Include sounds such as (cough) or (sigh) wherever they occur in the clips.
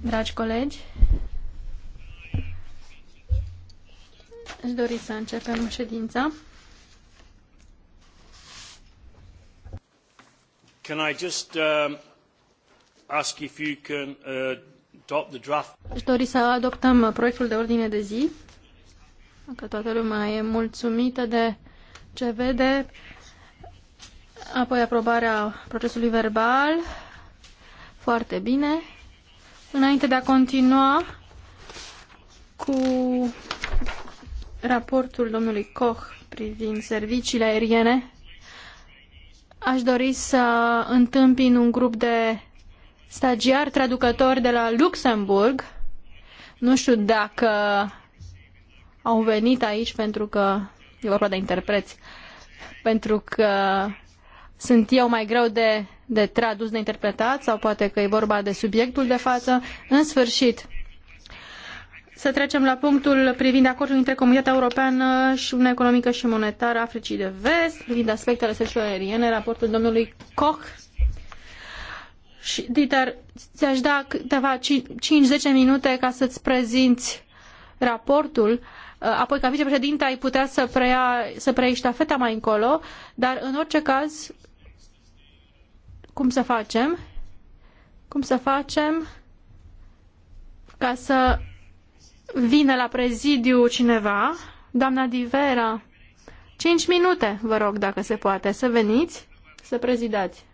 Dragi colegi, aș dori să începem ședința. Can I just um, ask if you can uh, adopt the draft? Aș dori să adoptăm proiectul de ordine de zi. Că toată lumea e mulțumită de ce vede. Apoi aprobarea procesului verbal foarte bine. Înainte de a continua cu raportul domnului Koch privind serviciile aeriene, aș dori să întâmpin un grup de stagiari traducători de la Luxemburg. Nu știu dacă au venit aici pentru că e vorba de interpreți, pentru că sunt eu mai greu de de tradus, de interpretat sau poate că e vorba de subiectul de față. În sfârșit, să trecem la punctul privind acordul între Comunitatea Europeană și Uniunea Economică și Monetară Africii de Vest, privind aspectele sexuale aeriene, raportul domnului Koch. Și, Dieter, ți-aș da câteva 5-10 minute ca să-ți prezinți raportul, apoi ca vicepreședinte ai putea să preia, să preia ștafeta mai încolo, dar în orice caz cum să facem, cum să facem ca să vină la prezidiu cineva, doamna Divera, 5 minute, vă rog, dacă se poate, să veniți, să prezidați.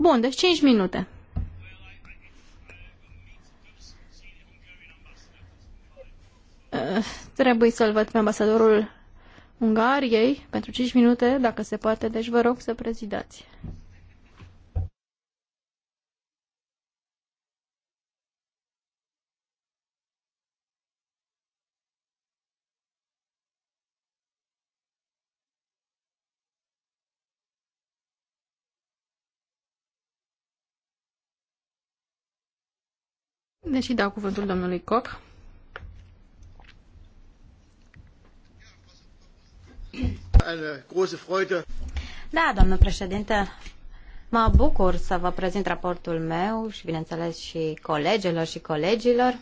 Bun, deci 5 minute. Eh, trebuie să-l văd pe ambasadorul Ungariei pentru 5 minute, dacă se poate, deci vă rog să prezidați. Deși dau cuvântul domnului Koch. Da, doamnă președinte, mă bucur să vă prezint raportul meu și, bineînțeles, și colegilor și colegilor.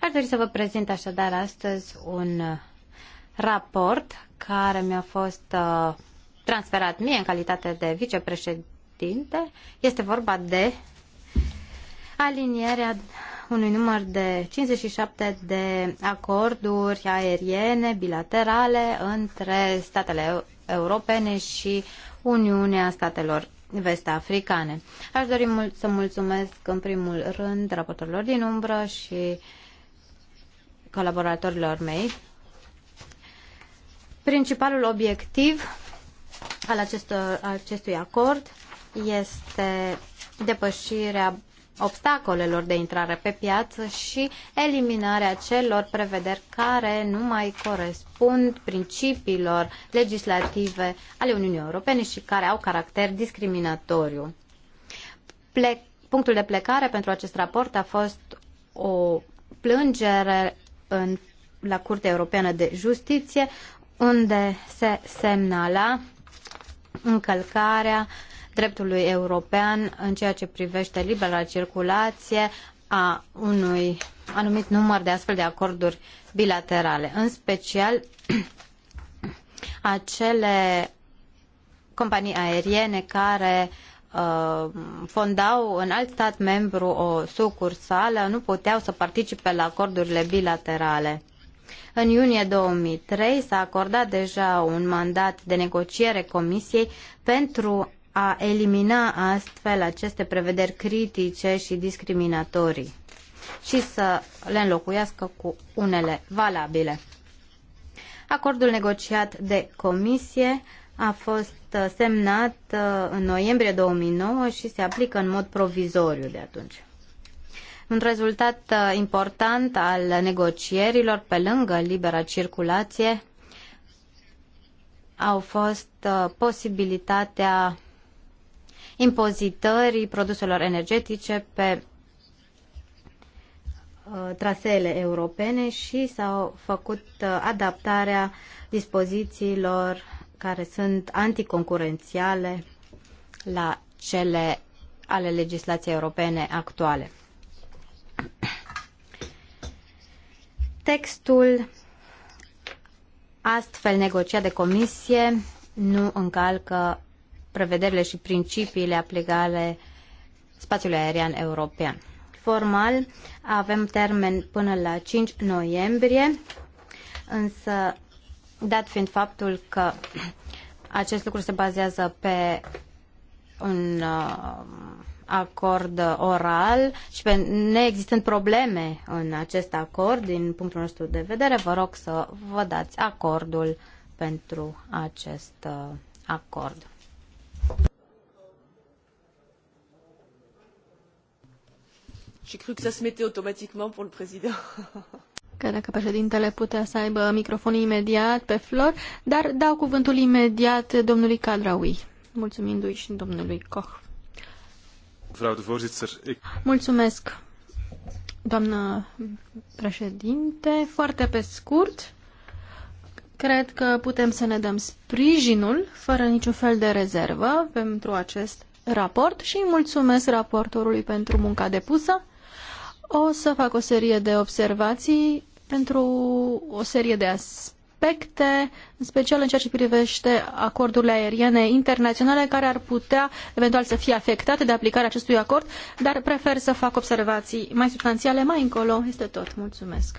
Aș dori să vă prezint așadar astăzi un raport care mi-a fost uh, transferat mie în calitate de vicepreședinte. Este vorba de alinierea unui număr de 57 de acorduri aeriene bilaterale între statele europene și Uniunea Statelor Vest-Africane. Aș dori mul- să mulțumesc în primul rând raportorilor din umbră și colaboratorilor mei. Principalul obiectiv al acestor, acestui acord este depășirea obstacolelor de intrare pe piață și eliminarea celor prevederi care nu mai corespund principiilor legislative ale Uniunii Europene și care au caracter discriminatoriu. punctul de plecare pentru acest raport a fost o plângere în, la Curtea Europeană de Justiție unde se semnala încălcarea uh, dreptului european în ceea ce privește libera circulație a unui anumit număr de astfel de acorduri bilaterale, în special (clears throat) acele companii aeriene care uh, fondau în alt stat membru o sucursală, nu puteau să participe la acordurile bilaterale. În iunie 2003 s-a acordat deja un mandat de negociere Comisiei pentru a elimina astfel aceste prevederi critice și discriminatorii și să le înlocuiască cu unele valabile. Acordul negociat de comisie a fost semnat uh, în noiembrie 2009 și se aplică în mod provizoriu de atunci. Un rezultat uh, important al negocierilor pe lângă libera circulație au fost uh, posibilitatea impozitării produselor energetice pe uh, traseele europene și s-au făcut uh, adaptarea dispozițiilor care sunt anticoncurențiale la cele ale legislației europene actuale. Textul astfel negociat de comisie nu încalcă prevederile și principiile aplicale spațiului aerian european. Formal, avem termen până la 5 noiembrie, însă, dat fiind faptul că acest lucru se bazează pe un uh, acord oral și pe neexistând probleme în acest acord, din punctul nostru de vedere, vă rog să vă dați acordul pentru acest uh, acord. J'ai cru que se le (laughs) Că dacă președintele putea să aibă microfonul imediat pe flor, dar dau cuvântul imediat domnului Cadraui, mulțumindu-i și domnului Koch. Mulțumesc, doamnă președinte. Foarte pe scurt, cred că putem să ne dăm sprijinul, fără niciun fel de rezervă, pentru acest raport și mulțumesc raportorului pentru munca depusă. O să fac o serie de observații pentru o serie de aspecte, în special în ceea ce privește acordurile aeriene internaționale care ar putea eventual să fie afectate de aplicarea acestui acord, dar prefer să fac observații mai substanțiale mai încolo. Este tot. Mulțumesc.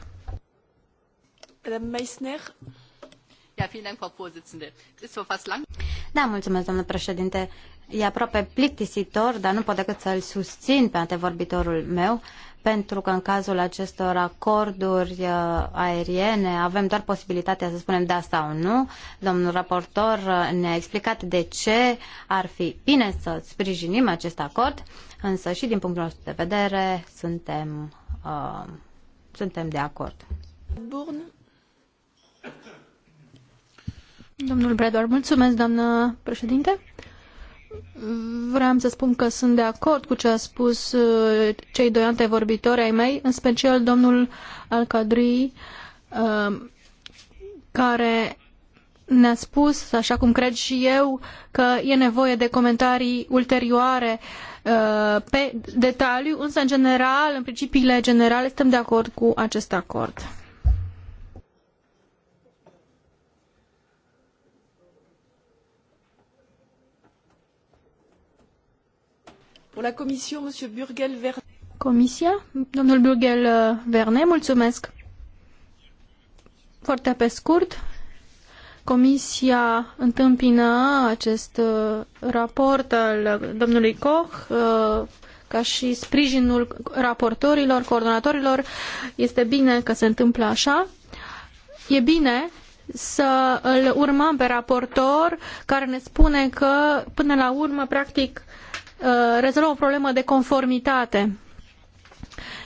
Da, mulțumesc, domnule președinte. E aproape plictisitor, dar nu pot decât să-l susțin pe antevorbitorul meu pentru că în cazul acestor acorduri uh, aeriene avem doar posibilitatea să spunem da sau nu. Domnul raportor uh, ne-a explicat de ce ar fi bine să sprijinim acest acord, însă și din punctul nostru de vedere suntem, uh, suntem de acord. Bun. Domnul Bredor, mulțumesc, doamnă președinte. Vreau să spun că sunt de acord cu ce a spus uh, cei doi antevorbitori ai mei, în special domnul Alcadri, uh, care ne-a spus, așa cum cred și eu, că e nevoie de comentarii ulterioare uh, pe detaliu, însă, în general, în principiile generale, suntem de acord cu acest acord. Pour la Burgel Vernet. Comisia, domnul Burgel uh, Vernet, mulțumesc. Foarte pe scurt, Comisia întâmpină acest uh, raport al domnului Koch uh, ca și sprijinul raportorilor, coordonatorilor. Este bine că se întâmplă așa. E bine să îl urmăm pe raportor care ne spune că până la urmă, practic, Uh, rezolvă o problemă de conformitate.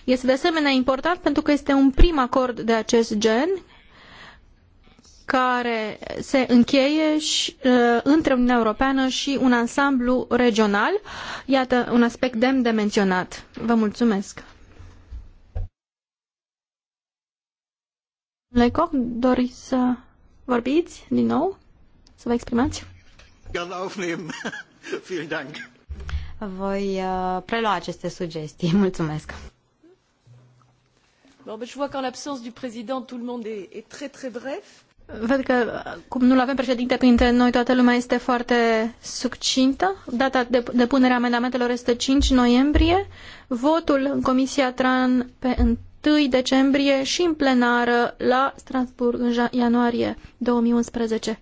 Este de asemenea important pentru că este un prim acord de acest gen care se încheie și, uh, între Uniunea Europeană și un ansamblu regional. Iată, un aspect demn de menționat. Vă mulțumesc. Lecoc, doriți să vorbiți din nou? Să vă exprimați? Gerne aufnehmen. (laughs) Vielen Dank voi uh, prelua aceste sugestii. (laughs) Mulțumesc! Bon, ben, je vois qu'en l'absence du président, tout le monde est, est très très bref. Văd că, uh, cum nu-l avem președinte printre noi, toată lumea este foarte succintă. Data de punere a amendamentelor este 5 noiembrie, votul în Comisia Tran pe 1 decembrie și în plenară la Strasbourg în ianuarie 2011.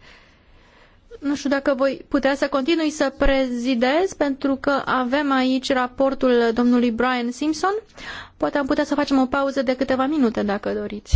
Nu știu dacă voi putea să continui să prezidez, pentru că avem aici raportul domnului Brian Simpson. Poate am putea să facem o pauză de câteva minute, dacă doriți.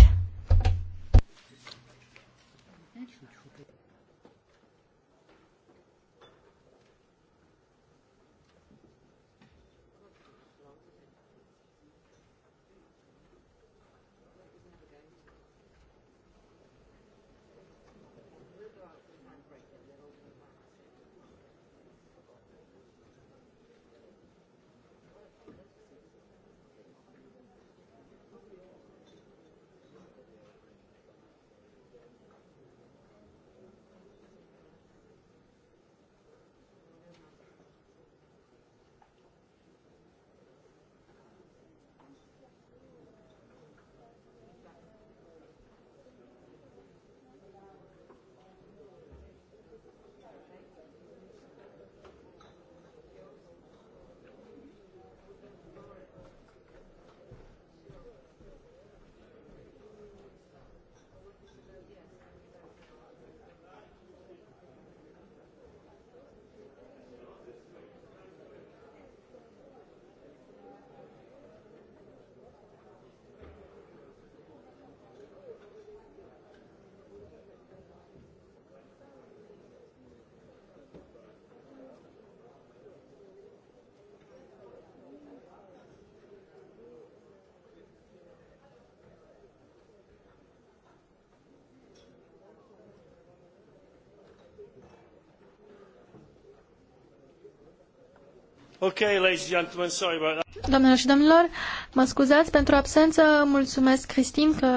Doamnelor și domnilor, mă scuzați pentru absență, mulțumesc Cristin că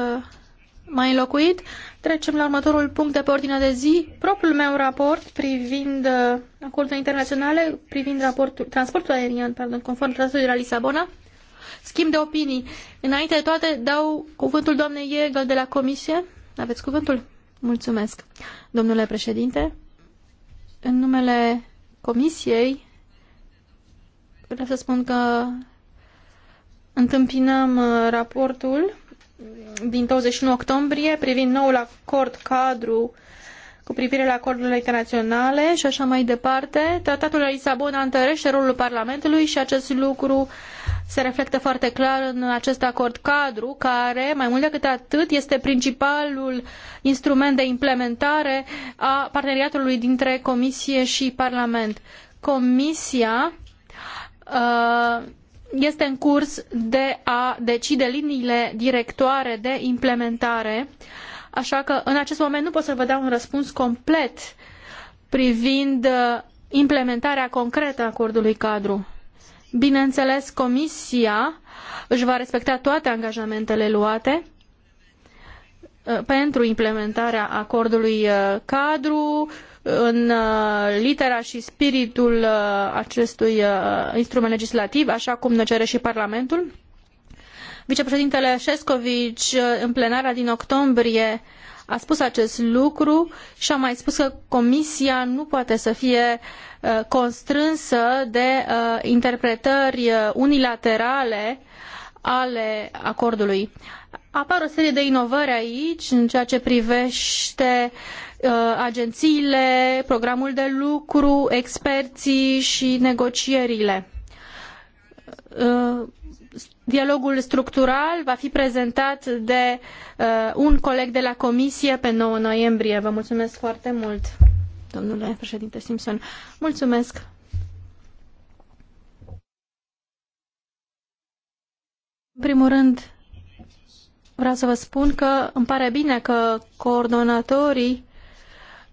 m-a înlocuit. Trecem la următorul punct de pe ordinea de zi, propriul meu raport privind uh, acordurile internaționale, privind raportul, transportul aerian, pardon, conform tratatului de la Lisabona. Schimb de opinii. Înainte de toate, dau cuvântul doamnei Iegăl de la Comisie. Aveți cuvântul? Mulțumesc. Domnule președinte, în numele Comisiei vreau să spun că întâmpinăm uh, raportul din 21 octombrie privind noul acord cadru cu privire la acordurile internaționale și așa mai departe. Tratatul de la Lisabona întărește rolul Parlamentului și acest lucru se reflectă foarte clar în acest acord cadru, care, mai mult decât atât, este principalul instrument de implementare a parteneriatului dintre Comisie și Parlament. Comisia Uh, este în curs de a decide liniile directoare de implementare, așa că în acest moment nu pot să vă dau un răspuns complet privind uh, implementarea concretă a acordului cadru. Bineînțeles, Comisia își va respecta toate angajamentele luate uh, pentru implementarea acordului cadru, în uh, litera și spiritul uh, acestui uh, instrument legislativ, așa cum ne cere și Parlamentul. Vicepreședintele efovi în plenara din octombrie, a spus acest lucru și a mai spus că Comisia nu poate să fie constrânsă de interpretări unilaterale uh, ale acordului. Apar o serie de inovări aici în ceea ce privește uh, agențiile, programul de lucru, experții și negocierile. Uh, dialogul structural va fi prezentat de uh, un coleg de la Comisie pe 9 noiembrie. Vă mulțumesc foarte mult, domnule președinte Simpson. Mulțumesc! În primul rând, vreau să vă spun că îmi pare bine că coordonatorii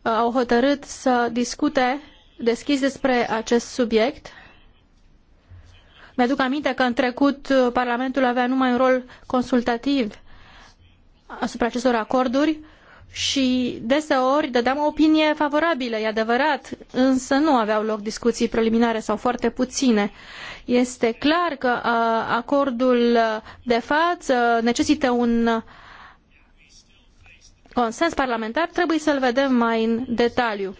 uh, au hotărât să discute deschis despre acest subiect. Mi-aduc aminte că în trecut uh, Parlamentul avea numai un rol consultativ asupra acestor acorduri și deseori dădeam o opinie favorabilă, e adevărat, însă nu aveau loc discuții preliminare sau foarte puține. Este clar că acordul de față necesită un consens parlamentar, trebuie să-l vedem mai în detaliu.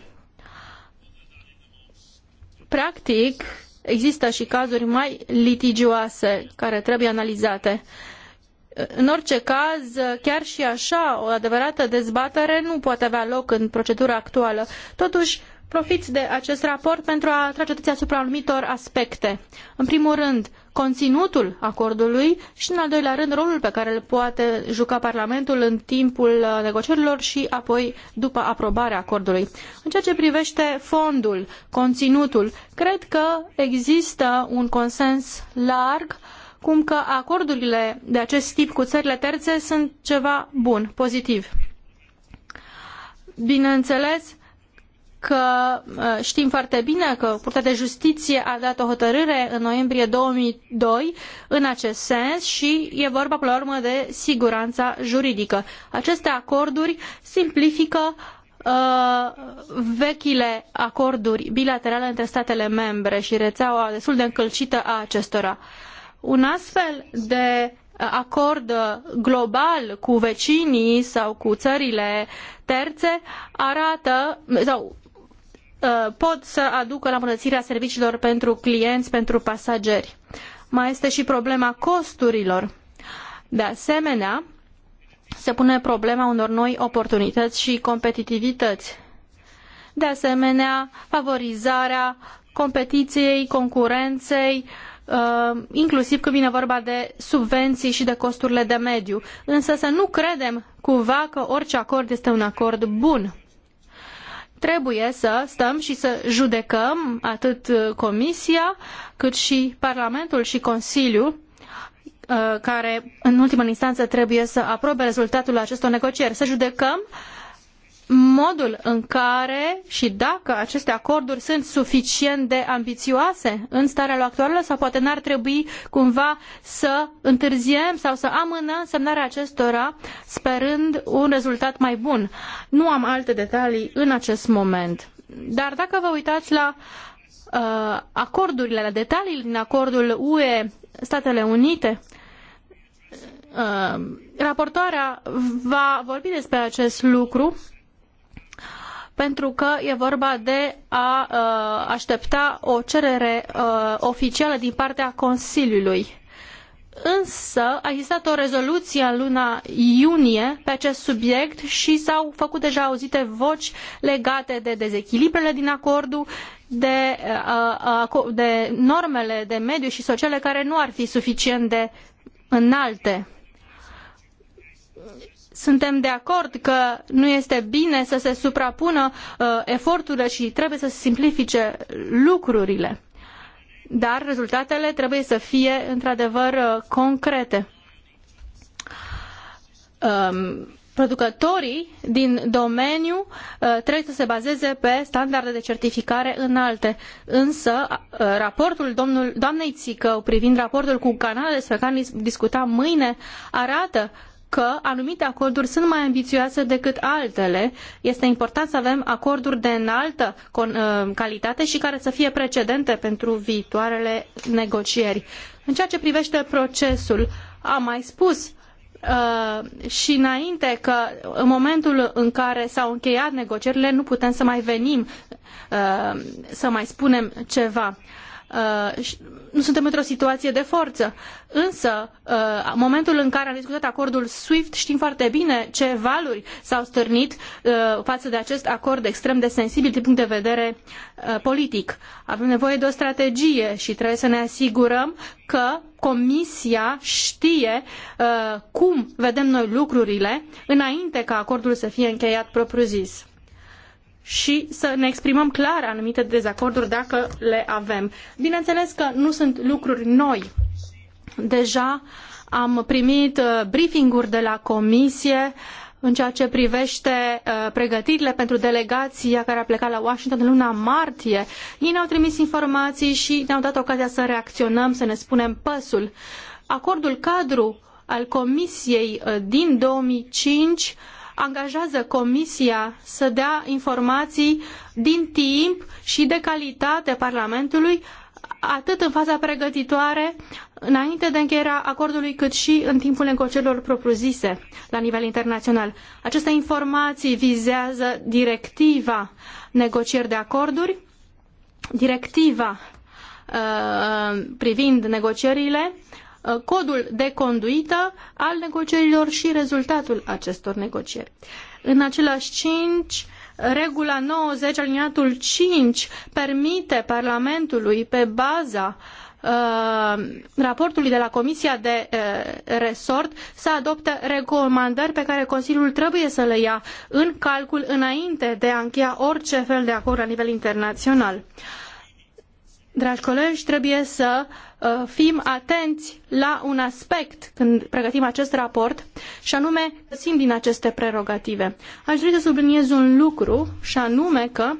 Practic, există și cazuri mai litigioase care trebuie analizate. În orice caz, chiar și așa, o adevărată dezbatere nu poate avea loc în procedura actuală. Totuși, profit de acest raport pentru a atrage atenția asupra anumitor aspecte. În primul rând, conținutul acordului și, în al doilea rând, rolul pe care îl poate juca Parlamentul în timpul negocierilor și apoi după aprobarea acordului. În ceea ce privește fondul, conținutul, cred că există un consens larg uh, cum că acordurile de acest tip cu țările terțe sunt ceva bun, pozitiv. Bineînțeles că ă, știm foarte bine că Curtea de Justiție a dat o hotărâre în noiembrie 2002 în acest sens și e vorba până la urmă de siguranța juridică. Aceste acorduri simplifică ă, vechile acorduri bilaterale între statele membre și rețeaua destul de încălcită a acestora. Uh, un astfel de uh, acord global cu vecinii sau cu țările terțe arată sau uh, pot să aducă la îmbunătățirea serviciilor pentru clienți, pentru pasageri. Mai este și problema costurilor. De asemenea, se pune problema unor noi oportunități și competitivități. De asemenea, favorizarea competiției, concurenței, uh, Uh, inclusiv când vine vorba de subvenții și de costurile de mediu. Însă să nu credem cumva că orice acord este un acord bun. Trebuie să stăm și să judecăm atât Comisia cât și Parlamentul și Consiliul uh, care în ultimă instanță trebuie să aprobe rezultatul acestor negocieri. Să judecăm uh, modul în care și dacă aceste acorduri sunt suficient de ambițioase în starea lor actuală sau poate n-ar trebui cumva să întârziem sau să amânăm semnarea acestora sperând un rezultat mai bun. Nu am alte detalii în acest moment. Dar dacă vă uitați la uh, acordurile, la detaliile din acordul UE Statele Unite, uh, raportoarea va vorbi despre acest lucru pentru că e vorba de a uh, aștepta o cerere uh, oficială din partea Consiliului. Însă a existat o rezoluție în luna iunie pe acest subiect și s-au făcut deja auzite voci legate de dezechilibrele din acordul, de, uh, de normele de mediu și sociale care nu ar fi suficient de înalte suntem de acord că nu este bine să se suprapună uh, eforturile și trebuie să se simplifice lucrurile. Dar rezultatele trebuie să fie într-adevăr uh, concrete. Um, producătorii din domeniu uh, trebuie să se bazeze pe standarde de certificare înalte. Însă, uh, raportul domnul, doamnei Țicău privind raportul cu Canada despre care discutam mâine arată că anumite acorduri sunt mai ambițioase decât altele. Este important să avem acorduri de înaltă uh, calitate și care să fie precedente pentru viitoarele negocieri. În ceea ce privește procesul, am mai spus uh, și înainte că în momentul în care s-au încheiat negocierile nu putem să mai venim uh, să mai spunem ceva. Uh, Uh, nu suntem într-o situație de forță. Însă, în uh, momentul în care am discutat acordul SWIFT, știm foarte bine ce valuri s-au stârnit uh, față de acest acord extrem de sensibil din punct de vedere politic. Avem nevoie de o strategie și trebuie să ne asigurăm că Comisia știe cum vedem noi lucrurile înainte ca acordul să fie încheiat propriu-zis și să ne exprimăm clar anumite dezacorduri dacă le avem. Bineînțeles că nu sunt lucruri noi. Deja am primit uh, briefing-uri de la comisie uh, în ceea ce privește uh, pregătirile pentru delegația care a plecat la Washington în luna martie. Ei ne-au trimis informații și ne-au dat ocazia să reacționăm, să ne spunem păsul. Acordul cadru al comisiei din 2005 angajează Comisia să dea informații din timp și de calitate Parlamentului, atât în faza pregătitoare, înainte de încheierea acordului, cât și în timpul negocierilor propriu-zise la nivel internațional. Aceste informații vizează directiva negocieri de acorduri, directiva uh, privind negocierile Uh, codul de conduită al negocierilor și rezultatul acestor negocieri. În același 5, regula 90, aliniatul 5, permite Parlamentului pe baza uh, raportului de la Comisia de uh, Resort să adopte recomandări pe care Consiliul trebuie să le ia în calcul înainte de a încheia orice fel de acord la nivel internațional. Uh, Dragi colegi, trebuie să uh, fim atenți la un aspect când pregătim acest raport și anume simt din aceste prerogative. Aș dori să subliniez un lucru și anume că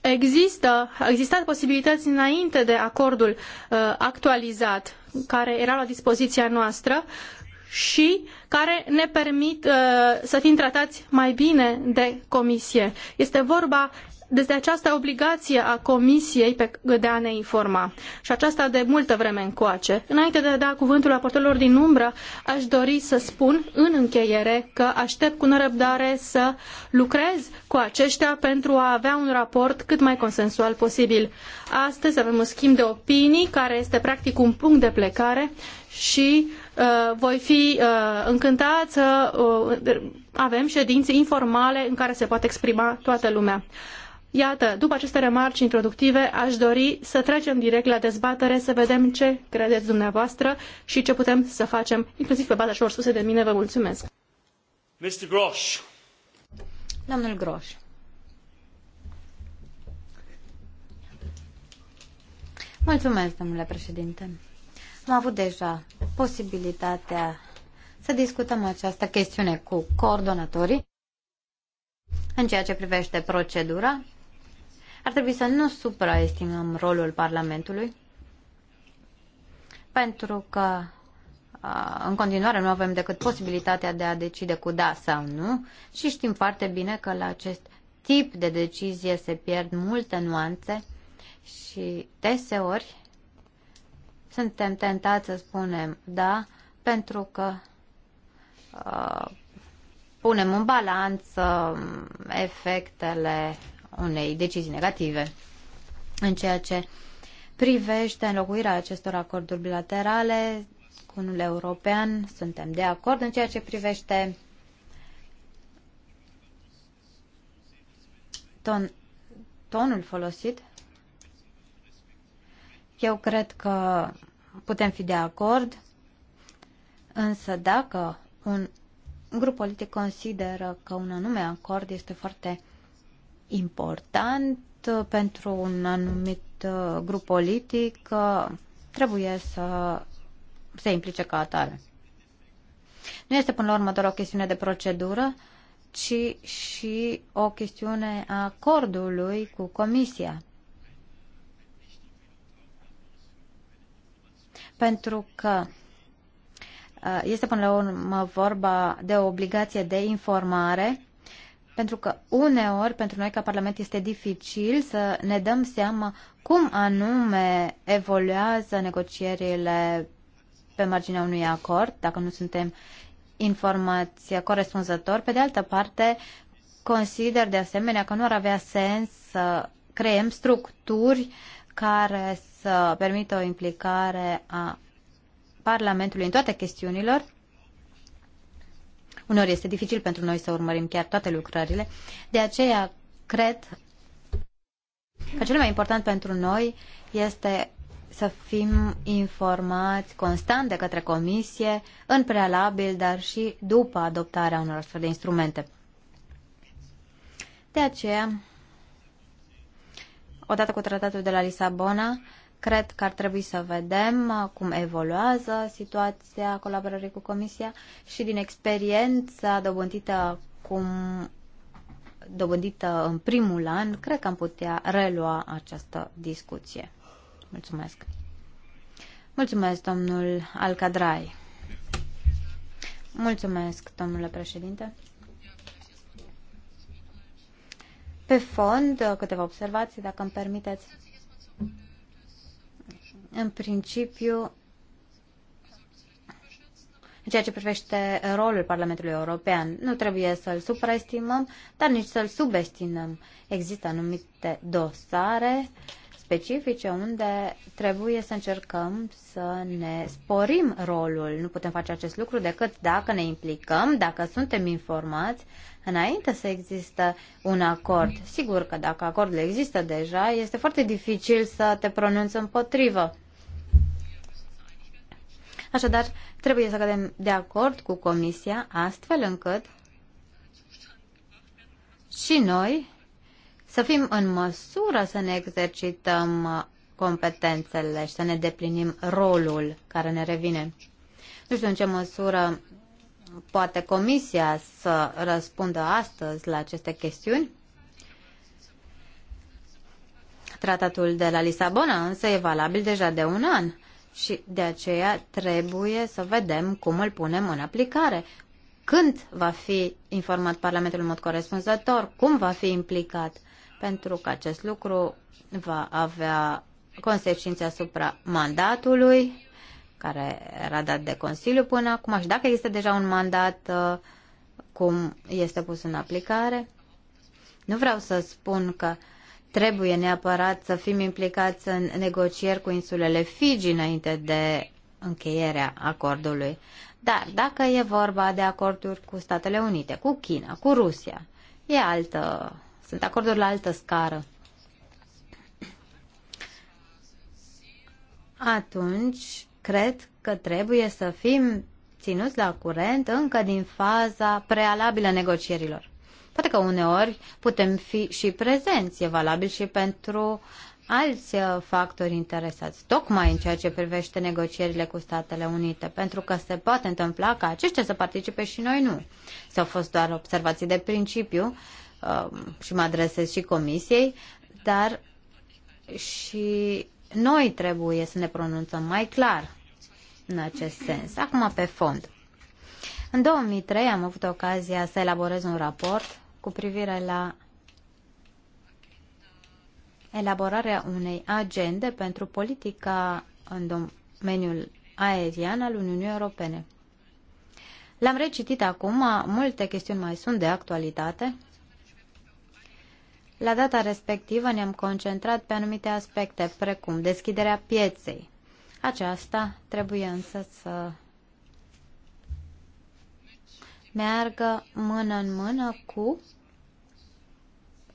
există, existat posibilități înainte de acordul uh, actualizat care era la dispoziția noastră și care ne permit uh, să fim tratați mai bine de comisie. Este vorba de această obligație a Comisiei de a ne informa și aceasta de multă vreme încoace. Înainte de a da cuvântul raportorilor din umbră, aș dori să spun în încheiere că aștept cu nerăbdare să lucrez cu aceștia pentru a avea un raport cât mai consensual posibil. Astăzi avem un schimb de opinii care este practic un punct de plecare și uh, voi fi uh, încântat să uh, avem ședințe informale în care se poate exprima toată lumea. Iată, după aceste remarci introductive, aș dori să trecem direct la dezbatere, să vedem ce credeți dumneavoastră și ce putem să facem, inclusiv pe baza celor spuse de mine. Vă mulțumesc. Mr. Grosch. Domnul Groș. Mulțumesc, domnule președinte. Am avut deja posibilitatea să discutăm această chestiune cu coordonatorii în ceea ce privește procedura ar trebui să nu supraestimăm rolul Parlamentului, pentru că în continuare nu avem decât posibilitatea de a decide cu da sau nu și știm foarte bine că la acest tip de decizie se pierd multe nuanțe și deseori suntem tentați să spunem da pentru că uh, punem în balanță efectele unei decizii negative în ceea ce privește înlocuirea acestor acorduri bilaterale cu unul european. Suntem de acord în ceea ce privește ton, tonul folosit. Eu cred că putem fi de acord, însă dacă un grup politic consideră că un anume acord este foarte important uh, pentru un anumit uh, grup politic, uh, trebuie să se implice ca atare. Nu este până la urmă doar o chestiune de procedură, ci și o chestiune a acordului cu Comisia. Pentru că este până la urmă vorba de o obligație de informare pentru că uneori pentru noi ca Parlament este dificil să ne dăm seama cum anume evoluează negocierile pe marginea unui acord, dacă nu suntem informați corespunzător. Pe de altă parte, consider de asemenea că nu ar avea sens să creăm structuri care să permită o implicare a Parlamentului în toate chestiunilor, Uneori este dificil pentru noi să urmărim chiar toate lucrările. De aceea, cred că cel mai important pentru noi este să fim informați constant de către comisie, în prealabil, dar și după adoptarea unor astfel de instrumente. De aceea, odată cu tratatul de la Lisabona, Cred că ar trebui să vedem uh, cum evoluează situația colaborării cu Comisia și din experiența dobândită cum dobândită în primul an, cred că am putea relua această discuție. Mulțumesc. Mulțumesc, domnul Alcadrai. Mulțumesc, domnule președinte. Pe fond, câteva observații, dacă îmi permiteți în principiu, în ceea ce privește rolul Parlamentului European, nu trebuie să-l supraestimăm, dar nici să-l subestimăm. Există anumite dosare uh, specifice unde trebuie să încercăm să ne sporim rolul. Nu putem face acest lucru decât dacă ne implicăm, dacă suntem informați, înainte să există un acord. Sigur că dacă acordul există deja, este foarte dificil să te pronunți împotrivă. Așadar, trebuie să cădem de acord cu Comisia astfel încât și noi să fim în măsură să ne exercităm competențele și să ne deplinim rolul care ne revine. Nu știu în ce măsură poate Comisia să răspundă astăzi la aceste chestiuni. Tratatul de la Lisabona însă e valabil deja de un an și de aceea trebuie să vedem cum îl punem în aplicare. Când va fi informat Parlamentul în mod corespunzător? Cum va fi implicat? pentru că acest lucru va avea consecințe asupra mandatului care era dat de Consiliu până acum și dacă există deja un mandat uh, cum este pus în aplicare. Nu vreau să spun că trebuie neapărat să fim implicați în negocieri cu insulele Fiji înainte de încheierea acordului. Dar dacă e vorba de acorduri cu Statele Unite, cu China, cu Rusia, e altă sunt acorduri la altă scară. Atunci, cred că trebuie să fim ținuți la curent încă din faza prealabilă negocierilor. Poate că uneori putem fi și prezenți, e valabil și pentru alți uh, factori interesați, tocmai în ceea ce privește negocierile cu Statele Unite, pentru că se poate întâmpla ca aceștia să participe și noi nu. S-au fost doar observații de principiu Um, și mă adresez și comisiei, dar și noi trebuie să ne pronunțăm mai clar în acest sens. Acum pe fond. În 2003 am avut ocazia să elaborez un raport cu privire la elaborarea unei agende pentru politica în domeniul aerian al Uniunii Europene. L-am recitit acum, multe chestiuni mai sunt de actualitate, la data respectivă ne-am concentrat pe anumite aspecte, precum deschiderea pieței. Aceasta trebuie însă să meargă mână în mână cu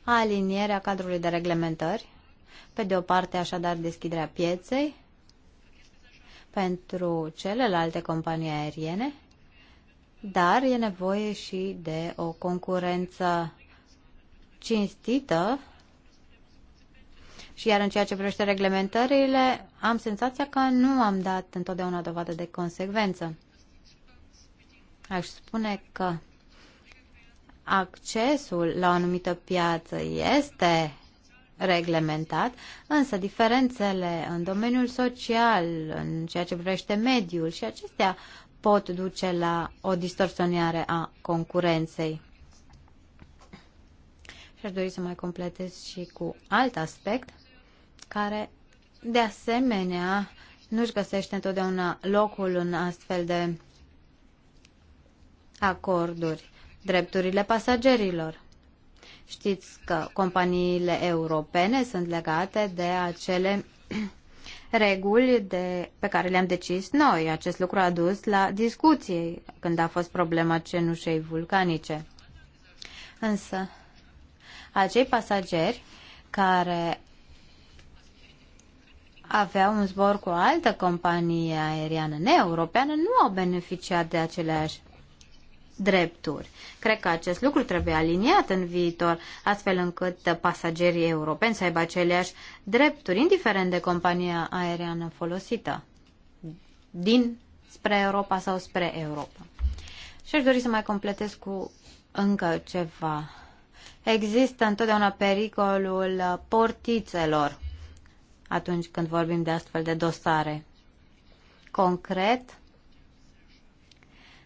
alinierea cadrului de reglementări, pe de o parte așadar deschiderea pieței pentru celelalte companii aeriene, dar e nevoie și de o concurență cinstită și iar în ceea ce privește reglementările, am senzația că nu am dat întotdeauna dovadă de consecvență. Aș spune că accesul la o anumită piață este reglementat, însă diferențele în domeniul social, în ceea ce privește mediul și acestea pot duce la o distorsionare a concurenței și aș dori să mai completez și cu alt aspect care, de asemenea, nu-și găsește întotdeauna locul în astfel de acorduri, drepturile pasagerilor. Știți că companiile europene sunt legate de acele (clears throat) reguli de, pe care le-am decis noi. Acest lucru a dus la discuții când a fost problema cenușei vulcanice. Însă, acei pasageri care aveau un zbor cu o altă companie aeriană neeuropeană nu au beneficiat de aceleași drepturi. Cred că acest lucru trebuie aliniat în viitor, astfel încât pasagerii europeni să aibă aceleași drepturi, indiferent de compania aeriană folosită, din spre Europa sau spre Europa. Și aș dori să mai completez cu încă ceva Există întotdeauna pericolul uh, portițelor atunci când vorbim de astfel de dosare. Concret,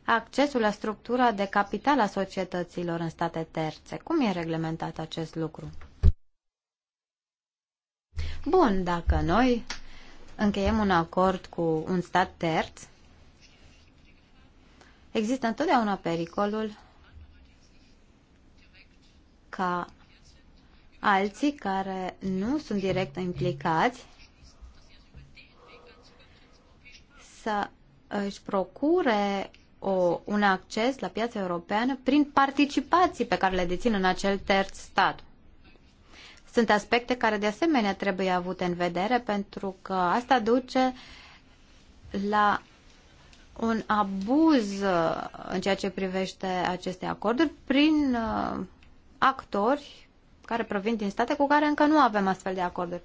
accesul la structura de capital a societăților în state terțe. Cum e reglementat acest lucru? Bun, dacă noi încheiem un acord cu un stat terț, există întotdeauna pericolul ca alții care nu sunt direct implicați să își procure o, un acces la piața europeană prin participații pe care le dețin în acel terț stat. Sunt aspecte care de asemenea trebuie avute în vedere pentru că asta duce la un abuz în ceea ce privește aceste acorduri prin uh, actori care provin din state cu care încă nu avem astfel de acorduri.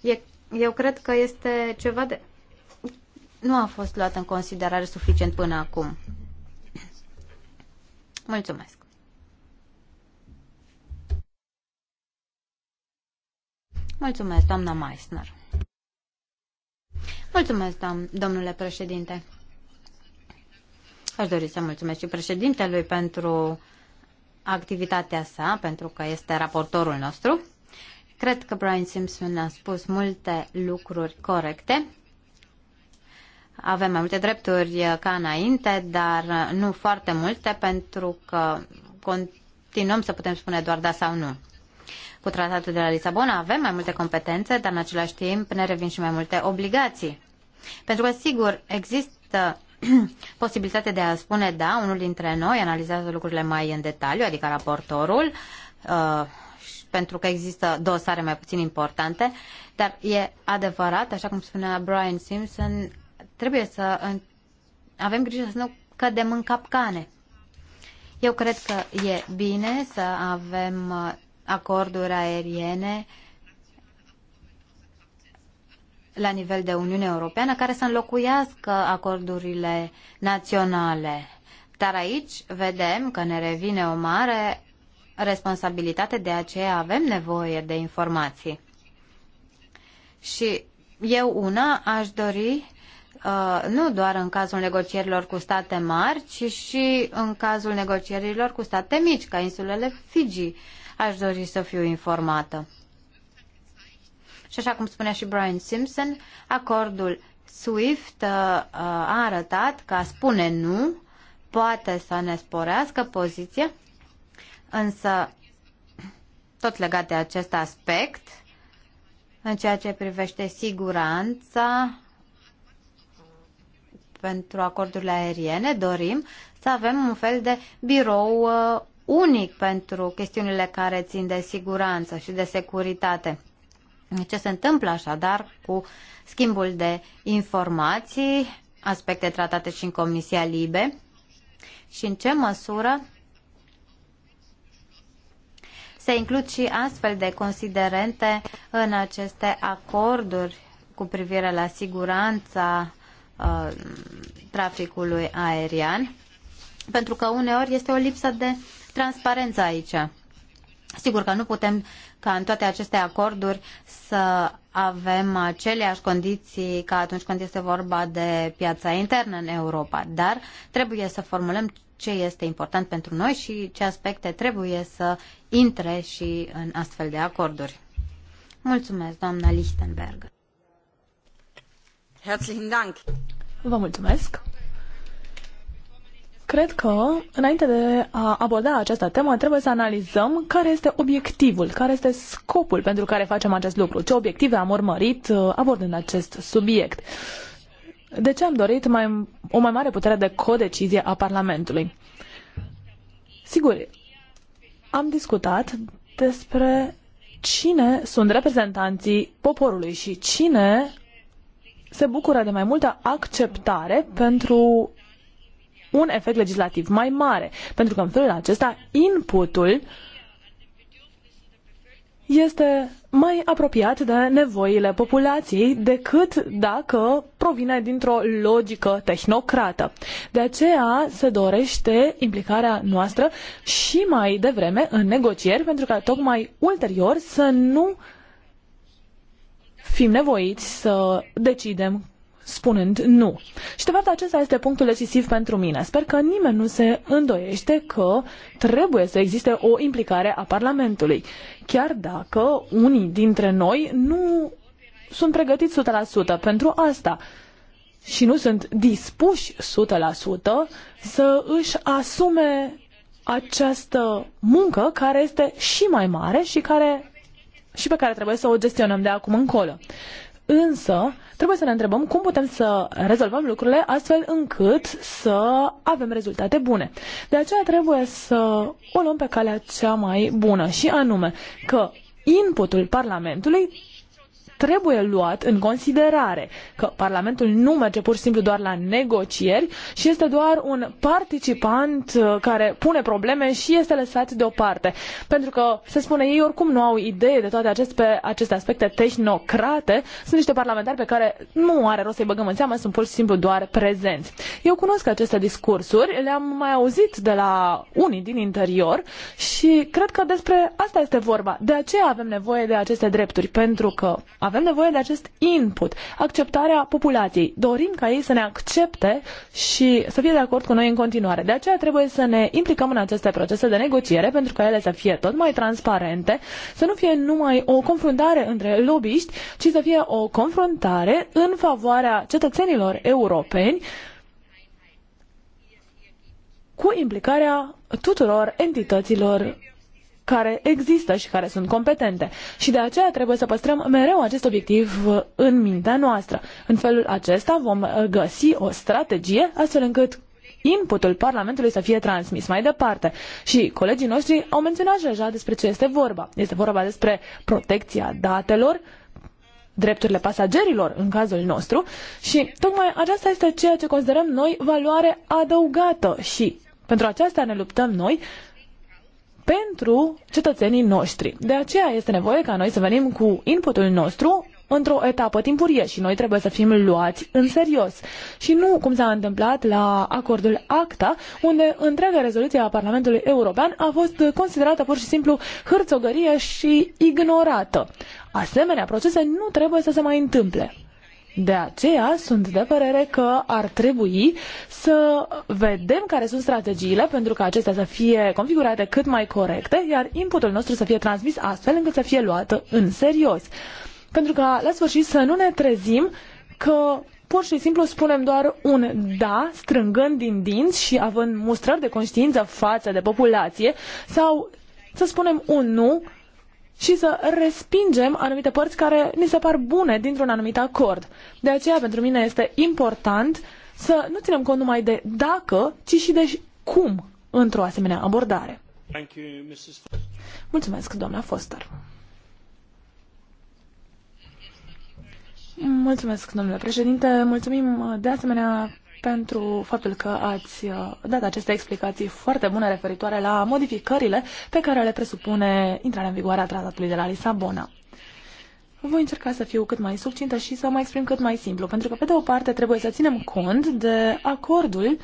E, eu cred că este ceva de... Nu a fost luat în considerare suficient până acum. Mulțumesc. Mulțumesc, doamna Meissner. Mulțumesc, doam- domnule președinte. Aș dori să mulțumesc și președintelui pentru activitatea sa, pentru că este raportorul nostru. Cred că Brian Simpson a spus multe lucruri corecte. Avem mai multe drepturi uh, ca înainte, dar uh, nu foarte multe, pentru că continuăm să putem spune doar da sau nu. Cu tratatul de la Lisabona avem mai multe competențe, dar în același timp ne revin și mai multe obligații. Pentru că, sigur, există (clears throat) posibilitatea de a spune, da, unul dintre noi analizează lucrurile mai în detaliu, adică raportorul, uh, pentru că există dosare mai puțin importante, dar e adevărat, așa cum spunea Brian Simpson, trebuie să avem grijă să nu cădem în capcane. Eu cred că e bine să avem uh, acorduri aeriene uh, la nivel de Uniune Europeană care să înlocuiască acordurile naționale. Dar aici vedem că ne revine o mare responsabilitate, de aceea avem nevoie de informații. Și eu una aș dori uh, nu doar în cazul negocierilor cu state mari, ci și în cazul negocierilor cu state mici, ca insulele Fiji. Aș dori să fiu informată. Și așa cum spunea și Brian Simpson, acordul SWIFT uh, uh, a arătat că a spune nu poate să ne sporească poziția, însă tot legat de acest aspect, în ceea ce privește siguranța pentru acordurile aeriene, dorim să avem un fel de birou uh, unic pentru chestiunile care țin de siguranță și de securitate. Ce se întâmplă așadar cu schimbul de informații, aspecte tratate și în Comisia Libe și în ce măsură se includ și astfel de considerente în aceste acorduri cu privire la siguranța uh, traficului aerian, pentru că uneori este o lipsă de transparență aici. Sigur că nu putem ca în toate aceste acorduri să avem aceleași condiții ca atunci când este vorba de piața internă în Europa, dar trebuie să formulăm ce este important pentru noi și ce aspecte trebuie să intre și în astfel de acorduri. Mulțumesc, doamna Lichtenberg. Herzlichen Dank. Vă mulțumesc. Cred că, înainte de a aborda această temă, trebuie să analizăm care este obiectivul, care este scopul pentru care facem acest lucru, ce obiective am urmărit uh, abordând acest subiect. De ce am dorit mai, o mai mare putere de codecizie a Parlamentului? Sigur, am discutat despre cine sunt reprezentanții poporului și cine se bucură de mai multă acceptare pentru un efect legislativ mai mare, pentru că în felul acesta inputul este mai apropiat de nevoile populației decât dacă provine dintr-o logică tehnocrată. De aceea se dorește implicarea noastră și mai devreme în negocieri, pentru că tocmai ulterior să nu fim nevoiți să decidem spunând nu. Și de fapt acesta este punctul decisiv pentru mine. Sper că nimeni nu se îndoiește că trebuie să existe o implicare a Parlamentului, chiar dacă unii dintre noi nu sunt pregătiți 100% pentru asta și nu sunt dispuși 100% să își asume această muncă care este și mai mare și, care, și pe care trebuie să o gestionăm de acum încolo. Însă, Trebuie să ne întrebăm cum putem să rezolvăm lucrurile astfel încât să avem rezultate bune. De aceea trebuie să o luăm pe calea cea mai bună și anume că inputul Parlamentului trebuie luat în considerare că Parlamentul nu merge pur și simplu doar la negocieri și este doar un participant uh, care pune probleme și este lăsat deoparte. Pentru că, se spune, ei oricum nu au idee de toate aceste, aceste aspecte tehnocrate, sunt niște parlamentari pe care nu are rost să-i băgăm în seamă, sunt pur și simplu doar prezenți. Eu cunosc aceste discursuri, le-am mai auzit de la unii din interior și cred că despre asta este vorba. De aceea avem nevoie de aceste drepturi, pentru că avem nevoie de acest input, acceptarea populației. Dorim ca ei să ne accepte și să fie de acord cu noi în continuare. De aceea trebuie să ne implicăm în aceste procese de negociere pentru ca ele să fie tot mai transparente, să nu fie numai o confruntare între lobbyști, ci să fie o confruntare în favoarea cetățenilor europeni cu implicarea tuturor entităților care există și care sunt competente. Și de aceea trebuie să păstrăm mereu acest obiectiv uh, în mintea noastră. În felul acesta vom uh, găsi o strategie astfel încât inputul Parlamentului să fie transmis mai departe. Și colegii noștri au menționat deja despre ce este vorba. Este vorba despre protecția datelor, drepturile pasagerilor în cazul nostru și tocmai aceasta este ceea ce considerăm noi valoare adăugată și pentru aceasta ne luptăm noi pentru cetățenii noștri. De aceea este nevoie ca noi să venim cu inputul nostru într-o etapă timpurie și noi trebuie să fim luați în serios. Și nu cum s-a întâmplat la acordul ACTA, unde întreaga rezoluție a Parlamentului European a fost considerată pur și simplu hârțogărie și ignorată. Asemenea procese nu trebuie să se mai întâmple. De aceea sunt de părere că ar trebui să vedem care sunt strategiile pentru ca acestea să fie configurate cât mai corecte, iar inputul nostru să fie transmis astfel încât să fie luat în serios. Pentru ca la sfârșit să nu ne trezim că pur și simplu spunem doar un da, strângând din dinți și având mustrări de conștiință față de populație, sau să spunem un nu, și să respingem anumite părți care ni se par bune dintr-un anumit acord. De aceea, pentru mine este important să nu ținem cont numai de dacă, ci și de cum într-o asemenea abordare. Mulțumesc, doamna Foster. Mulțumesc, domnule președinte. Mulțumim uh, de asemenea pentru faptul că ați uh, dat aceste explicații foarte bune referitoare la modificările pe care le presupune intrarea în vigoare a tratatului de la Lisabona. Voi încerca să fiu cât mai succintă și să mă exprim cât mai simplu, pentru că, pe de o parte, trebuie să ținem cont de acordul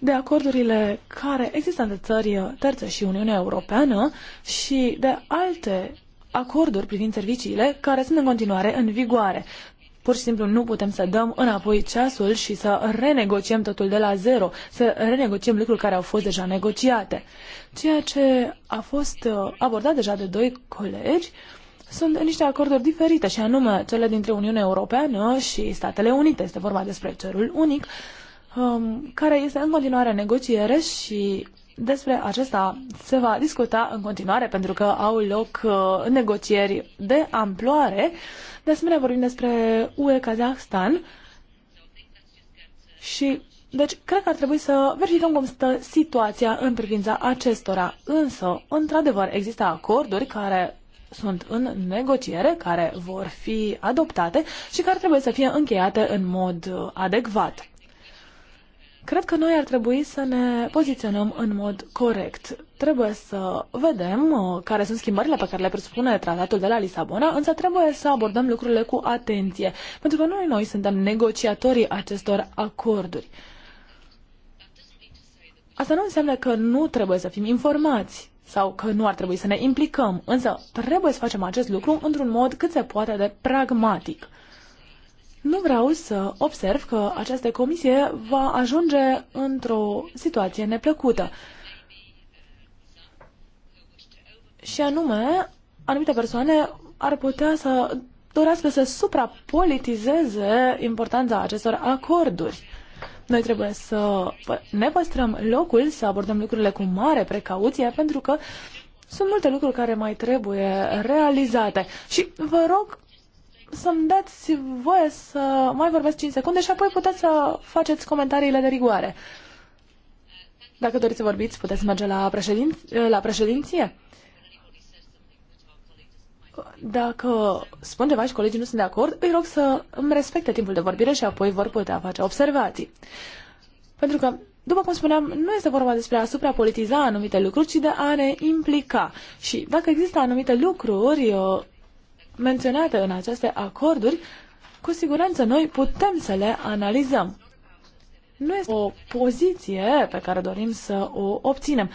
de acordurile care există între țări terțe și Uniunea Europeană și de alte acorduri privind serviciile care sunt în continuare în vigoare. Pur și simplu nu putem să dăm înapoi ceasul și să renegociem totul de la zero, să renegociem lucruri care au fost deja negociate. Ceea ce a fost uh, abordat deja de doi colegi sunt niște acorduri diferite, și anume cele dintre Uniunea Europeană și Statele Unite. Este vorba despre cerul unic, um, care este în continuare negociere și despre acesta se va discuta în continuare pentru că au loc uh, negocieri de amploare de asemenea, vorbim despre UE Kazahstan și deci, cred că ar trebui să verificăm cum stă situația în privința acestora. Însă, într-adevăr, există acorduri care sunt în negociere, care vor fi adoptate și care trebuie să fie încheiate în mod uh, adecvat. Cred că noi ar trebui să ne poziționăm în mod corect trebuie să vedem uh, care sunt schimbările pe care le presupune tratatul de la Lisabona, însă trebuie să abordăm lucrurile cu atenție, pentru că noi, noi suntem negociatorii acestor acorduri. Asta nu înseamnă că nu trebuie să fim informați sau că nu ar trebui să ne implicăm, însă trebuie să facem acest lucru într-un mod cât se poate de pragmatic. Nu vreau să observ că această comisie va ajunge într-o situație neplăcută, Și anume, anumite persoane ar putea să dorească să suprapolitizeze importanța acestor acorduri. Noi trebuie să ne păstrăm locul, să abordăm lucrurile cu mare precauție, pentru că sunt multe lucruri care mai trebuie realizate. Și vă rog să-mi dați voie să mai vorbesc 5 secunde și apoi puteți să faceți comentariile de rigoare. Dacă doriți să vorbiți, puteți merge la, președin... la președinție dacă spun ceva și colegii nu sunt de acord, îi rog să îmi respecte timpul de vorbire și apoi vor putea face observații. Pentru că, după cum spuneam, nu este vorba despre a suprapolitiza anumite lucruri, ci de a ne implica. Și dacă există anumite lucruri uh, menționate în aceste acorduri, cu siguranță noi putem să le analizăm. Nu este o poziție pe care dorim să o obținem,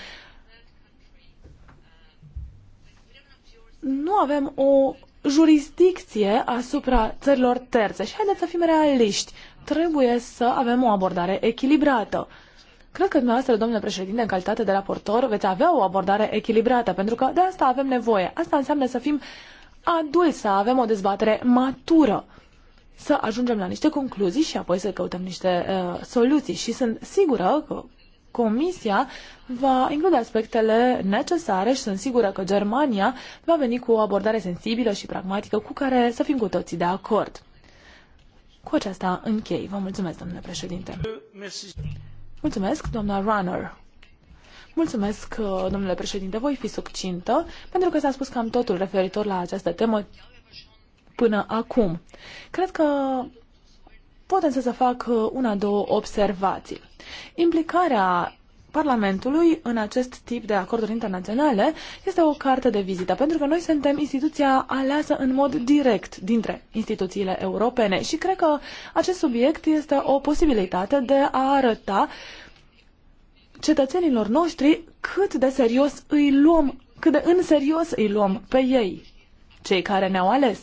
nu avem o jurisdicție asupra țărilor terțe și haideți să fim realiști. Trebuie să avem o abordare echilibrată. Cred că dumneavoastră, domnule președinte, în calitate de raportor, veți avea o abordare echilibrată, pentru că de asta avem nevoie. Asta înseamnă să fim adulți, să avem o dezbatere matură, să ajungem la niște concluzii și apoi să căutăm niște uh, soluții. Și sunt sigură că Comisia va include aspectele necesare și sunt sigură că Germania va veni cu o abordare sensibilă și pragmatică cu care să fim cu toții de acord. Cu aceasta închei. Vă mulțumesc, domnule președinte. Mulțumesc, doamna Runner. Mulțumesc, uh, domnule președinte. Voi fi succintă, pentru că s-a spus cam totul referitor la această temă până acum. Cred că pot însă să fac uh, una, două observații. Implicarea Parlamentului în acest tip de acorduri internaționale este o carte de vizită, pentru că noi suntem instituția aleasă în mod direct dintre instituțiile europene și cred că acest subiect este o posibilitate de a arăta cetățenilor noștri cât de serios îi luăm, cât de în serios îi luăm pe ei, cei care ne-au ales.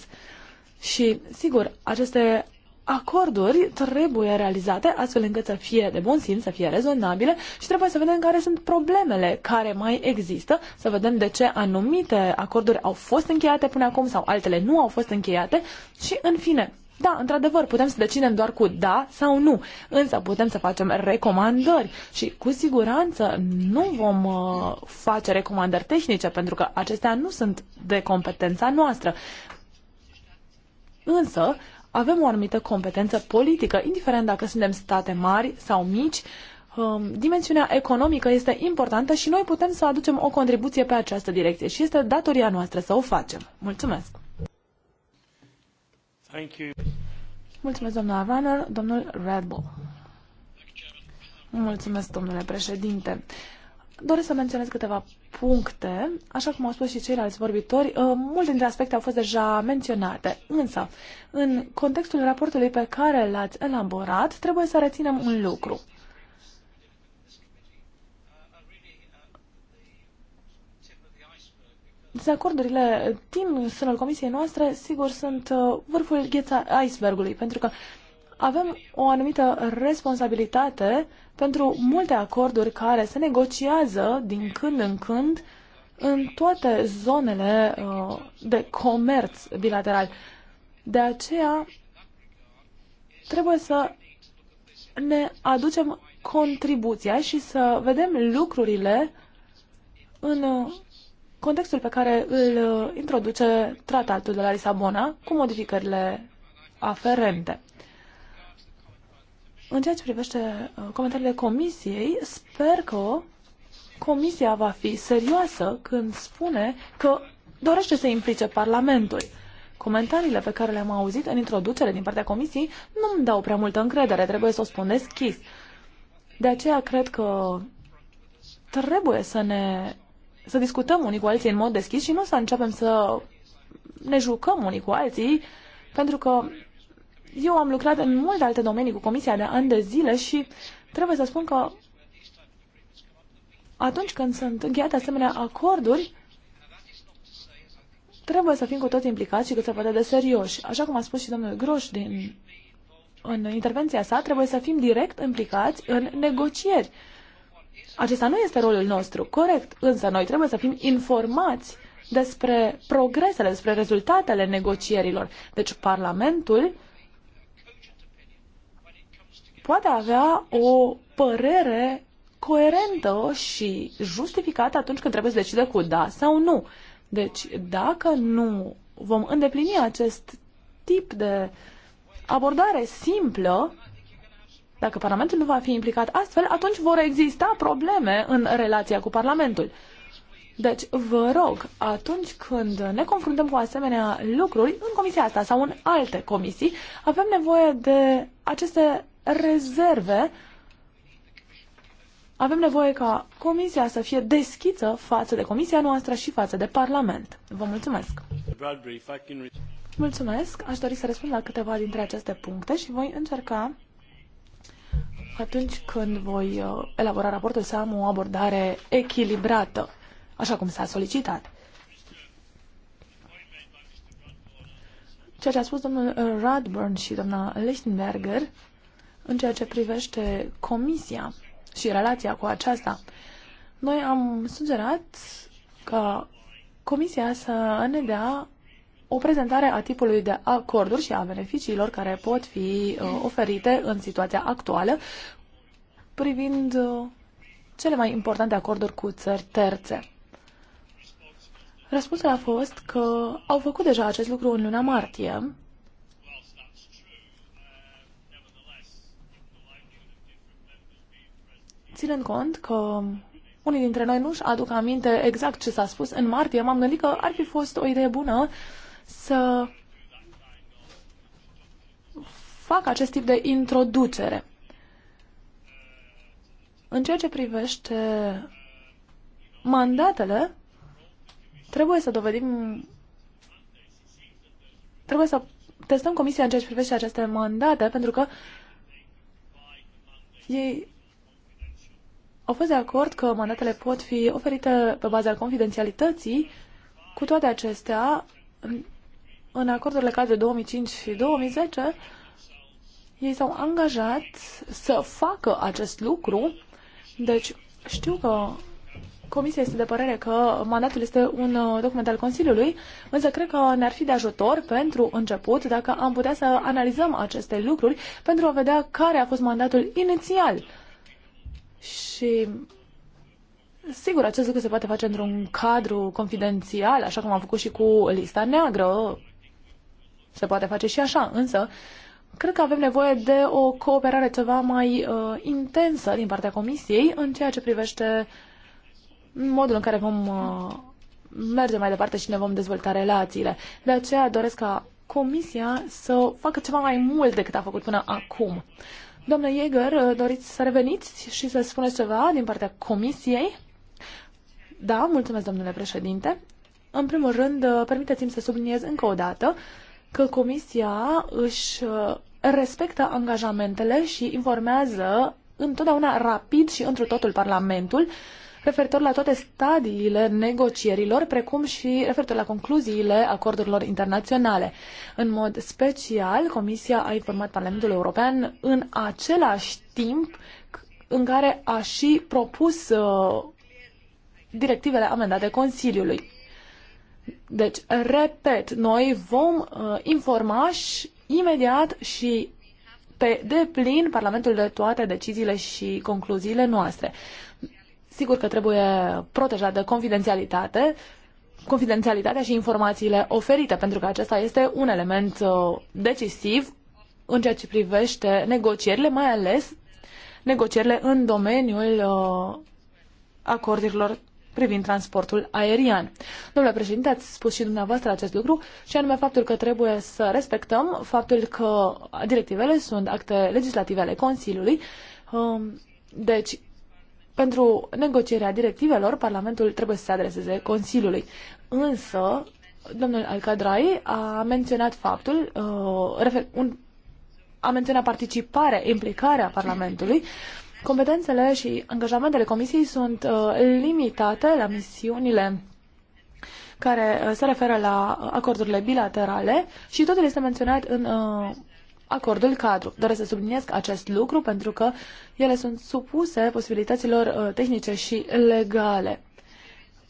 Și, sigur, aceste acorduri trebuie realizate astfel încât să fie de bun simț, să fie rezonabile și trebuie să vedem care sunt problemele care mai există, să vedem de ce anumite acorduri au fost încheiate până acum sau altele nu au fost încheiate și, în fine, da, într-adevăr, putem să decidem doar cu da sau nu, însă putem să facem recomandări și cu siguranță nu vom uh, face recomandări tehnice pentru că acestea nu sunt de competența noastră. Însă, avem o anumită competență politică, indiferent dacă suntem state mari sau mici, um, dimensiunea economică este importantă și noi putem să aducem o contribuție pe această direcție și este datoria noastră să o facem. Mulțumesc! Thank you. Mulțumesc, domnul Runner, domnul Redbull. Mulțumesc, domnule președinte. Doresc să menționez câteva puncte. Așa cum au spus și ceilalți vorbitori, uh, multe dintre aspecte au fost deja menționate. Însă, în contextul raportului pe care l-ați elaborat, trebuie să reținem un lucru. Dezacordurile din sânul comisiei noastre, sigur, sunt uh, vârful gheța icebergului, pentru că avem o anumită responsabilitate pentru multe acorduri care se negociază din când în când în toate zonele uh, de comerț bilateral. De aceea trebuie să ne aducem contribuția și să vedem lucrurile în uh, contextul pe care îl uh, introduce tratatul de la Lisabona cu modificările aferente. În ceea ce privește uh, comentariile comisiei, sper că comisia va fi serioasă când spune că dorește să implice Parlamentul. Comentariile pe care le-am auzit în introducere din partea comisiei nu îmi dau prea multă încredere, trebuie să o spun deschis. De aceea cred că trebuie să ne să discutăm unii cu alții în mod deschis și nu să începem să ne jucăm unii cu alții, pentru că eu am lucrat în multe alte domenii cu Comisia de ani de zile și trebuie să spun că atunci când sunt încheiate asemenea acorduri, trebuie să fim cu toți implicați și cât se poate de serioși. Așa cum a spus și domnul Groș din, în intervenția sa, trebuie să fim direct implicați în negocieri. Acesta nu este rolul nostru, corect, însă noi trebuie să fim informați despre progresele, despre rezultatele negocierilor. Deci Parlamentul poate avea o părere coerentă și justificată atunci când trebuie să decide cu da sau nu. Deci, dacă nu vom îndeplini acest tip de abordare simplă, dacă Parlamentul nu va fi implicat astfel, atunci vor exista probleme în relația cu Parlamentul. Deci, vă rog, atunci când ne confruntăm cu asemenea lucruri, în comisia asta sau în alte comisii, avem nevoie de aceste rezerve, avem nevoie ca Comisia să fie deschisă față de Comisia noastră și față de Parlament. Vă mulțumesc! Mulțumesc! Aș dori să răspund la câteva dintre aceste puncte și voi încerca atunci când voi uh, elabora raportul să am o abordare echilibrată, așa cum s-a solicitat. Ceea ce a spus domnul uh, Radburn și doamna Lichtenberger în ceea ce privește comisia și relația cu aceasta, noi am sugerat ca comisia să ne dea o prezentare a tipului de acorduri și a beneficiilor care pot fi uh, oferite în situația actuală privind uh, cele mai importante acorduri cu țări terțe. Răspunsul a fost că au făcut deja acest lucru în luna martie ținând cont că unii dintre noi nu-și aduc aminte exact ce s-a spus în martie, m-am gândit că ar fi fost o idee bună să fac acest tip de introducere. În ceea ce privește mandatele, trebuie să dovedim, trebuie să testăm comisia în ceea ce privește aceste mandate, pentru că ei au fost de acord că mandatele pot fi oferite pe baza confidențialității. Cu toate acestea, în acordurile cadre 2005 și 2010, ei s-au angajat să facă acest lucru. Deci, știu că Comisia este de părere că mandatul este un uh, document al Consiliului, însă cred că ne-ar fi de ajutor pentru început dacă am putea să analizăm aceste lucruri pentru a vedea care a fost mandatul inițial și Sigur, acest lucru se poate face într-un cadru confidențial, așa cum am făcut și cu lista neagră. Se poate face și așa, însă cred că avem nevoie de o cooperare ceva mai uh, intensă din partea Comisiei în ceea ce privește modul în care vom uh, merge mai departe și ne vom dezvolta relațiile. De aceea doresc ca Comisia să facă ceva mai mult decât a făcut până acum. Doamna Jäger, uh, doriți să reveniți și să spuneți ceva din partea Comisiei? Da, mulțumesc, domnule președinte. În primul rând, uh, permiteți-mi să subliniez încă o dată că Comisia își uh, respectă angajamentele și informează întotdeauna rapid și întru totul Parlamentul referitor la toate stadiile negocierilor, precum și referitor la concluziile acordurilor internaționale. În mod special, Comisia a informat Parlamentul European în același timp în care a și propus uh, directivele amendate Consiliului. Deci, repet, noi vom uh, informa și imediat și pe deplin Parlamentul de toate deciziile și concluziile noastre sigur că trebuie protejat de confidențialitate, confidențialitatea și informațiile oferite, pentru că acesta este un element uh, decisiv în ceea ce privește negocierile, mai ales negocierile în domeniul uh, acordurilor privind transportul aerian. Domnule președinte, ați spus și dumneavoastră acest lucru și anume faptul că trebuie să respectăm faptul că directivele sunt acte legislative ale Consiliului. Um, deci, pentru negocierea directivelor, Parlamentul trebuie să se adreseze Consiliului. Însă, domnul Alcadrai a menționat faptul, uh, un, a menționat participarea, implicarea Parlamentului. Competențele și angajamentele Comisiei sunt uh, limitate la misiunile care uh, se referă la acordurile bilaterale și totul este menționat în uh, acordul cadru. Doresc să subliniez acest lucru pentru că ele sunt supuse posibilităților uh, tehnice și legale.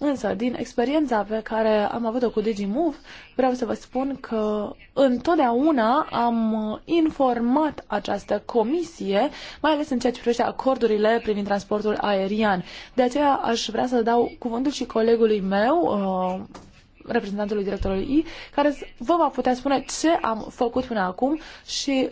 Însă, din experiența pe care am avut-o cu DigiMove, vreau să vă spun că întotdeauna am uh, informat această comisie, mai ales în ceea ce privește acordurile privind transportul aerian. De aceea aș vrea să dau cuvântul și colegului meu, uh, reprezentantului directorului I, care vă va putea spune ce am făcut până acum și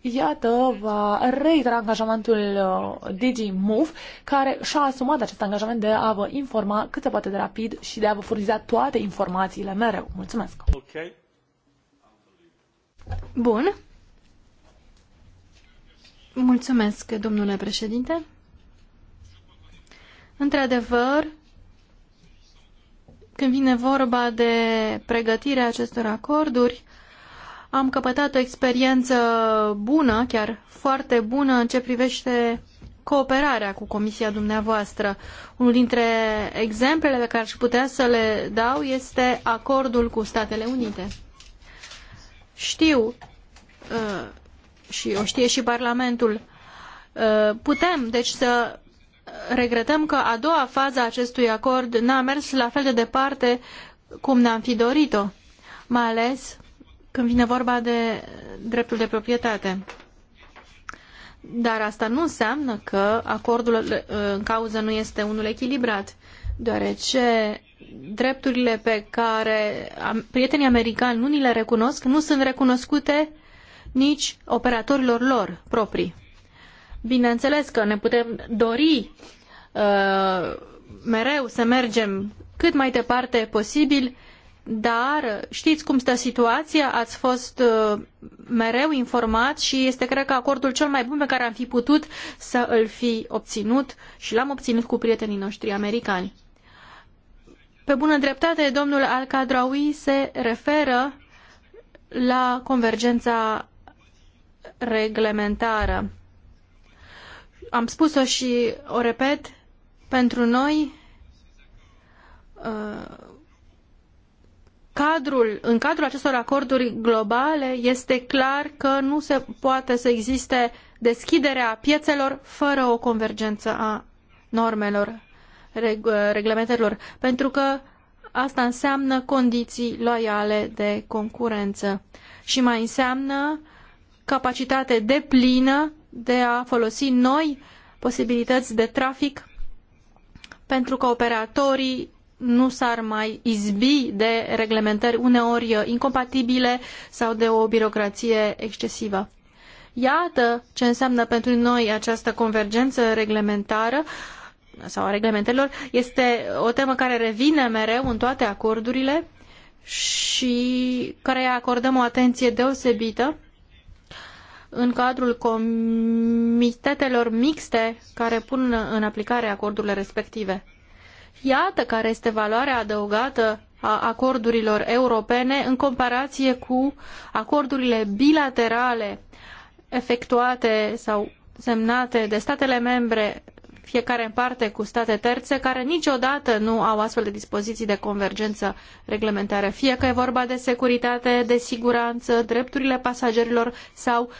iată, va reitera angajamentul uh, Digi Move, care și-a asumat acest angajament de a vă informa cât se poate de rapid și de a vă furniza toate informațiile mereu. Mulțumesc! Okay. Bun. Mulțumesc, domnule președinte. Într-adevăr, când vine vorba de pregătirea acestor acorduri, am căpătat o experiență bună, chiar foarte bună, în ce privește cooperarea cu comisia dumneavoastră. Unul dintre exemplele pe care aș putea să le dau este acordul cu Statele Unite. Știu uh, și o știe și Parlamentul, uh, putem deci să regretăm că a doua fază a acestui acord n-a mers la fel de departe cum ne-am fi dorit-o, mai ales când vine vorba de dreptul de proprietate. Dar asta nu înseamnă că acordul uh, în cauză nu este unul echilibrat, deoarece drepturile pe care prietenii americani nu ni le recunosc nu sunt recunoscute nici operatorilor lor proprii. Bineînțeles că ne putem dori uh, mereu să mergem cât mai departe posibil, dar știți cum stă situația, ați fost uh, mereu informat și este, cred că, acordul cel mai bun pe care am fi putut să îl fi obținut și l-am obținut cu prietenii noștri americani. Pe bună dreptate, domnul Al-Kadraoui se referă la convergența reglementară am spus-o și o repet, pentru noi uh, cadrul, în cadrul acestor acorduri globale este clar că nu se poate să existe deschiderea piețelor fără o convergență a normelor, reg uh, reglementărilor, pentru că asta înseamnă condiții loiale de concurență și mai înseamnă capacitate deplină de a folosi noi posibilități de trafic pentru că operatorii nu s-ar mai izbi de reglementări uneori incompatibile sau de o birocrație excesivă. Iată ce înseamnă pentru noi această convergență reglementară sau a reglementelor. Este o temă care revine mereu în toate acordurile și care acordăm o atenție deosebită în cadrul comitetelor mixte care pun în aplicare acordurile respective. Iată care este valoarea adăugată a acordurilor europene în comparație cu acordurile bilaterale efectuate sau semnate de statele membre fiecare în parte cu state terțe care niciodată nu au astfel de dispoziții de convergență reglementară, fie că e vorba de securitate, de siguranță, drepturile pasagerilor sau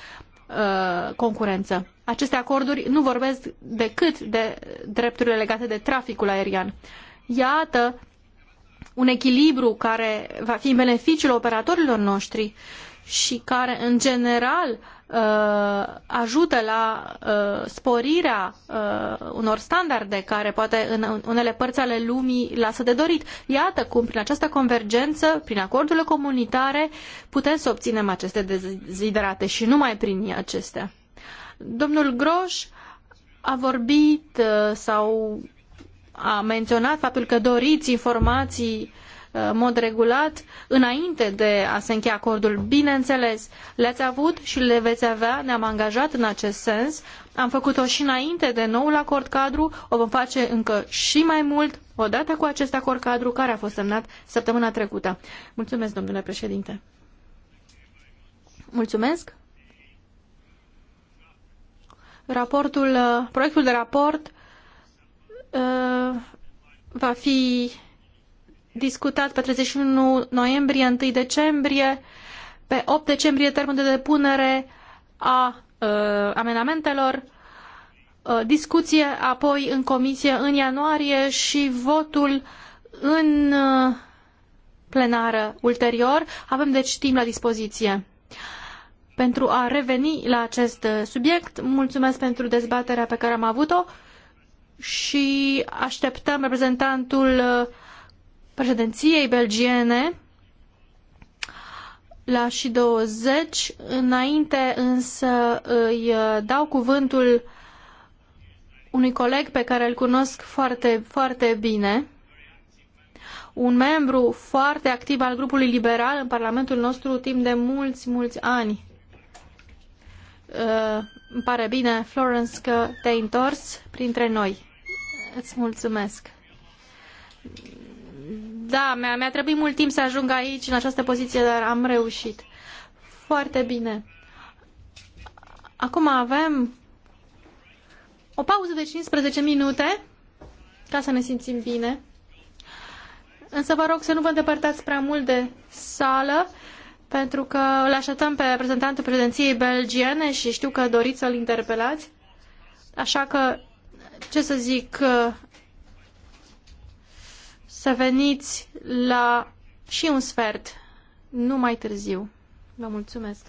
uh, concurență. Aceste acorduri nu vorbesc decât de drepturile legate de traficul aerian. Iată un echilibru care va fi în beneficiul operatorilor noștri și care, în general, Uh, ajută la uh, sporirea uh, unor standarde care poate în unele părți ale lumii lasă de dorit. Iată cum prin această convergență, prin acordurile comunitare, putem să obținem aceste deziderate și numai prin acestea. Domnul Groș a vorbit sau a menționat faptul că doriți informații uh, mod regulat înainte de a se încheia acordul. Bineînțeles, le-ați avut și le veți avea, ne-am angajat în acest sens. Am făcut-o și înainte de noul acord cadru, o vom face încă și mai mult odată cu acest acord cadru care a fost semnat săptămâna trecută. Mulțumesc, domnule președinte. Mulțumesc. Raportul, uh, proiectul de raport uh, va fi discutat pe 31 noiembrie, 1 decembrie, pe 8 decembrie termenul de depunere a uh, amendamentelor, uh, discuție apoi în comisie în ianuarie și votul în uh, plenară ulterior. Avem deci timp la dispoziție. Pentru a reveni la acest uh, subiect, mulțumesc pentru dezbaterea pe care am avut-o și așteptăm reprezentantul uh, președinției belgiene la și 20. Înainte însă îi uh, dau cuvântul unui coleg pe care îl cunosc foarte, foarte bine, un membru foarte activ al grupului liberal în Parlamentul nostru timp de mulți, mulți ani. Uh, îmi pare bine, Florence, că te-ai întors printre noi. Îți mulțumesc. Da, mi-a, mi-a trebuit mult timp să ajung aici, în această poziție, dar am reușit. Foarte bine. Acum avem o pauză de 15 minute ca să ne simțim bine. Însă vă rog să nu vă îndepărtați prea mult de sală, pentru că îl așteptăm pe reprezentantul prezenției belgiene și știu că doriți să-l interpelați. Așa că, ce să zic, să veniți la și un sfert, nu mai târziu. Vă mulțumesc!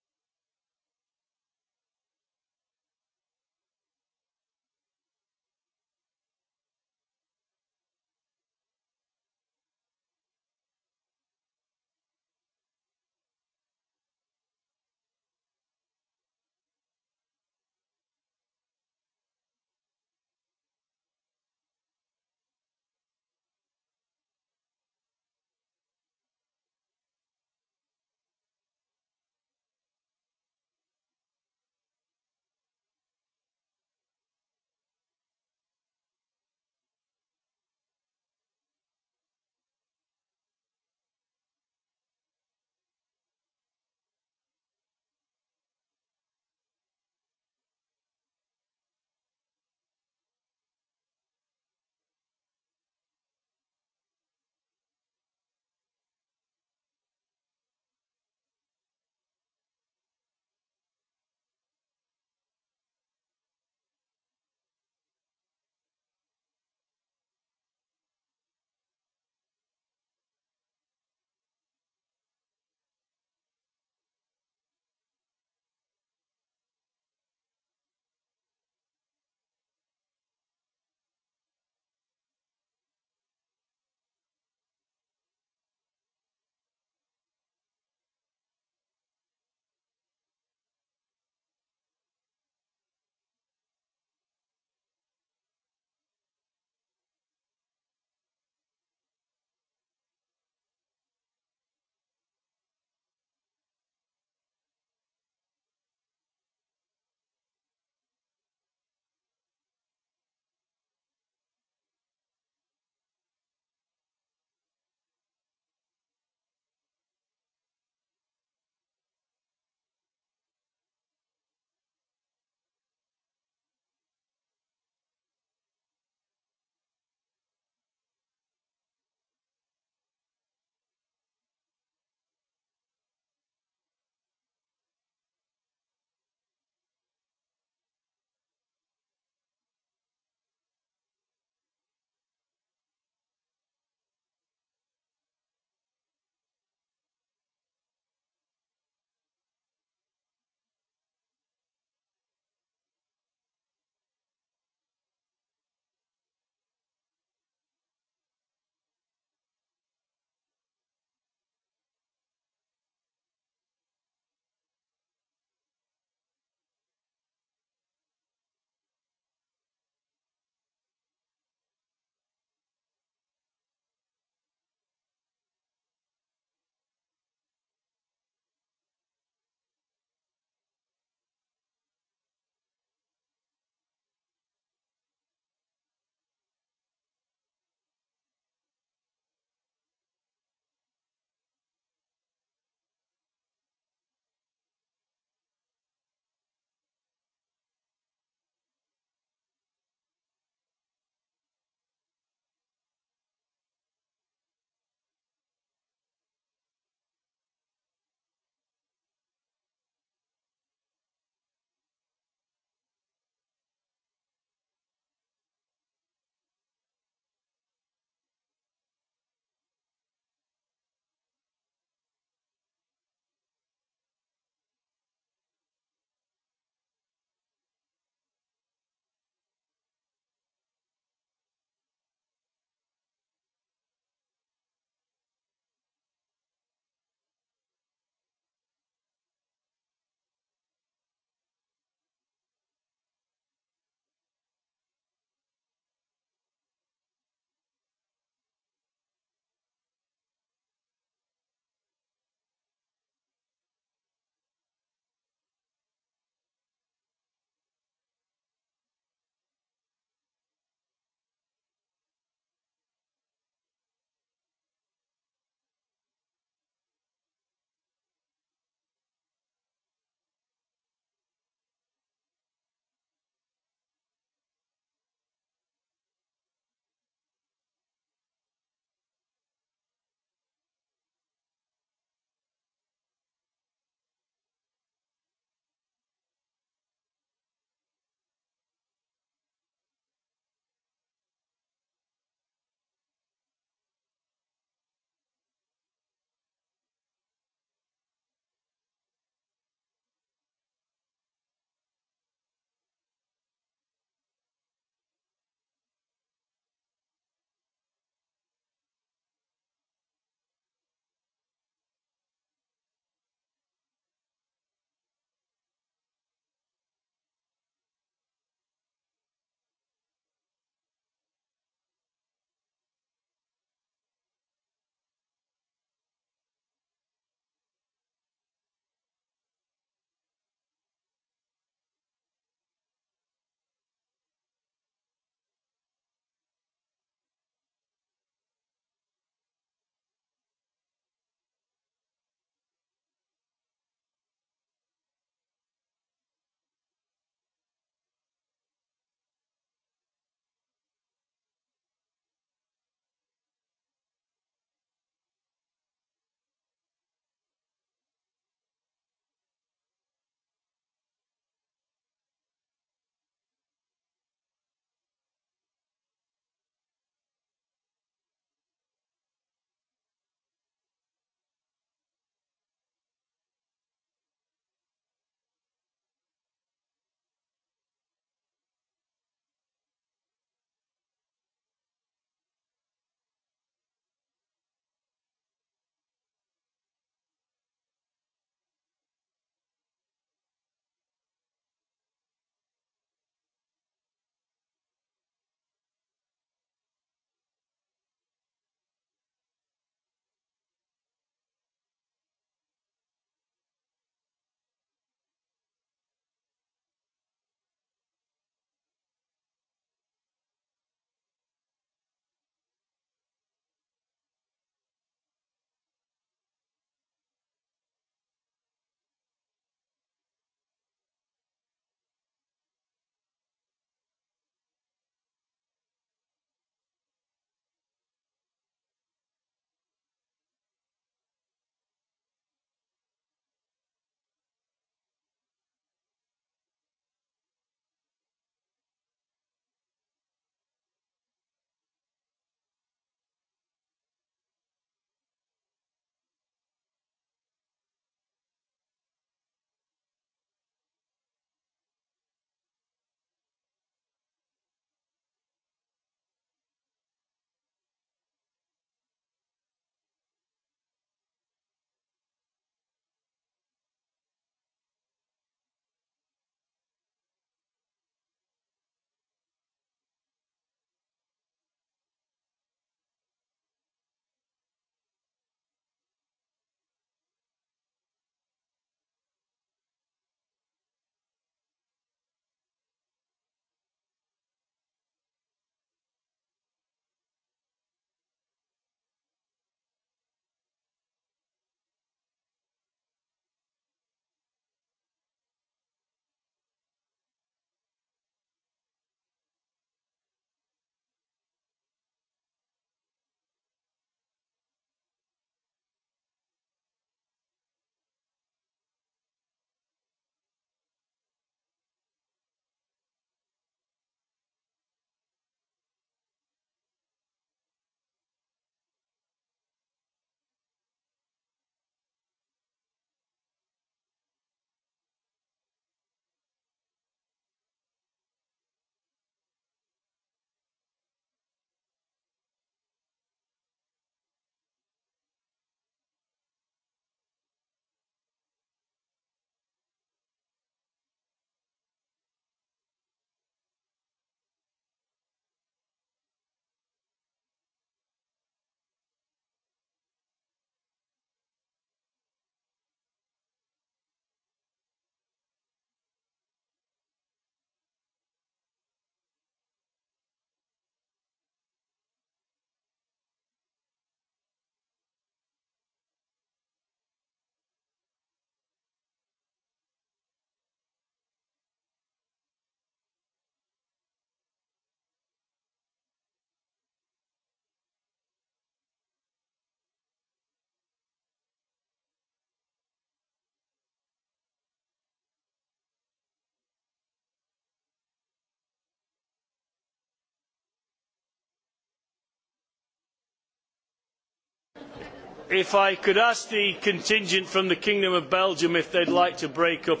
If I could ask the contingent from the Kingdom of Belgium if they'd like to break up.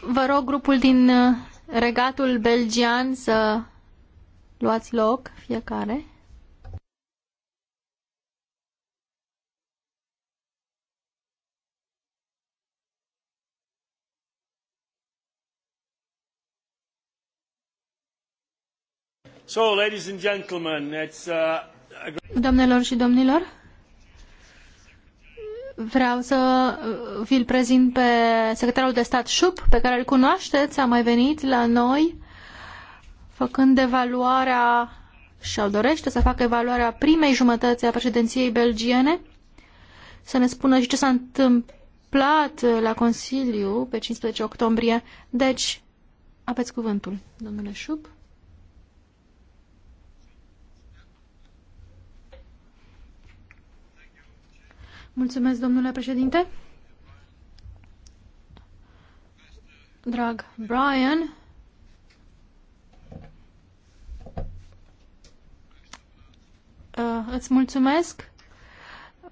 Vă rog grupul din uh, regatul belgian să luați loc fiecare. So, ladies and gentlemen, it's, uh... Doamnelor și domnilor, vreau să uh, vi-l prezint pe secretarul de stat Șup, pe care îl cunoașteți, a mai venit la noi făcând evaluarea și-au dorește să facă evaluarea primei jumătăți a președinției belgiene, să ne spună și ce s-a întâmplat la Consiliu pe 15 octombrie. Deci, aveți cuvântul, domnule Șup. Mulțumesc, domnule președinte. Drag Brian, uh, îți mulțumesc.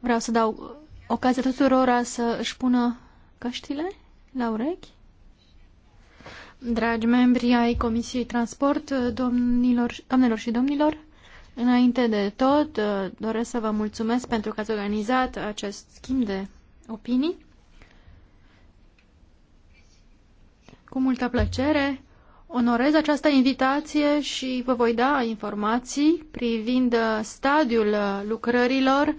Vreau să dau ocazia tuturor să își pună căștile la urechi. Dragi membri ai Comisiei Transport, domnilor, doamnelor și domnilor, Înainte de tot, uh, doresc să vă mulțumesc pentru că ați organizat acest schimb de opinii. Cu multă plăcere onorez această invitație și vă voi da informații privind uh, stadiul uh, lucrărilor,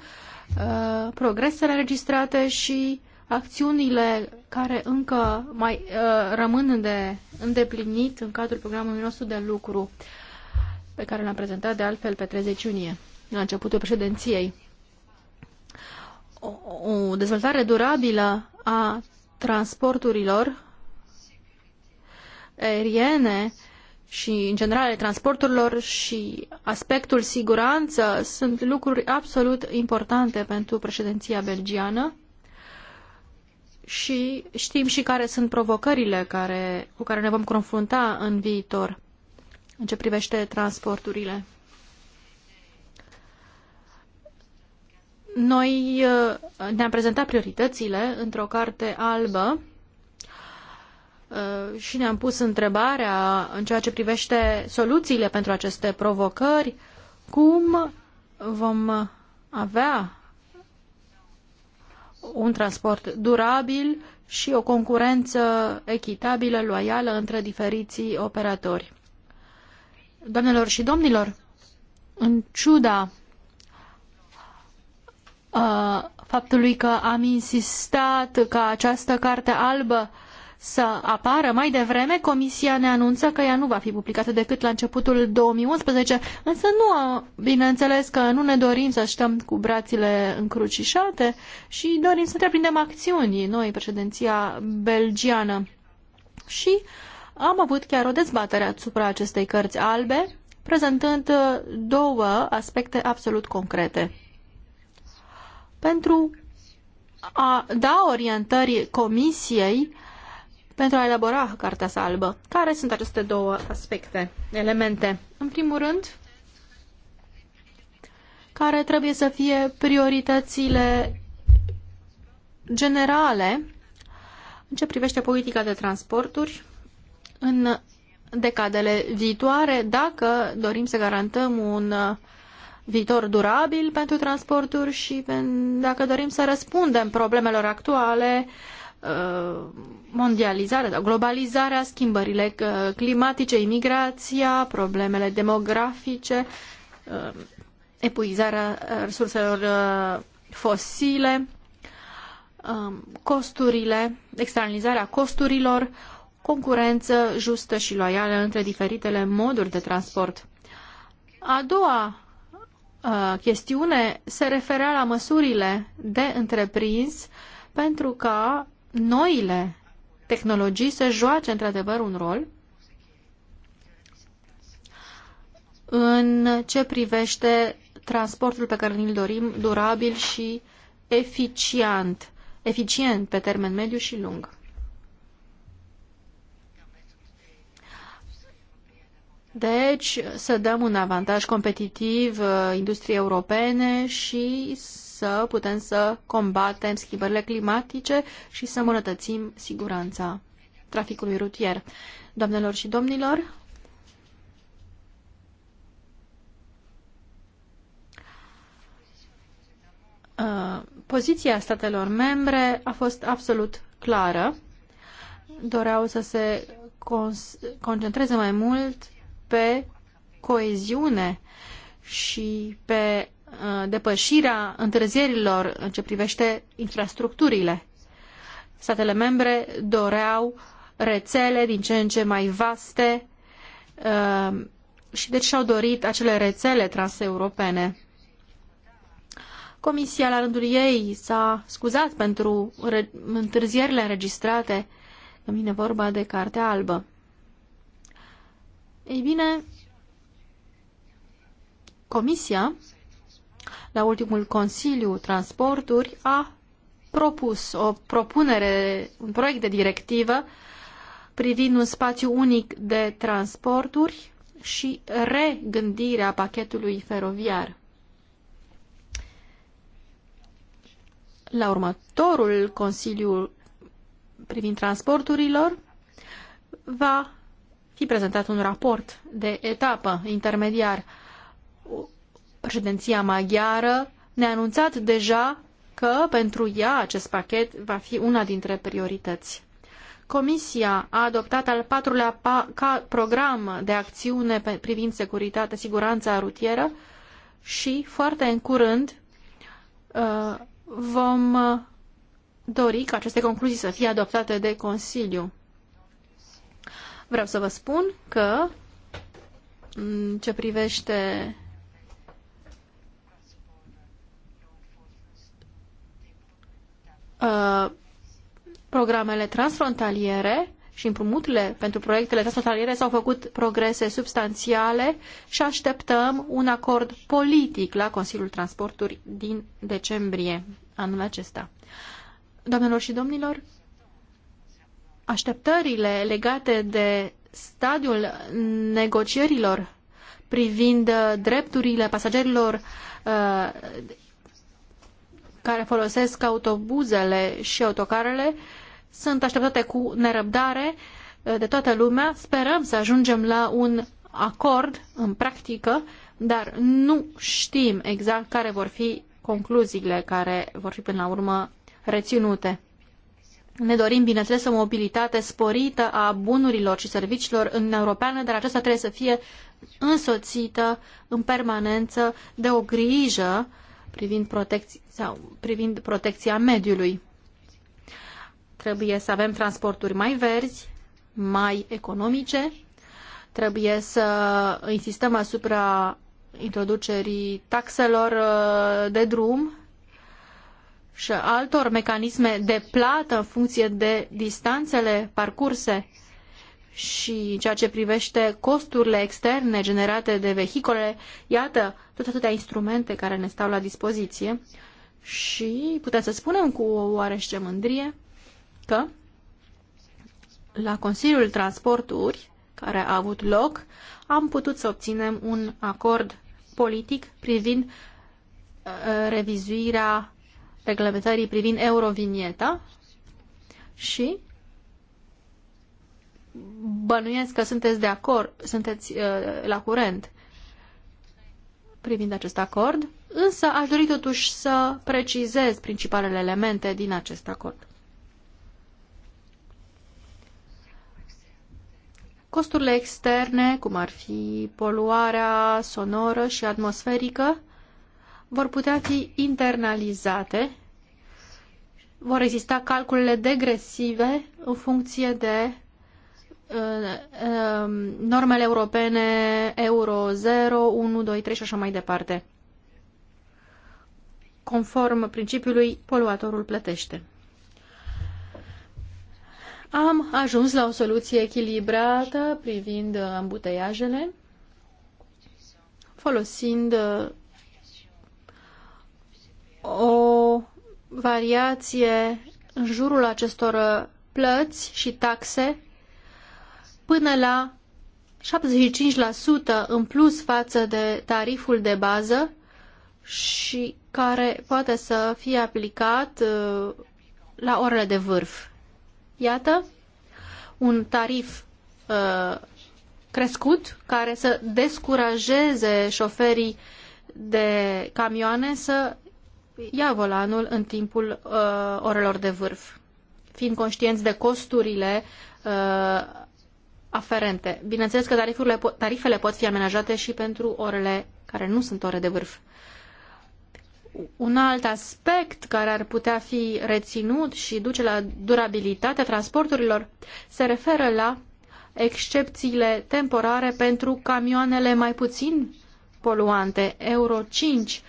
progresele registrate și acțiunile care încă mai rămân de îndeplinit în cadrul programului nostru de lucru pe care l-am prezentat de altfel pe 30 iunie, la începutul președinției. O, o dezvoltare durabilă a transporturilor aeriene și, în general, transporturilor și aspectul siguranță sunt lucruri absolut importante pentru președinția belgiană și știm și care sunt provocările care, cu care ne vom confrunta în viitor în ce privește transporturile. Noi uh, ne-am prezentat prioritățile într-o carte albă uh, și ne-am pus întrebarea în ceea ce privește soluțiile pentru aceste provocări, cum vom avea un transport durabil și o concurență echitabilă, loială între diferiții operatori. Doamnelor și domnilor, în ciuda a, uh, faptului că am insistat ca această carte albă să apară mai devreme, Comisia ne anunță că ea nu va fi publicată decât la începutul 2011, însă nu, bineînțeles că nu ne dorim să stăm cu brațile încrucișate și dorim să întreprindem acțiuni noi, președinția belgiană. Și uh, am avut chiar o dezbatere asupra acestei cărți albe, prezentând uh, două aspecte absolut concrete. Pentru a da orientări comisiei pentru a elabora cartea sa albă. Care sunt aceste două aspecte, elemente? În primul rând, care trebuie să fie prioritățile generale în ce privește politica de transporturi în decadele viitoare dacă dorim să garantăm un uh, viitor durabil pentru transporturi și dacă dorim să răspundem problemelor actuale, uh, mondializarea, globalizarea, schimbările uh, climatice, imigrația, problemele demografice, epuizarea resurselor fosile, costurile, externalizarea costurilor, concurență justă și loială între diferitele moduri de transport. A doua a, uh, chestiune se referea la măsurile de întreprins pentru ca noile tehnologii să joace într-adevăr un rol în ce privește transportul pe care îl dorim durabil și eficient, eficient pe termen mediu și lung. Deci să dăm un avantaj competitiv uh, industriei europene și să putem să combatem schimbările climatice și să îmbunătățim siguranța traficului rutier. Doamnelor și domnilor, uh, poziția statelor membre a fost absolut clară. Doreau să se concentreze mai mult pe coeziune și pe uh, depășirea întârzierilor în ce privește infrastructurile. Statele membre doreau rețele din ce în ce mai vaste uh, și deci și-au dorit acele rețele transeuropene. Comisia, la rândul ei, s-a scuzat pentru întârzierile înregistrate, când vine vorba de Cartea Albă. Ei bine, Comisia, la ultimul Consiliu Transporturi, a propus o propunere, un proiect de directivă privind un spațiu unic de transporturi și regândirea pachetului feroviar. La următorul Consiliu privind transporturilor va fi prezentat un raport de etapă intermediar. Președinția maghiară ne-a anunțat deja că pentru ea acest pachet va fi una dintre priorități. Comisia a adoptat al patrulea pa program de acțiune privind securitatea, siguranța rutieră și foarte în curând uh, vom uh, dori ca aceste concluzii să fie adoptate de Consiliu. Vreau să vă spun că în ce privește uh, programele transfrontaliere și împrumuturile pentru proiectele transfrontaliere s-au făcut progrese substanțiale și așteptăm un acord politic la Consiliul Transporturi din decembrie anul acesta. Doamnelor și domnilor, așteptările legate de stadiul negocierilor privind uh, drepturile pasagerilor uh, care folosesc autobuzele și autocarele sunt așteptate cu nerăbdare uh, de toată lumea. Sperăm să ajungem la un acord în practică, dar nu știm exact care vor fi concluziile care vor fi până la urmă reținute. Ne dorim, bineînțeles, o mobilitate sporită a bunurilor și serviciilor în Europeană, dar aceasta trebuie să fie însoțită în permanență de o grijă privind, protecția, sau privind protecția mediului. Trebuie să avem transporturi mai verzi, mai economice, trebuie să insistăm asupra introducerii taxelor uh, de drum și altor mecanisme de plată în funcție de distanțele parcurse și în ceea ce privește costurile externe generate de vehicole, iată tot atâtea instrumente care ne stau la dispoziție și putem să spunem cu oarește mândrie că la Consiliul Transporturi care a avut loc, am putut să obținem un acord politic privind uh, revizuirea reglementării privind Eurovinieta și bănuiesc că sunteți de acord, sunteți uh, la curent privind acest acord, însă aș dori totuși să precizez principalele elemente din acest acord. Costurile externe, cum ar fi poluarea sonoră și atmosferică, vor putea fi internalizate, vor exista calculele degresive în funcție de uh, um, normele europene Euro 0, 1, 2, 3 și așa mai departe. Conform principiului, poluatorul plătește. Am ajuns la o soluție echilibrată privind ambuteiajele, folosind uh, o variație în jurul acestor uh, plăți și taxe până la 75% în plus față de tariful de bază și care poate să fie aplicat uh, la orele de vârf. Iată un tarif uh, crescut care să descurajeze șoferii de camioane să ia volanul în timpul uh, orelor de vârf, fiind conștienți de costurile uh, aferente. Bineînțeles că tarifurile, tarifele pot fi amenajate și pentru orele care nu sunt ore de vârf. Un alt aspect care ar putea fi reținut și duce la durabilitatea transporturilor se referă la excepțiile temporare pentru camioanele mai puțin poluante, Euro 5. Uh,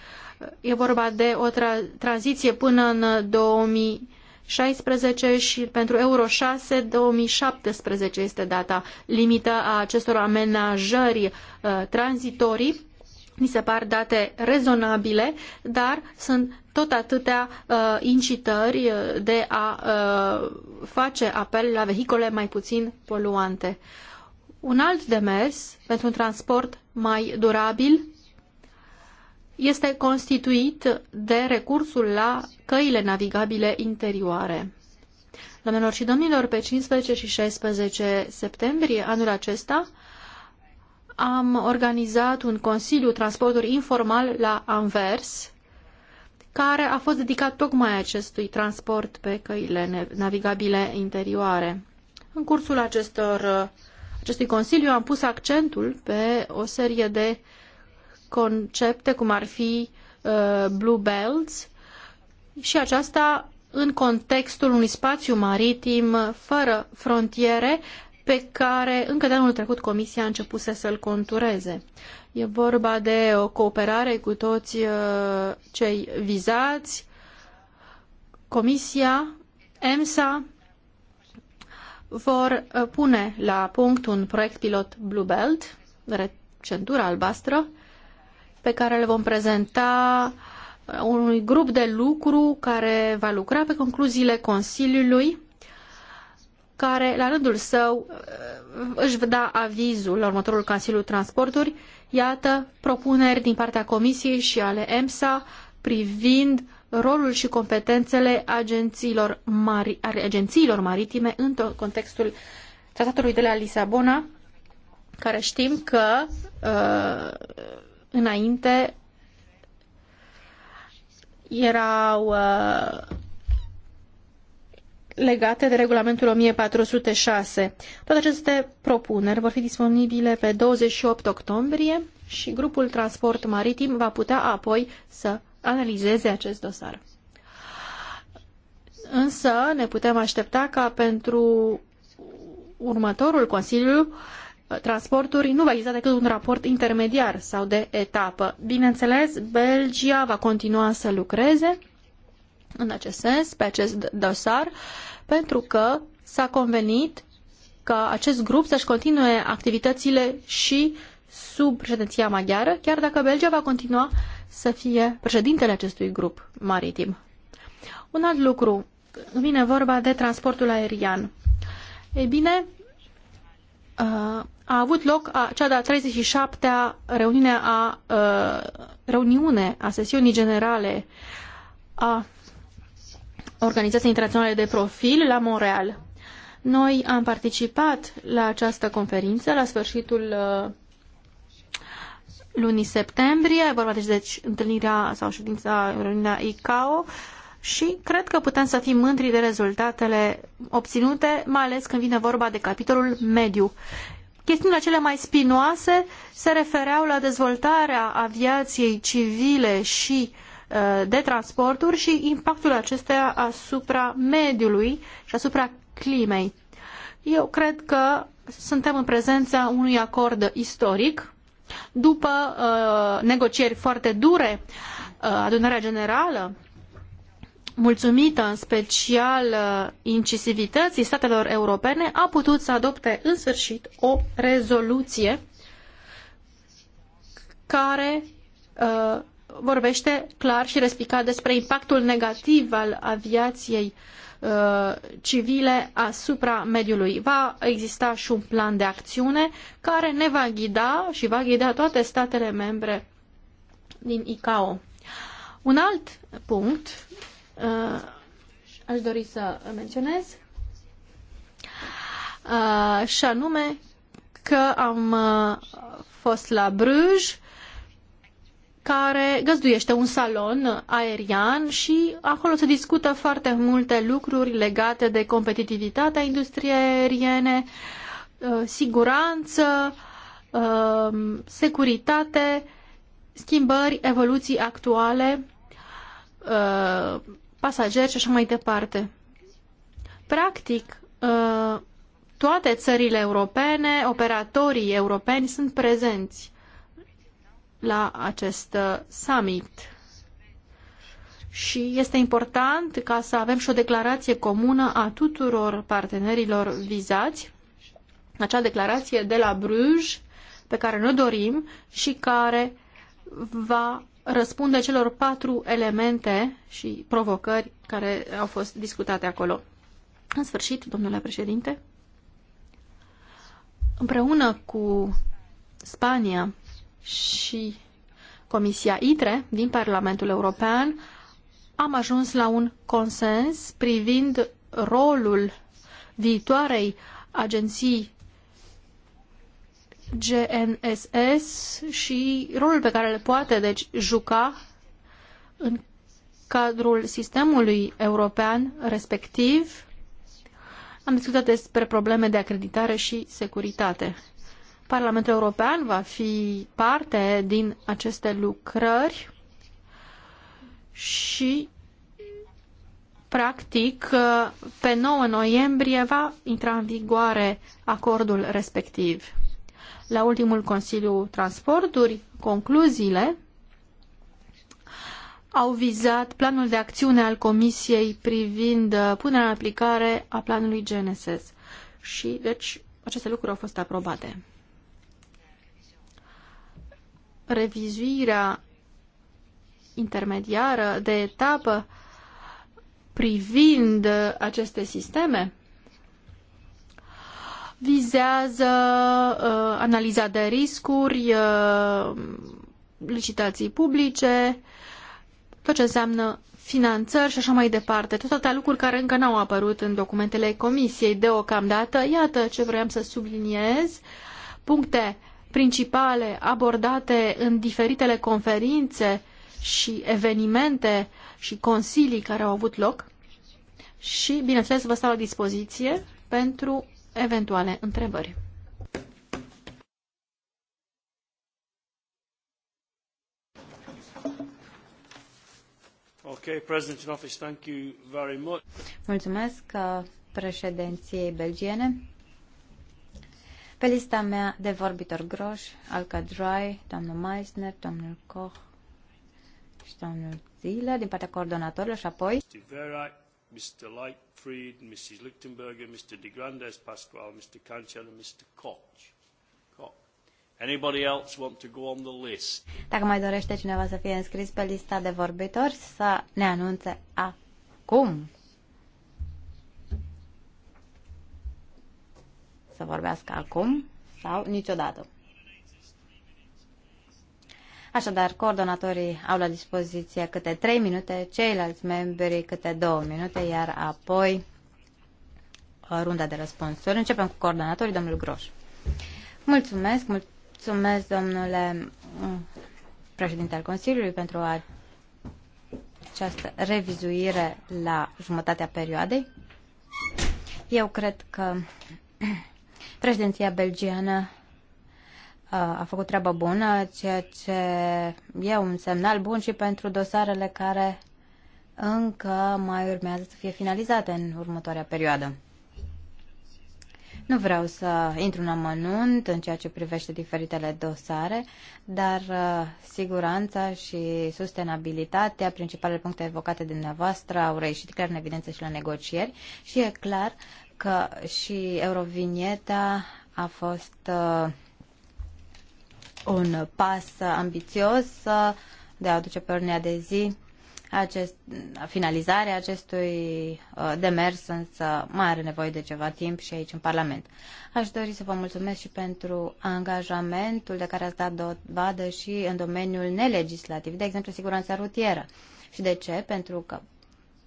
E vorba de o tra- tranziție până în 2016 și pentru Euro 6 2017 este data limită a acestor amenajări uh, tranzitorii. Mi se par date rezonabile, dar sunt tot atâtea uh, incitări uh, de a uh, face apel la vehicole mai puțin poluante. Un alt demers pentru un transport mai durabil este constituit de recursul la căile navigabile interioare. Doamnelor și domnilor, pe 15 și 16 septembrie anul acesta am organizat un Consiliu Transporturi Informal la Anvers, care a fost dedicat tocmai acestui transport pe căile navigabile interioare. În cursul acestor, acestui Consiliu am pus accentul pe o serie de concepte cum ar fi uh, Blue Belts și aceasta în contextul unui spațiu maritim fără frontiere pe care încă de anul trecut Comisia a început să-l contureze. E vorba de o cooperare cu toți uh, cei vizați, Comisia, EMSA, vor uh, pune la punct un proiect pilot Blue Belt, recentura albastră, pe care le vom prezenta unui grup de lucru care va lucra pe concluziile Consiliului, care, la rândul său, își va da avizul la următorul Consiliu Transporturi. Iată propuneri din partea Comisiei și ale EMSA privind rolul și competențele agențiilor, mari, agențiilor maritime în contextul tratatului de la Lisabona, care știm că uh, Înainte erau uh, legate de regulamentul 1406. Toate aceste propuneri vor fi disponibile pe 28 octombrie și grupul transport maritim va putea apoi să analizeze acest dosar. Însă ne putem aștepta ca pentru următorul Consiliu transporturi, nu va exista decât un raport intermediar sau de etapă. Bineînțeles, Belgia va continua să lucreze în acest sens, pe acest dosar, pentru că s-a convenit ca acest grup să-și continue activitățile și sub președinția maghiară, chiar dacă Belgia va continua să fie președintele acestui grup maritim. Un alt lucru, vine vorba de transportul aerian. Ei bine, uh, a avut loc a, cea de-a 37-a reuniune a, a, ă, reuniune a sesiunii generale a Organizației Internaționale de Profil la Montreal. Noi am participat la această conferință la sfârșitul a, ă, lunii septembrie, e vorba deci de întâlnirea sau ședința, reuniunea ICAO, și cred că putem să fim mândri de rezultatele obținute, mai ales când vine vorba de capitolul mediu. Chestiunile cele mai spinoase se refereau la dezvoltarea aviației civile și uh, de transporturi și impactul acesteia asupra mediului și asupra climei. Eu cred că suntem în prezența unui acord istoric după uh, negocieri foarte dure, uh, adunarea generală mulțumită în special uh, incisivității statelor europene, a putut să adopte în sfârșit o rezoluție care uh, vorbește clar și respicat despre impactul negativ al aviației uh, civile asupra mediului. Va exista și un plan de acțiune care ne va ghida și va ghida toate statele membre din ICAO. Un alt punct Uh, aș dori să menționez uh, și anume că am uh, fost la Bruges care găzduiește un salon aerian și acolo se discută foarte multe lucruri legate de competitivitatea industriei aeriene, siguranță, securitate, schimbări, evoluții actuale pasageri și așa mai departe. Practic, ă, toate țările europene, operatorii europeni sunt prezenți la acest ă, summit. Și este important ca să avem și o declarație comună a tuturor partenerilor vizați, acea declarație de la Bruges pe care ne dorim și care va răspunde celor patru elemente și provocări care au fost discutate acolo. În sfârșit, domnule președinte, împreună cu Spania și Comisia ITRE din Parlamentul European, am ajuns la un consens privind rolul viitoarei agenții GNSS și rolul pe care le poate deci juca în cadrul sistemului european respectiv. Am discutat despre probleme de acreditare și securitate. Parlamentul European va fi parte din aceste lucrări și practic pe 9 noiembrie va intra în vigoare acordul respectiv la ultimul Consiliu Transporturi, concluziile au vizat planul de acțiune al Comisiei privind uh, punerea în aplicare a planului GNSS. Și, deci, aceste lucruri au fost aprobate. Revizuirea intermediară de etapă privind uh, aceste sisteme vizează uh, analiza de riscuri, uh, licitații publice, tot ce înseamnă finanțări și așa mai departe. Tot atâtea lucruri care încă n-au apărut în documentele comisiei deocamdată. Iată ce vreau să subliniez. Puncte principale abordate în diferitele conferințe și evenimente și consilii care au avut loc și, bineînțeles, vă stau la dispoziție pentru eventuale întrebări. Okay, President in Office, thank you very much. Mulțumesc uh, președinției belgiene. Pe lista mea de vorbitor groș, Alca Dry, domnul Meissner, domnul Koch și domnul Zila, din partea coordonatorilor și apoi... Vera, Mr. Lightfried, Mrs. Lichtenberger, Mr. de Grandes Pascual, Mr. Cancian, and Mr. Koch. Koch. Anybody else want to go on the list? Dacă mai dorește cineva să fie înscris pe lista de vorbitori, să ne anunțe acum. Să vorbească acum sau niciodată. Așadar, coordonatorii au la dispoziție câte 3 minute, ceilalți membri câte 2 minute, iar apoi uh, runda de răspunsuri. Începem cu coordonatorii, domnul Groș. Mulțumesc, mulțumesc, domnule uh, președinte al Consiliului, pentru această revizuire la jumătatea perioadei. Eu cred că (clears throat) președinția belgiană a făcut treabă bună, ceea ce e un semnal bun și pentru dosarele care încă mai urmează să fie finalizate în următoarea perioadă. Nu vreau să intru în amănunt în ceea ce privește diferitele dosare, dar uh, siguranța și sustenabilitatea, principalele puncte evocate de dumneavoastră, au reieșit clar în evidență și la negocieri și e clar că și Eurovinieta a fost uh, un pas ambițios uh, de a aduce pe ordinea de zi acest, finalizarea acestui uh, demers, însă mai are nevoie de ceva timp și aici în Parlament. Aș dori să vă mulțumesc și pentru angajamentul de care ați dat dovadă și în domeniul nelegislativ, de exemplu siguranța rutieră. Și de ce? Pentru că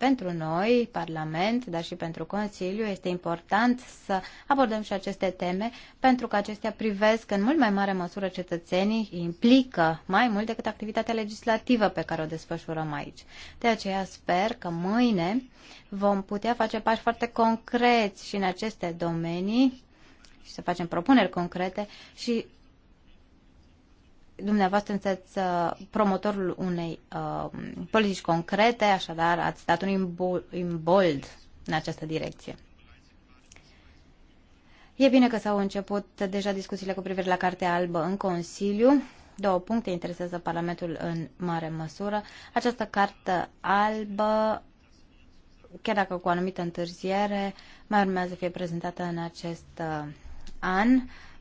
pentru noi, Parlament, dar și pentru Consiliu, este important să abordăm și aceste teme, pentru că acestea privesc în mult mai mare măsură cetățenii, implică mai mult decât activitatea legislativă pe care o desfășurăm aici. De aceea sper că mâine vom putea face pași foarte concreți și în aceste domenii și să facem propuneri concrete și dumneavoastră sunteți uh, promotorul unei uh, politici concrete, așadar ați dat un imbold în această direcție. E bine că s-au început deja discuțiile cu privire la Cartea Albă în Consiliu. Două puncte interesează Parlamentul în mare măsură. Această carte albă, chiar dacă cu anumită întârziere, mai urmează să fie prezentată în acest uh, an,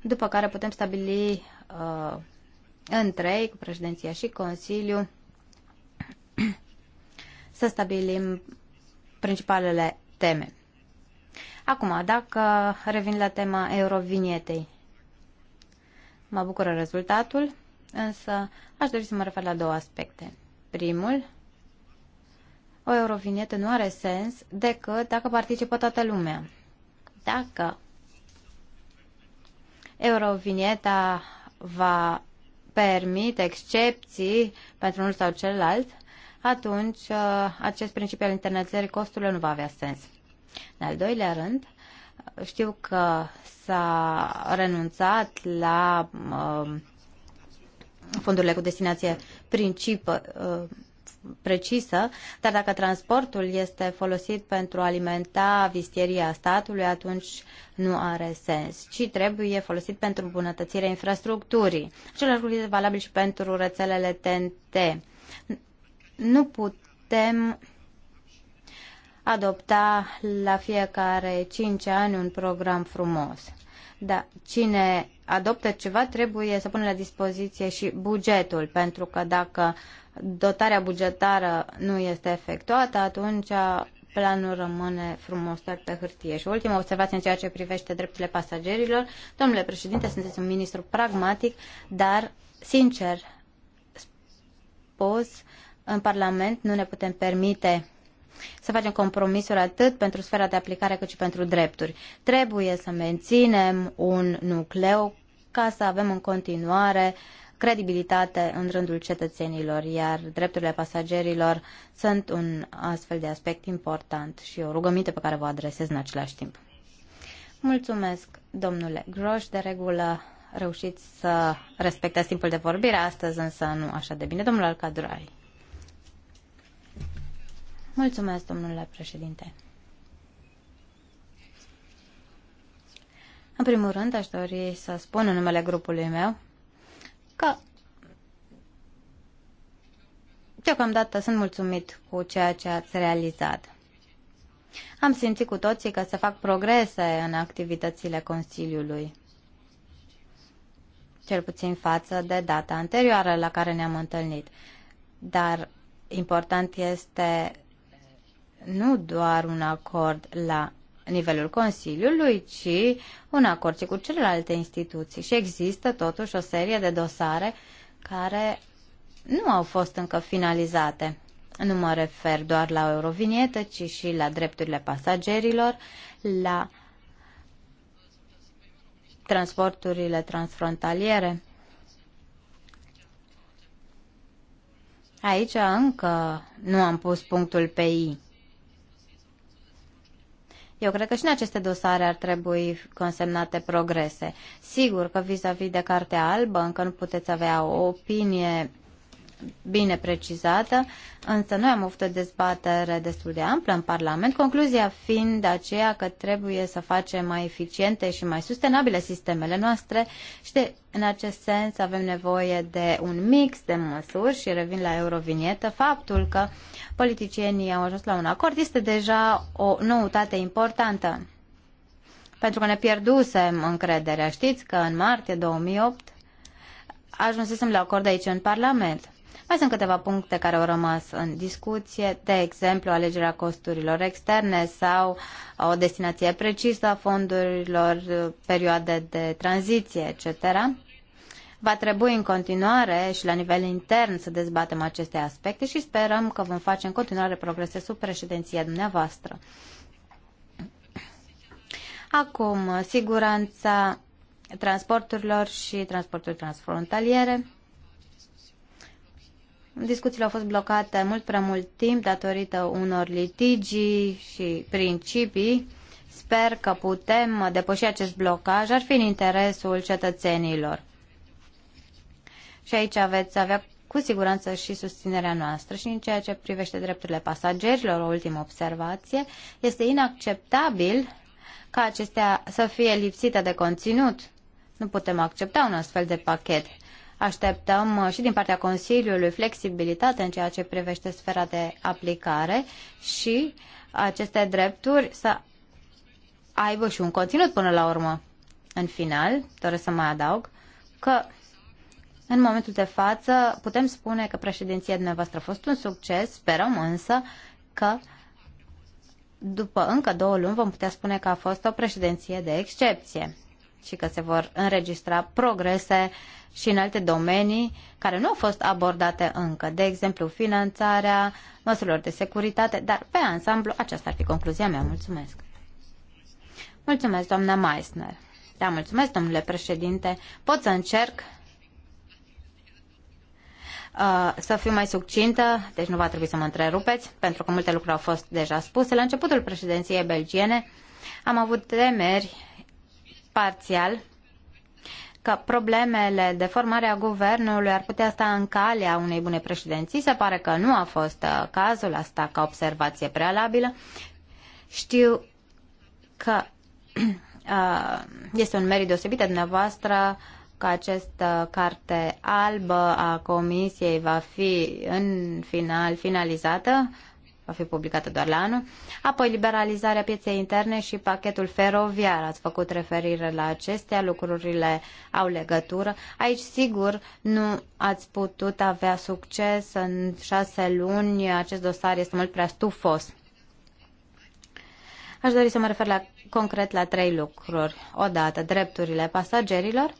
după care putem stabili uh, în trei, cu președinția și Consiliu, (clears throat) să stabilim principalele teme. Acum, dacă revin la tema eurovinietei, mă bucură rezultatul, însă aș dori să mă refer la două aspecte. Primul, o eurovinietă nu are sens decât dacă participă toată lumea. Dacă eurovinieta va permit excepții pentru unul sau celălalt, atunci uh, acest principiu al internalizării costurilor nu va avea sens. În al doilea rând, știu că s-a renunțat la uh, fondurile cu destinație principă, uh, precisă, dar dacă transportul este folosit pentru a alimenta vistieria statului, atunci nu are sens, ci trebuie folosit pentru îmbunătățirea infrastructurii. Același lucru este valabil și pentru rețelele TNT. Nu putem adopta la fiecare 5 ani un program frumos. Da, cine adoptă ceva, trebuie să pună la dispoziție și bugetul, pentru că dacă dotarea bugetară nu este efectuată, atunci planul rămâne frumos doar pe hârtie. Și ultima observație în ceea ce privește drepturile pasagerilor. Domnule președinte, sunteți un ministru pragmatic, dar, sincer spus, în Parlament nu ne putem permite să facem compromisuri atât pentru sfera de aplicare cât și pentru drepturi. Trebuie să menținem un nucleu ca să avem în continuare credibilitate în rândul cetățenilor, iar drepturile pasagerilor sunt un astfel de aspect important și o rugăminte pe care vă adresez în același timp. Mulțumesc, domnule Groș, de regulă reușiți să respectați timpul de vorbire, astăzi însă nu așa de bine. Domnul Alcadurai. Mulțumesc, domnule președinte. În primul rând, aș dori să spun în numele grupului meu că deocamdată sunt mulțumit cu ceea ce ați realizat. Am simțit cu toții că se fac progrese în activitățile Consiliului, cel puțin față de data anterioară la care ne-am întâlnit. Dar important este nu doar un acord la nivelul Consiliului, ci un acord și cu celelalte instituții. Și există totuși o serie de dosare care nu au fost încă finalizate. Nu mă refer doar la eurovinietă, ci și la drepturile pasagerilor, la transporturile transfrontaliere. Aici încă nu am pus punctul pe I. Eu cred că și în aceste dosare ar trebui consemnate progrese. Sigur că vis-a-vis -vis de Cartea Albă încă nu puteți avea o opinie bine precizată, însă noi am avut o dezbatere destul de amplă în Parlament, concluzia fiind aceea că trebuie să facem mai eficiente și mai sustenabile sistemele noastre și de, în acest sens avem nevoie de un mix de măsuri și revin la Eurovinietă. Faptul că politicienii au ajuns la un acord este deja o noutate importantă. Pentru că ne pierdusem încrederea. Știți că în martie 2008 ajunsesem la acord aici în Parlament. Mai sunt câteva puncte care au rămas în discuție, de exemplu alegerea costurilor externe sau o destinație precisă a fondurilor, perioade de tranziție, etc. Va trebui în continuare și la nivel intern să dezbatem aceste aspecte și sperăm că vom face în continuare progrese sub președinția dumneavoastră. Acum, siguranța transporturilor și transporturi transfrontaliere. Discuțiile au fost blocate mult prea mult timp datorită unor litigii și principii. Sper că putem depăși acest blocaj. Ar fi în interesul cetățenilor. Și aici veți avea cu siguranță și susținerea noastră. Și în ceea ce privește drepturile pasagerilor, o ultimă observație, este inacceptabil ca acestea să fie lipsite de conținut. Nu putem accepta un astfel de pachet. Așteptăm uh, și din partea Consiliului flexibilitate în ceea ce privește sfera de aplicare și aceste drepturi să aibă și un conținut până la urmă. În final, doresc să mai adaug că în momentul de față putem spune că președinția dumneavoastră a fost un succes, sperăm însă că după încă două luni vom putea spune că a fost o președinție de excepție și că se vor înregistra progrese și în alte domenii care nu au fost abordate încă, de exemplu finanțarea, măsurilor de securitate, dar pe ansamblu aceasta ar fi concluzia mea. Mulțumesc! Mulțumesc, doamna Meissner! Da, mulțumesc, domnule președinte! Pot să încerc uh, să fiu mai succintă, deci nu va trebui să mă întrerupeți, pentru că multe lucruri au fost deja spuse. La începutul președinției belgiene am avut temeri parțial că problemele de formare a guvernului ar putea sta în calea unei bune președinții. Se pare că nu a fost uh, cazul asta ca observație prealabilă. Știu că (clears throat) uh, este un merit deosebit de dumneavoastră că această carte albă a Comisiei va fi în final finalizată va fi publicată doar la anul. Apoi, liberalizarea pieței interne și pachetul feroviar. Ați făcut referire la acestea, lucrurile au legătură. Aici, sigur, nu ați putut avea succes în șase luni. Acest dosar este mult prea stufos. Aș dori să mă refer la, concret la trei lucruri. o dată drepturile pasagerilor.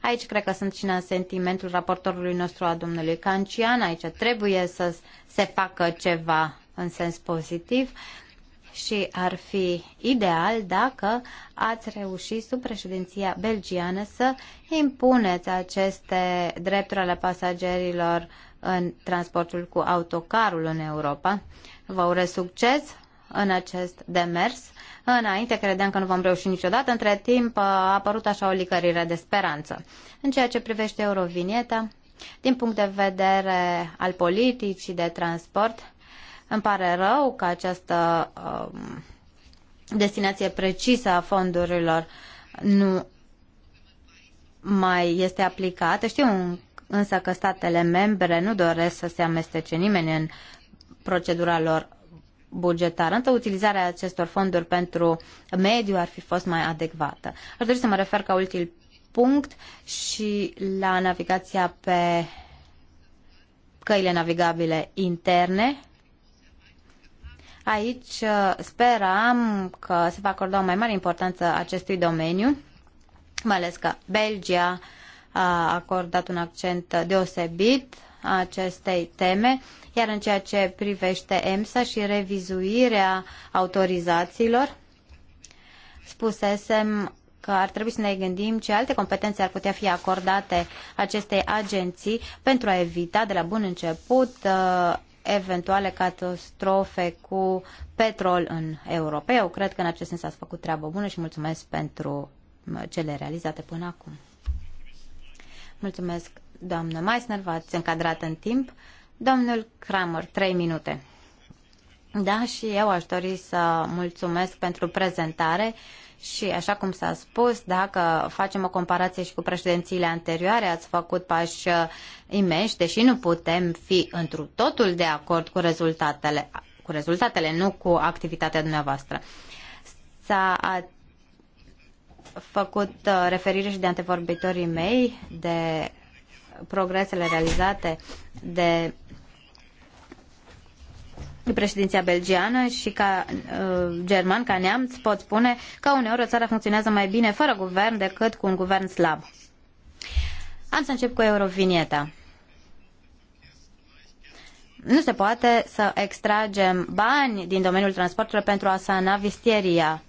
Aici cred că sunt și în sentimentul raportorului nostru a domnului Cancian. Aici trebuie să se facă ceva în sens pozitiv și ar fi ideal dacă ați reușit sub președinția belgiană să impuneți aceste drepturi ale pasagerilor în transportul cu autocarul în Europa. Vă urez succes în acest demers. Înainte credeam că nu vom reuși niciodată, între timp a apărut așa o licărire de speranță. În ceea ce privește Eurovinieta, din punct de vedere al politicii de transport, îmi pare rău că această um, destinație precisă a fondurilor nu mai este aplicată. Știu însă că statele membre nu doresc să se amestece nimeni în procedura lor bugetară. Întă utilizarea acestor fonduri pentru mediu ar fi fost mai adecvată. Aș dori să mă refer ca ultim punct și la navigația pe căile navigabile interne. Aici uh, speram că se va acorda o mai mare importanță acestui domeniu, mai ales că Belgia a acordat un accent deosebit acestei teme, iar în ceea ce privește EMSA și revizuirea autorizațiilor, spusesem că ar trebui să ne gândim ce alte competențe ar putea fi acordate acestei agenții pentru a evita de la bun început uh, eventuale catastrofe cu petrol în Europa. Eu cred că în acest sens ați făcut treabă bună și mulțumesc pentru cele realizate până acum. Mulțumesc, doamnă Meissner, v-ați încadrat în timp. Domnul Kramer, trei minute. Da, și eu aș dori să mulțumesc pentru prezentare și așa cum s-a spus, dacă facem o comparație și cu președințiile anterioare, ați făcut pași uh, imensi, deși nu putem fi întru totul de acord cu rezultatele, cu rezultatele, nu cu activitatea dumneavoastră. S-a făcut uh, referire și de antevorbitorii mei de progresele realizate de președinția belgiană și ca uh, german, ca neamț, pot spune că uneori o țară funcționează mai bine fără guvern decât cu un guvern slab. Am să încep cu Eurovinieta. Nu se poate să extragem bani din domeniul transporturilor pentru a sana vistieria.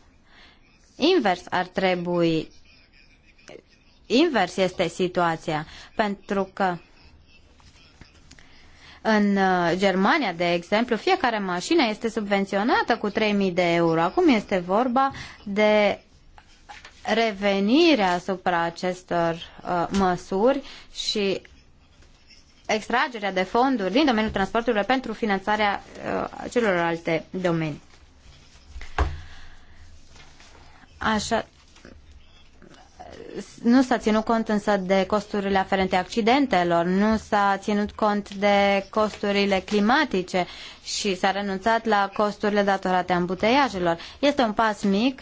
Invers ar trebui. Invers este situația, pentru că în uh, Germania, de exemplu, fiecare mașină este subvenționată cu 3000 de euro. Acum este vorba de revenirea asupra acestor uh, măsuri și extragerea de fonduri din domeniul transporturilor pentru finanțarea uh, celorlalte domenii. Așa, nu s-a ținut cont însă de costurile aferente accidentelor, nu s-a ținut cont de costurile climatice și s-a renunțat la costurile datorate ambuteiajelor. Este un pas mic.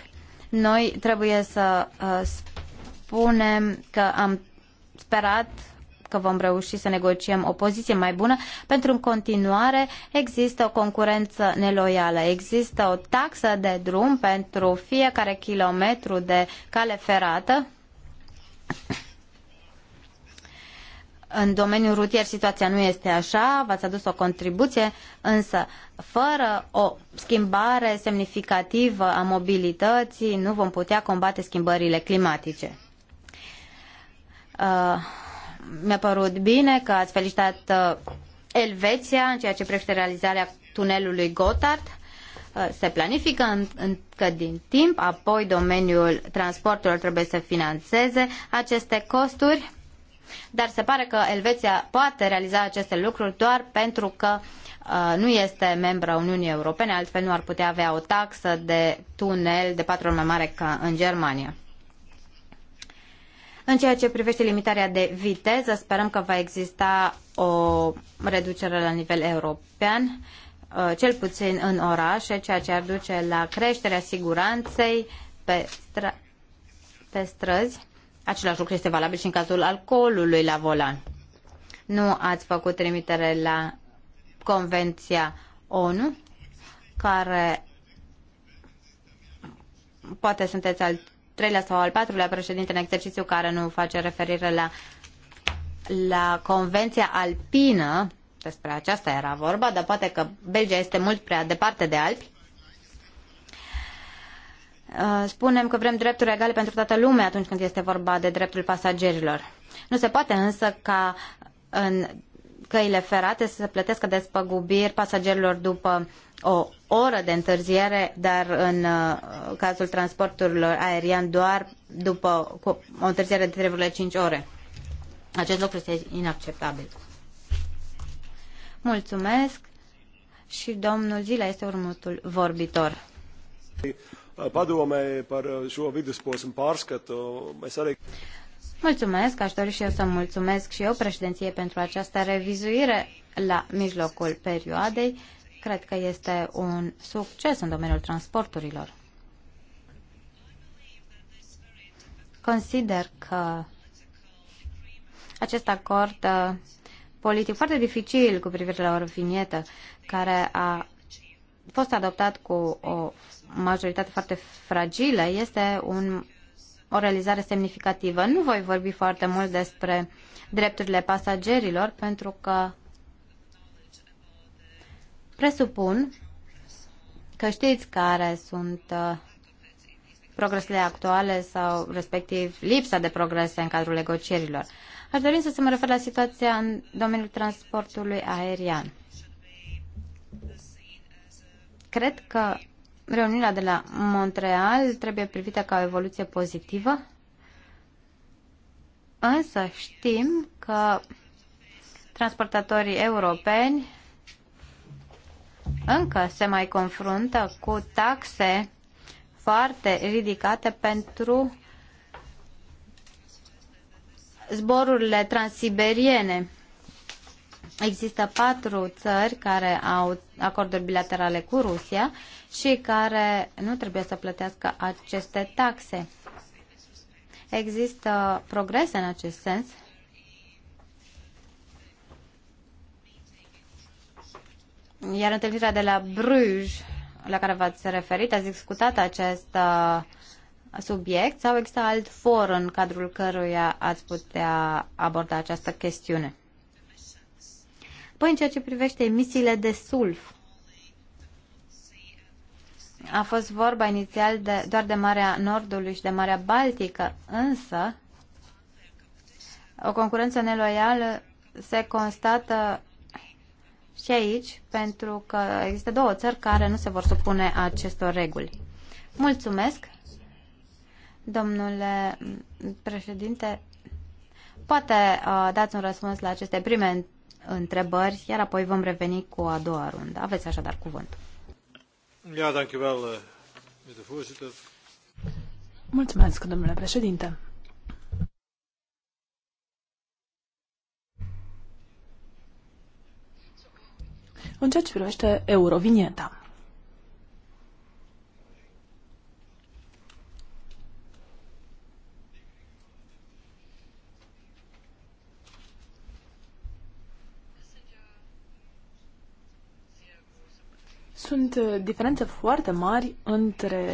Noi trebuie să uh, spunem că am sperat că vom reuși să negociem o poziție mai bună, pentru în continuare există o concurență neloială. Există o taxă de drum pentru fiecare kilometru de cale ferată, în domeniul rutier situația nu este așa, v-ați adus o contribuție, însă fără o schimbare semnificativă a mobilității nu vom putea combate schimbările climatice. Uh, mi-a părut bine că ați felicitat uh, Elveția în ceea ce privește realizarea tunelului Gotthard. Uh, se planifică încă din timp, apoi domeniul transporturilor trebuie să financeze aceste costuri, dar se pare că Elveția poate realiza aceste lucruri doar pentru că uh, nu este membra Uniunii Europene, altfel nu ar putea avea o taxă de tunel de patru ori mai mare ca în Germania. În ceea ce privește limitarea de viteză, sperăm că va exista o reducere la nivel european Uh, cel puțin în orașe, ceea ce ar duce la creșterea siguranței pe, stra- pe străzi. Același lucru este valabil și în cazul alcoolului la volan. Nu ați făcut trimitere la Convenția ONU, care poate sunteți al treilea sau al patrulea președinte în exercițiu care nu face referire la, la Convenția Alpină despre aceasta era vorba, dar poate că Belgia este mult prea departe de Alpi. Uh, spunem că vrem drepturi egale pentru toată lumea atunci când este vorba de dreptul pasagerilor. Nu se poate însă ca în căile ferate să se plătească despăgubiri pasagerilor după o oră de întârziere, dar în uh, cazul transporturilor aerian doar după o întârziere de 3,5 ore. Acest lucru este inacceptabil. Mulțumesc și domnul Zila este următorul vorbitor. Uh, mulțumesc, aș dori și eu să mulțumesc și eu președinție pentru această revizuire la mijlocul perioadei. Cred că este un succes în domeniul transporturilor. Consider că acest acord uh, politic foarte dificil cu privire la o vinietă care a fost adoptat cu o majoritate foarte fragilă, este un, o realizare semnificativă. Nu voi vorbi foarte mult despre drepturile pasagerilor, pentru că presupun că știți care sunt uh, progresele actuale sau respectiv lipsa de progrese în cadrul negocierilor. Aș dori să se mă refer la situația în domeniul transportului aerian. Cred că reuniunea de la Montreal trebuie privită ca o evoluție pozitivă, însă știm că transportatorii europeni încă se mai confruntă cu taxe foarte ridicate pentru zborurile transiberiene. Există patru țări care au acorduri bilaterale cu Rusia și care nu trebuie să plătească aceste taxe. Există progrese în acest sens. Iar întâlnirea de la Bruges, la care v-ați referit, a discutat acest uh, subiect sau există alt for în cadrul căruia ați putea aborda această chestiune? Păi în ceea ce privește emisiile de sulf, a fost vorba inițial de, doar de Marea Nordului și de Marea Baltică, însă o concurență neloială se constată și aici, pentru că există două țări care nu se vor supune acestor reguli. Mulțumesc! Domnule președinte, poate uh, dați un răspuns la aceste prime întrebări, iar apoi vom reveni cu a doua rundă. Aveți așadar cuvânt. Ja, wel, eh, Mulțumesc, domnule președinte. În ceea ce privește Eurovinieta. sunt uh, diferențe foarte mari între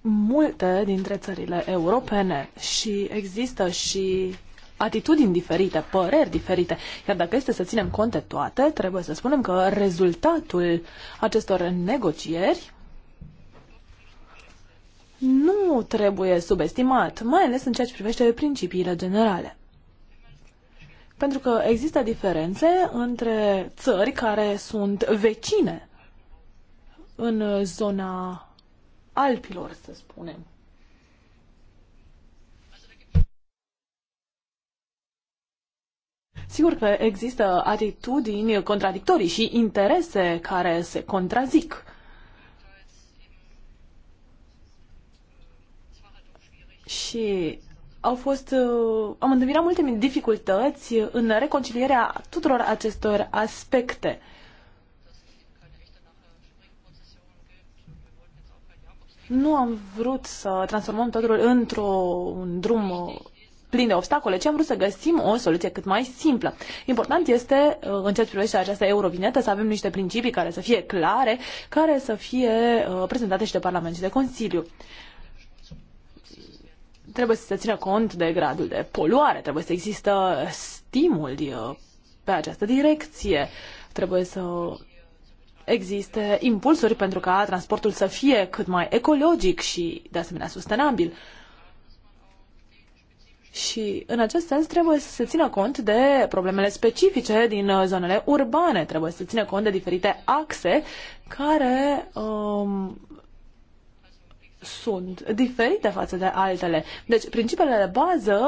multe dintre țările europene și există și atitudini diferite, păreri diferite. Iar dacă este să ținem cont de toate, trebuie să spunem că rezultatul acestor negocieri nu trebuie subestimat, mai ales în ceea ce privește principiile generale. Pentru că există diferențe între țări care sunt vecine în zona Alpilor, să spunem. Sigur că există atitudini contradictorii și interese care se contrazic. Și au fost, uh, am întâmpinat multe dificultăți în reconcilierea tuturor acestor aspecte. Nu am vrut să transformăm totul într-un drum uh, plin de obstacole, ci am vrut să găsim o soluție cât mai simplă. Important este, uh, în ce privește această eurovinetă, să avem niște principii care să fie clare, care să fie prezentate și de Parlament și de Consiliu trebuie să se țină cont de gradul de poluare, trebuie să există stimul uh, pe această direcție, trebuie să existe impulsuri pentru ca transportul să fie cât mai ecologic și, de asemenea, sustenabil. Și, în acest sens, trebuie să se țină cont de problemele specifice din uh, zonele urbane, trebuie să se țină cont de diferite axe care um, sunt diferite față de altele. Deci, principiile de bază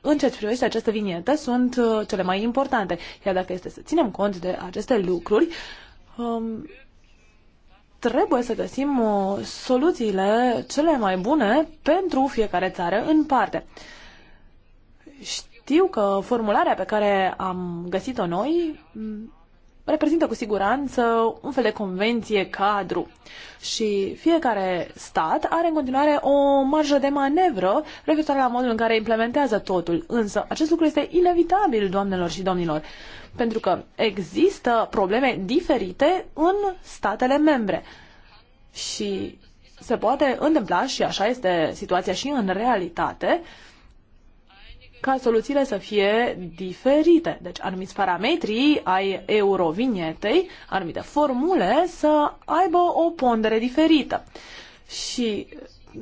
în ceea ce privește această vinietă sunt uh, cele mai importante. Iar dacă este să ținem cont de aceste lucruri, um, trebuie să găsim uh, soluțiile cele mai bune pentru fiecare țară în parte. Știu că formularea pe care am găsit-o noi reprezintă cu siguranță un fel de convenție cadru și fiecare stat are în continuare o marjă de manevră referitoare la modul în care implementează totul. Însă acest lucru este inevitabil, doamnelor și domnilor, pentru că există probleme diferite în statele membre și se poate întâmpla și așa este situația și în realitate, ca soluțiile să fie diferite. Deci anumiți parametri ai eurovinietei, anumite formule să aibă o pondere diferită. Și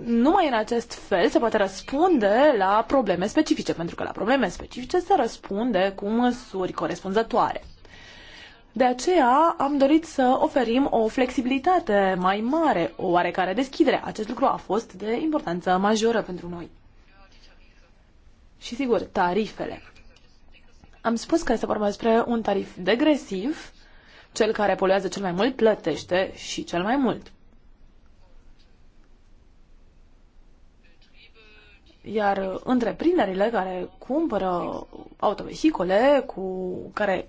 numai în acest fel se poate răspunde la probleme specifice, pentru că la probleme specifice se răspunde cu măsuri corespunzătoare. De aceea am dorit să oferim o flexibilitate mai mare, o oarecare deschidere. Acest lucru a fost de importanță majoră pentru noi și, sigur, tarifele. Am spus că este vorba despre un tarif degresiv, cel care poluează cel mai mult plătește și cel mai mult. Iar întreprinderile care cumpără autovehicole cu care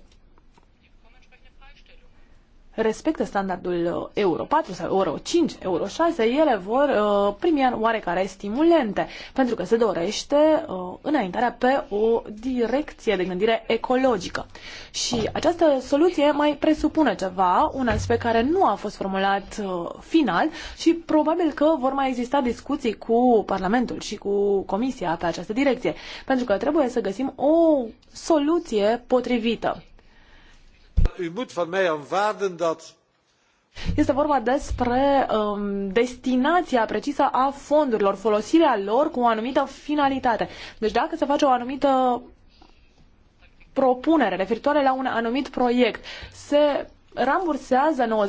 respectă standardul Euro 4 sau Euro 5, Euro 6, ele vor uh, primi oarecare stimulente, pentru că se dorește uh, înaintarea pe o direcție de gândire ecologică. Și această soluție mai presupune ceva, un aspect care nu a fost formulat uh, final și probabil că vor mai exista discuții cu Parlamentul și cu Comisia pe această direcție, pentru că trebuie să găsim o soluție potrivită u moet van mij aanvaarden dat este vorba despre um, destinația precisă a fondurilor, folosirea lor cu o anumită finalitate. Deci dacă se face o anumită propunere referitoare la un anumit proiect, se rambursează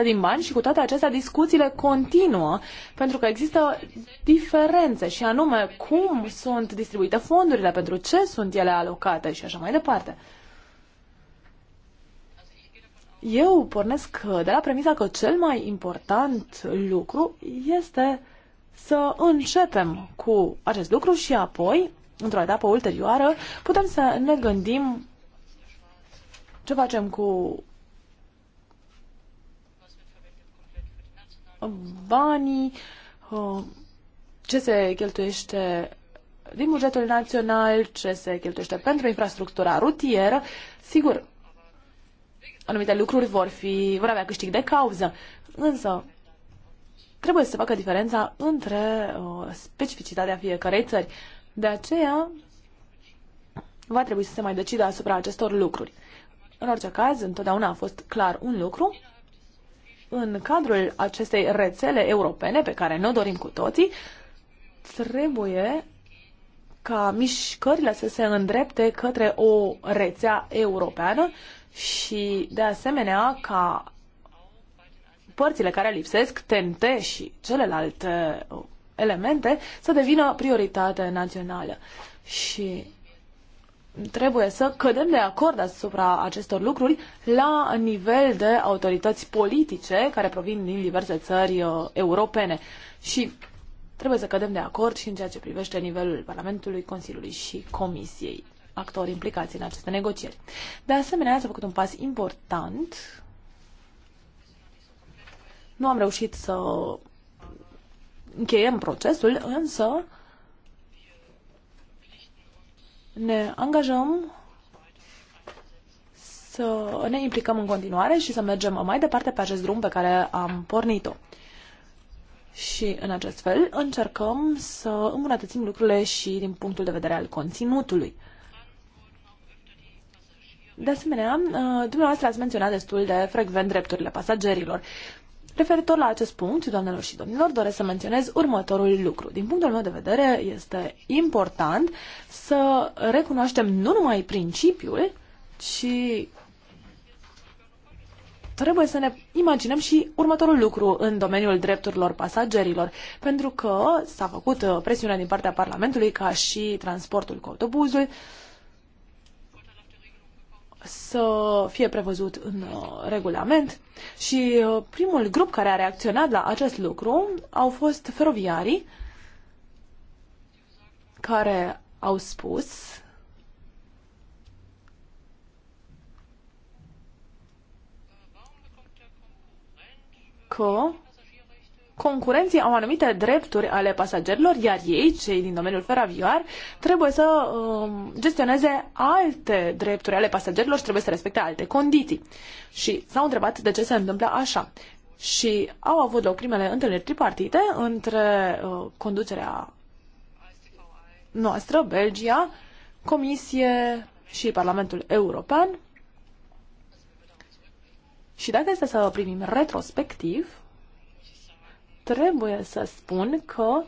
90-95% din bani și cu toate acestea discuțiile continuă pentru că există diferențe și anume cum sunt distribuite fondurile, pentru ce sunt ele alocate și așa mai departe. Eu pornesc de la premisa că cel mai important lucru este să începem cu acest lucru și apoi, într-o etapă ulterioară, putem să ne gândim ce facem cu banii, uh, ce se cheltuiește din bugetul național, ce se cheltuiește pentru infrastructura rutieră. Sigur, anumite lucruri vor, fi, vor avea câștig de cauză. Însă, trebuie să se facă diferența între uh, specificitatea fiecarei țări. De aceea, va trebui să se mai decide asupra acestor lucruri. În orice caz, întotdeauna a fost clar un lucru. În cadrul acestei rețele europene, pe care ne dorim cu toții, trebuie ca mișcările să se îndrepte către o rețea europeană și, de asemenea, ca părțile care lipsesc, TNT și celelalte uh, elemente, să devină prioritate națională. Și trebuie să cădem de acord asupra acestor lucruri la nivel de autorități politice care provin din diverse țări uh, europene. Și trebuie să cădem de acord și în ceea ce privește nivelul Parlamentului, Consiliului și Comisiei actori implicați în aceste negocieri. De asemenea, s-a făcut un pas important. Nu am reușit să încheiem procesul, însă ne angajăm să ne implicăm în continuare și să mergem mai departe pe acest drum pe care am pornit-o. Și în acest fel încercăm să îmbunătățim lucrurile și din punctul de vedere al conținutului. De asemenea, uh, dumneavoastră ați menționat destul de frecvent drepturile pasagerilor. Referitor la acest punct, doamnelor și domnilor, doresc să menționez următorul lucru. Din punctul meu de vedere, este important să recunoaștem nu numai principiul, ci trebuie să ne imaginăm și următorul lucru în domeniul drepturilor pasagerilor, pentru că s-a făcut uh, presiunea din partea Parlamentului ca și transportul cu autobuzul, uh, să fie prevăzut în uh, regulament și uh, primul grup care a reacționat la acest lucru au fost feroviarii care au spus că concurenții au anumite drepturi ale pasagerilor, iar ei, cei din domeniul feraviar, trebuie să um, gestioneze alte drepturi ale pasagerilor și trebuie să respecte alte condiții. Și s-au întrebat de ce se întâmplă așa. Și au avut loc primele întâlniri tripartite între uh, conducerea noastră, Belgia, Comisie și Parlamentul European. Și dacă este să primim retrospectiv, trebuie să spun că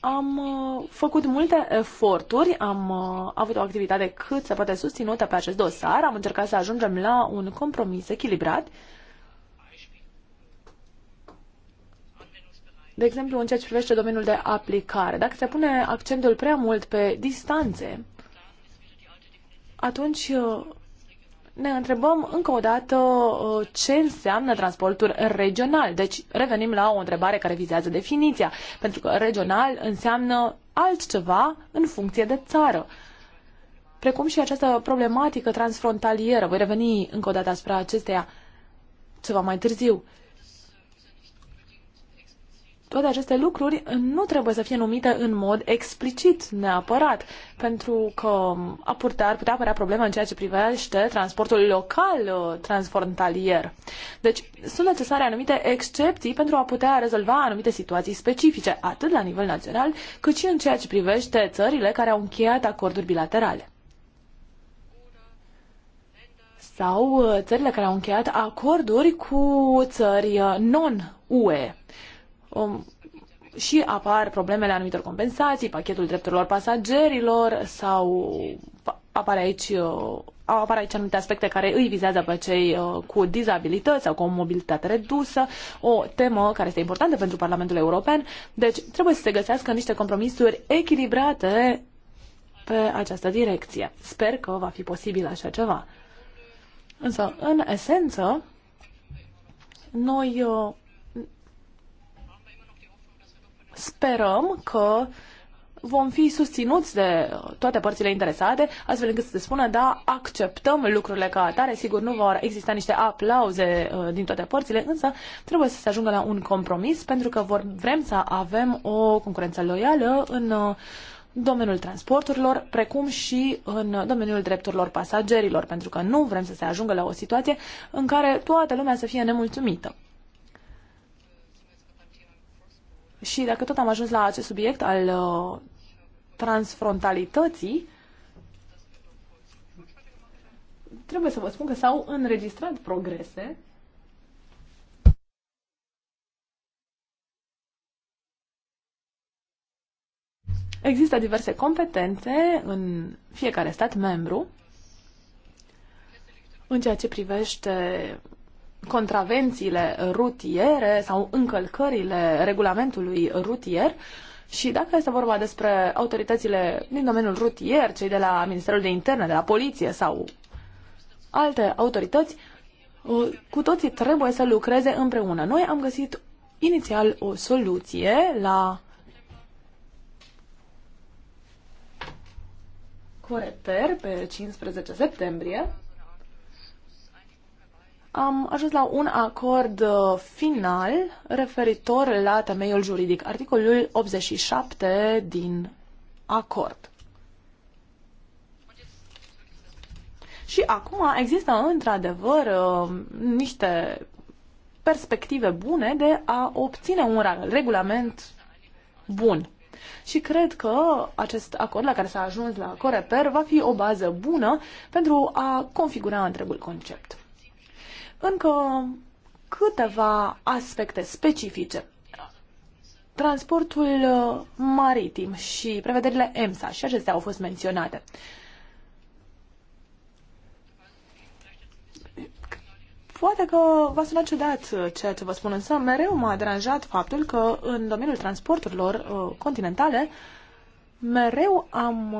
am uh, făcut multe eforturi, am uh, avut o activitate cât se poate susținută pe acest dosar, am încercat să ajungem la un compromis echilibrat. De exemplu, în ceea ce privește domeniul de aplicare, dacă se pune accentul prea mult pe distanțe, atunci uh, ne întrebăm încă o dată uh, ce înseamnă transportul regional. Deci revenim la o întrebare care vizează definiția, pentru că regional înseamnă altceva în funcție de țară. Precum și această problematică transfrontalieră. Voi reveni încă o dată asupra acesteia ceva mai târziu. Toate aceste lucruri nu trebuie să fie numite în mod explicit neapărat, pentru că apurtea, ar putea apărea problema în ceea ce privește transportul local uh, transfrontalier. Deci sunt necesare anumite excepții pentru a putea rezolva anumite situații specifice, atât la nivel național, cât și în ceea ce privește țările care au încheiat acorduri bilaterale sau uh, țările care au încheiat acorduri cu țări uh, non-UE um, și apar problemele anumitor compensații, pachetul drepturilor pasagerilor sau apare aici, uh, apar aici anumite aspecte care îi vizează pe cei uh, cu dizabilități sau cu o mobilitate redusă, o temă care este importantă pentru Parlamentul European. Deci trebuie să se găsească niște compromisuri echilibrate pe această direcție. Sper că va fi posibil așa ceva. Însă, în esență, noi uh, sperăm că vom fi susținuți de toate părțile interesate, astfel încât să se spună, da, acceptăm lucrurile ca atare, sigur nu vor exista niște aplauze uh, din toate părțile, însă trebuie să se ajungă la un compromis, pentru că vor, vrem să avem o concurență loială în uh, domeniul transporturilor, precum și în domeniul drepturilor pasagerilor, pentru că nu vrem să se ajungă la o situație în care toată lumea să fie nemulțumită. Și dacă tot am ajuns la acest subiect al uh, transfrontalității, trebuie să vă spun că s-au înregistrat progrese Există diverse competențe în fiecare stat membru în ceea ce privește contravențiile rutiere sau încălcările regulamentului rutier și dacă este vorba despre autoritățile din domeniul rutier, cei de la Ministerul de Interne, de la Poliție sau alte autorități, cu toții trebuie să lucreze împreună. Noi am găsit inițial o soluție la Coreper pe 15 septembrie am ajuns la un acord uh, final referitor la temeiul juridic, articolul 87 din acord. Și acum există într-adevăr uh, niște perspective bune de a obține un regulament bun. Și cred că acest acord la care s-a ajuns la Coreper va fi o bază bună pentru a configura întregul concept. Încă câteva aspecte specifice. Transportul uh, maritim și prevederile EMSA și acestea au fost menționate. Poate că v-a sunat ciudat uh, ceea ce vă spun, însă mereu m-a deranjat faptul că în domeniul transporturilor uh, continentale mereu am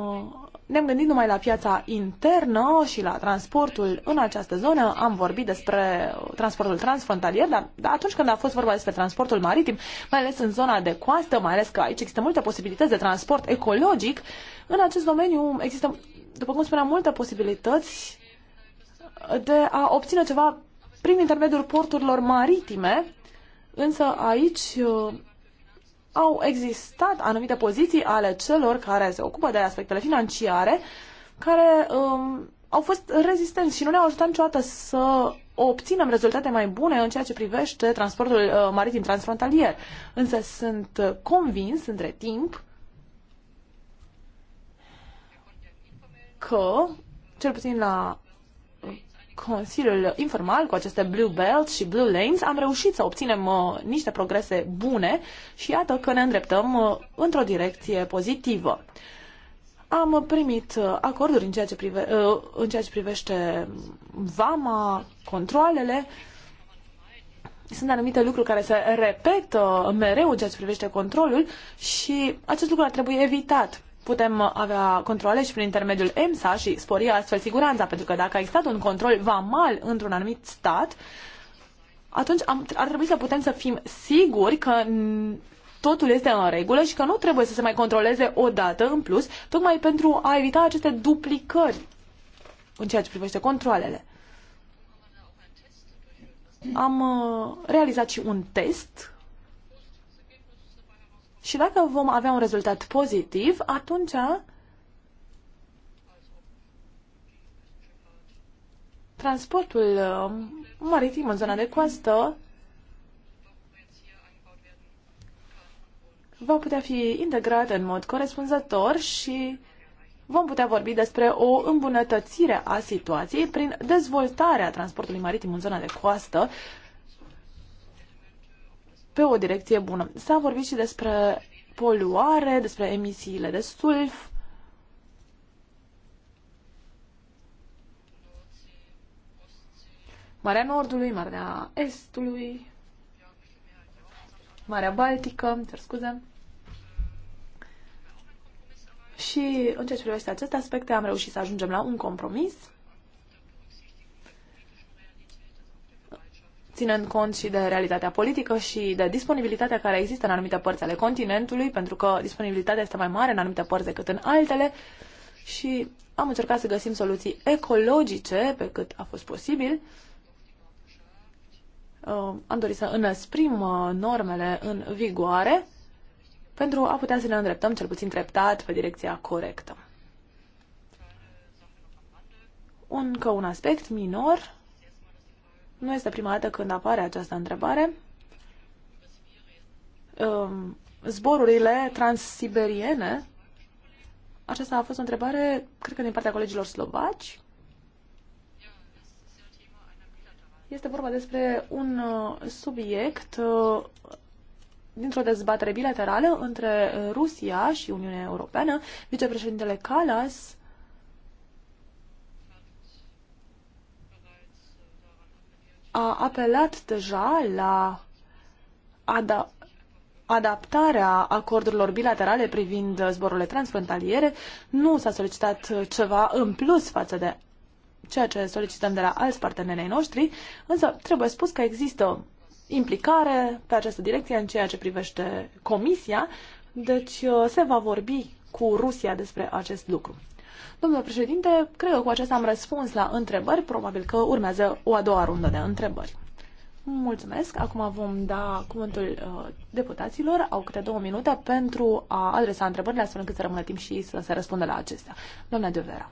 ne-am gândit numai la piața internă și la transportul în această zonă. Am vorbit despre transportul transfrontalier, dar, da, atunci când a fost vorba despre transportul maritim, mai ales în zona de coastă, mai ales că aici există multe posibilități de transport ecologic, în acest domeniu există, după cum spuneam, multe posibilități de a obține ceva prin intermediul porturilor maritime, însă aici au existat anumite poziții ale celor care se ocupă de aspectele financiare, care um, au fost rezistenți și nu ne-au ajutat niciodată să obținem rezultate mai bune în ceea ce privește transportul uh, maritim transfrontalier. Însă sunt convins între timp că, cel puțin la Consiliul informal cu aceste Blue Belt și Blue Lanes am reușit să obținem uh, niște progrese bune și iată că ne îndreptăm uh, într-o direcție pozitivă. Am primit uh, acorduri în ceea ce, prive, uh, în ceea ce privește vama, controlele. Sunt anumite lucruri care se repetă mereu în ceea ce privește controlul și acest lucru ar trebui evitat putem avea controle și prin intermediul EMSA și spori astfel siguranța, pentru că dacă a existat un control vamal într-un anumit stat, atunci am, ar trebui să putem să fim siguri că totul este în regulă și că nu trebuie să se mai controleze o dată în plus, tocmai pentru a evita aceste duplicări în ceea ce privește controlele. Am uh, realizat și un test și dacă vom avea un rezultat pozitiv, atunci transportul uh, maritim în zona de coastă va putea fi integrat în mod corespunzător și vom putea vorbi despre o îmbunătățire a situației prin dezvoltarea transportului maritim în zona de coastă pe o direcție bună. S-a vorbit și despre poluare, despre emisiile de sulf. Marea Nordului, Marea Estului, Marea Baltică, cer scuze. Și în ceea ce privește aceste aspecte am reușit să ajungem la un compromis ținând cont și de realitatea politică și de disponibilitatea care există în anumite părți ale continentului, pentru că disponibilitatea este mai mare în anumite părți decât în altele și am încercat să găsim soluții ecologice pe cât a fost posibil. Uh, am dorit să înăsprim uh, normele în vigoare pentru a putea să ne îndreptăm cel puțin treptat pe direcția corectă. Încă un aspect minor nu este prima dată când apare această întrebare. Um, zborurile transsiberiene. Aceasta a fost o întrebare, cred că din partea colegilor slovaci. Este vorba despre un uh, subiect uh, dintr-o dezbatere bilaterală între Rusia și Uniunea Europeană. Vicepreședintele Calas a apelat deja la ada adaptarea acordurilor bilaterale privind zborurile transfrontaliere. Nu s-a solicitat ceva în plus față de ceea ce solicităm de la alți partenerii noștri, însă trebuie spus că există implicare pe această direcție în ceea ce privește Comisia, deci uh, se va vorbi cu Rusia despre acest lucru. Domnule președinte, cred că cu acesta am răspuns la întrebări. Probabil că urmează o a doua rundă de întrebări. Mulțumesc. Acum vom da cuvântul uh, deputaților. Au câte două minute pentru a adresa întrebările, astfel încât să rămână timp și să se răspundă la acestea. Doamna Devera.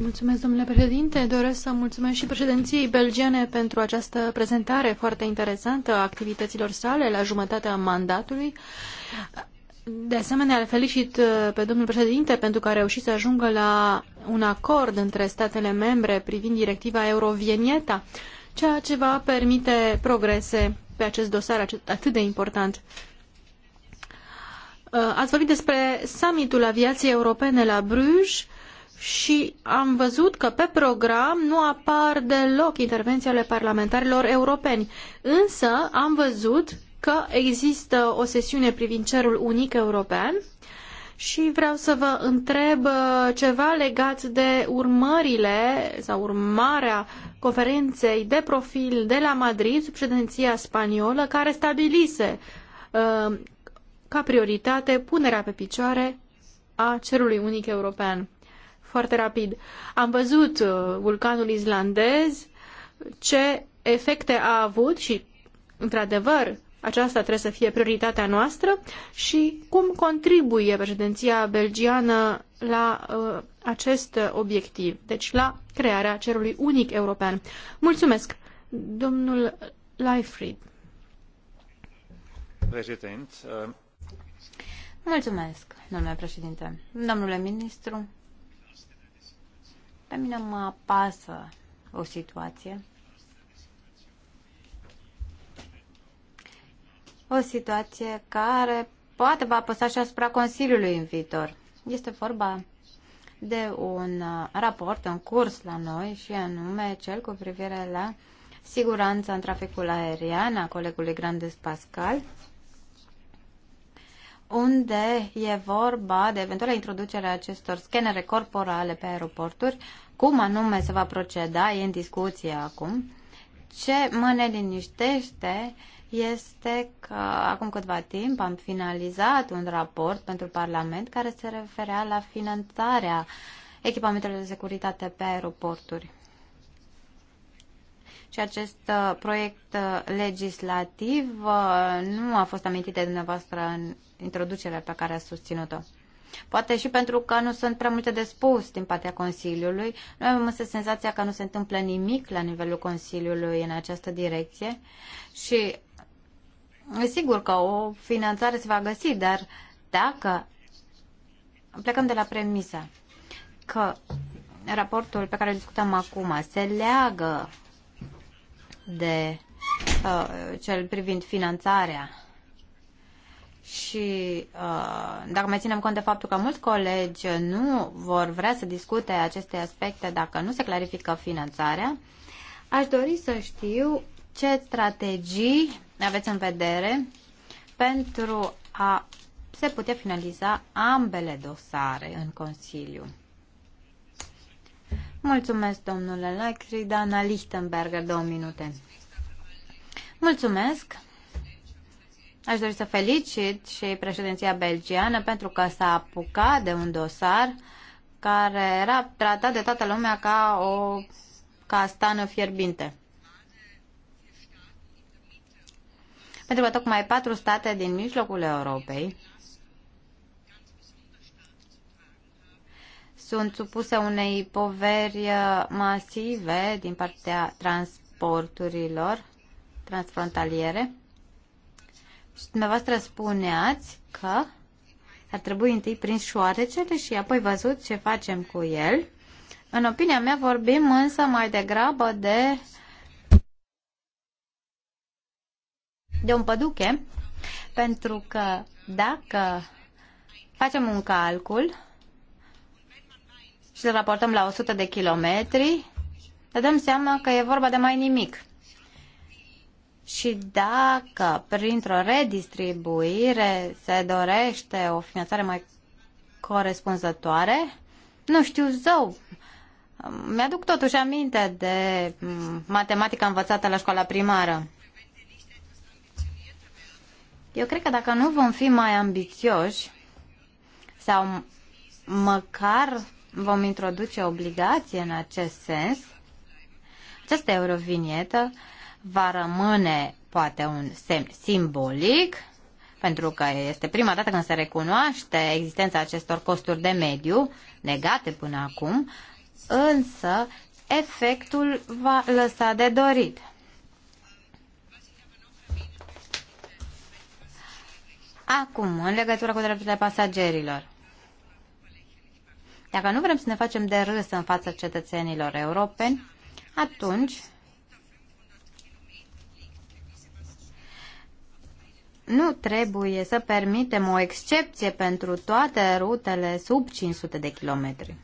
Mulțumesc, domnule președinte. Doresc să mulțumesc și președinției belgiene pentru această prezentare foarte interesantă a activităților sale la jumătatea mandatului. De asemenea, îl felicit uh, pe domnul președinte pentru că a reușit să ajungă la un acord între statele membre privind directiva Eurovienieta, ceea ce va permite progrese pe acest dosar atât de important. Uh, ați vorbit despre summitul aviației europene la Bruges și am văzut că pe program nu apar deloc intervenții ale parlamentarilor europeni. Însă am văzut că există o sesiune privind cerul unic european și vreau să vă întreb uh, ceva legat de urmările sau urmarea conferinței de profil de la Madrid sub președinția spaniolă care stabilise uh, ca prioritate punerea pe picioare a cerului unic european. Foarte rapid. Am văzut uh, vulcanul islandez, ce efecte a avut și, într-adevăr, aceasta trebuie să fie prioritatea noastră și cum contribuie președinția belgiană la uh, acest obiectiv, deci la crearea cerului unic european. Mulțumesc, domnul Leifried. Prezident, uh... Mulțumesc, domnule președinte. Domnule ministru, pe mine mă apasă o situație o situație care poate va apăsa și asupra Consiliului în viitor. Este vorba de un uh, raport în curs la noi și anume cel cu privire la siguranța în traficul aerian a colegului Grandes Pascal, unde e vorba de eventuala introducerea acestor scanere corporale pe aeroporturi, cum anume se va proceda, e în discuție acum. Ce mă neliniștește este că acum câtva timp am finalizat un raport pentru Parlament care se referea la finanțarea echipamentelor de securitate pe aeroporturi. Și acest uh, proiect uh, legislativ uh, nu a fost amintit de dumneavoastră în introducerea pe care a susținut-o. Poate și pentru că nu sunt prea multe de spus din partea Consiliului. Noi avem însă senzația că nu se întâmplă nimic la nivelul Consiliului în această direcție și Sigur că o finanțare se va găsi, dar dacă plecăm de la premisa că raportul pe care îl discutăm acum se leagă de uh, cel privind finanțarea și uh, dacă mai ținem cont de faptul că mulți colegi nu vor vrea să discute aceste aspecte dacă nu se clarifică finanțarea, aș dori să știu ce strategii aveți în vedere pentru a se putea finaliza ambele dosare în Consiliu. Mulțumesc, domnule Lacri, Dana Lichtenberger, două minute. Mulțumesc! Aș dori să felicit și președinția belgiană pentru că s-a apucat de un dosar care era tratat de toată lumea ca o castană fierbinte. Pentru că tocmai patru state din mijlocul Europei sunt supuse unei poveri uh, masive din partea transporturilor transfrontaliere. Și dumneavoastră spuneați că ar trebui întâi prins șoarecele și apoi văzut ce facem cu el. În opinia mea vorbim însă mai degrabă de de un păduche, pentru că dacă facem un calcul și îl raportăm la 100 de kilometri, ne dăm seama că e vorba de mai nimic. Și dacă printr-o redistribuire se dorește o finanțare mai corespunzătoare, nu știu zău. Mi-aduc totuși aminte de mm, matematica învățată la școala primară. Eu cred că dacă nu vom fi mai ambițioși sau măcar vom introduce obligație în acest sens, această eurovinietă va rămâne poate un semn simbolic, pentru că este prima dată când se recunoaște existența acestor costuri de mediu, negate până acum, însă efectul va lăsa de dorit. Acum, în legătură cu drepturile pasagerilor. Dacă nu vrem să ne facem de râs în fața cetățenilor europeni, atunci nu trebuie să permitem o excepție pentru toate rutele sub 500 de kilometri.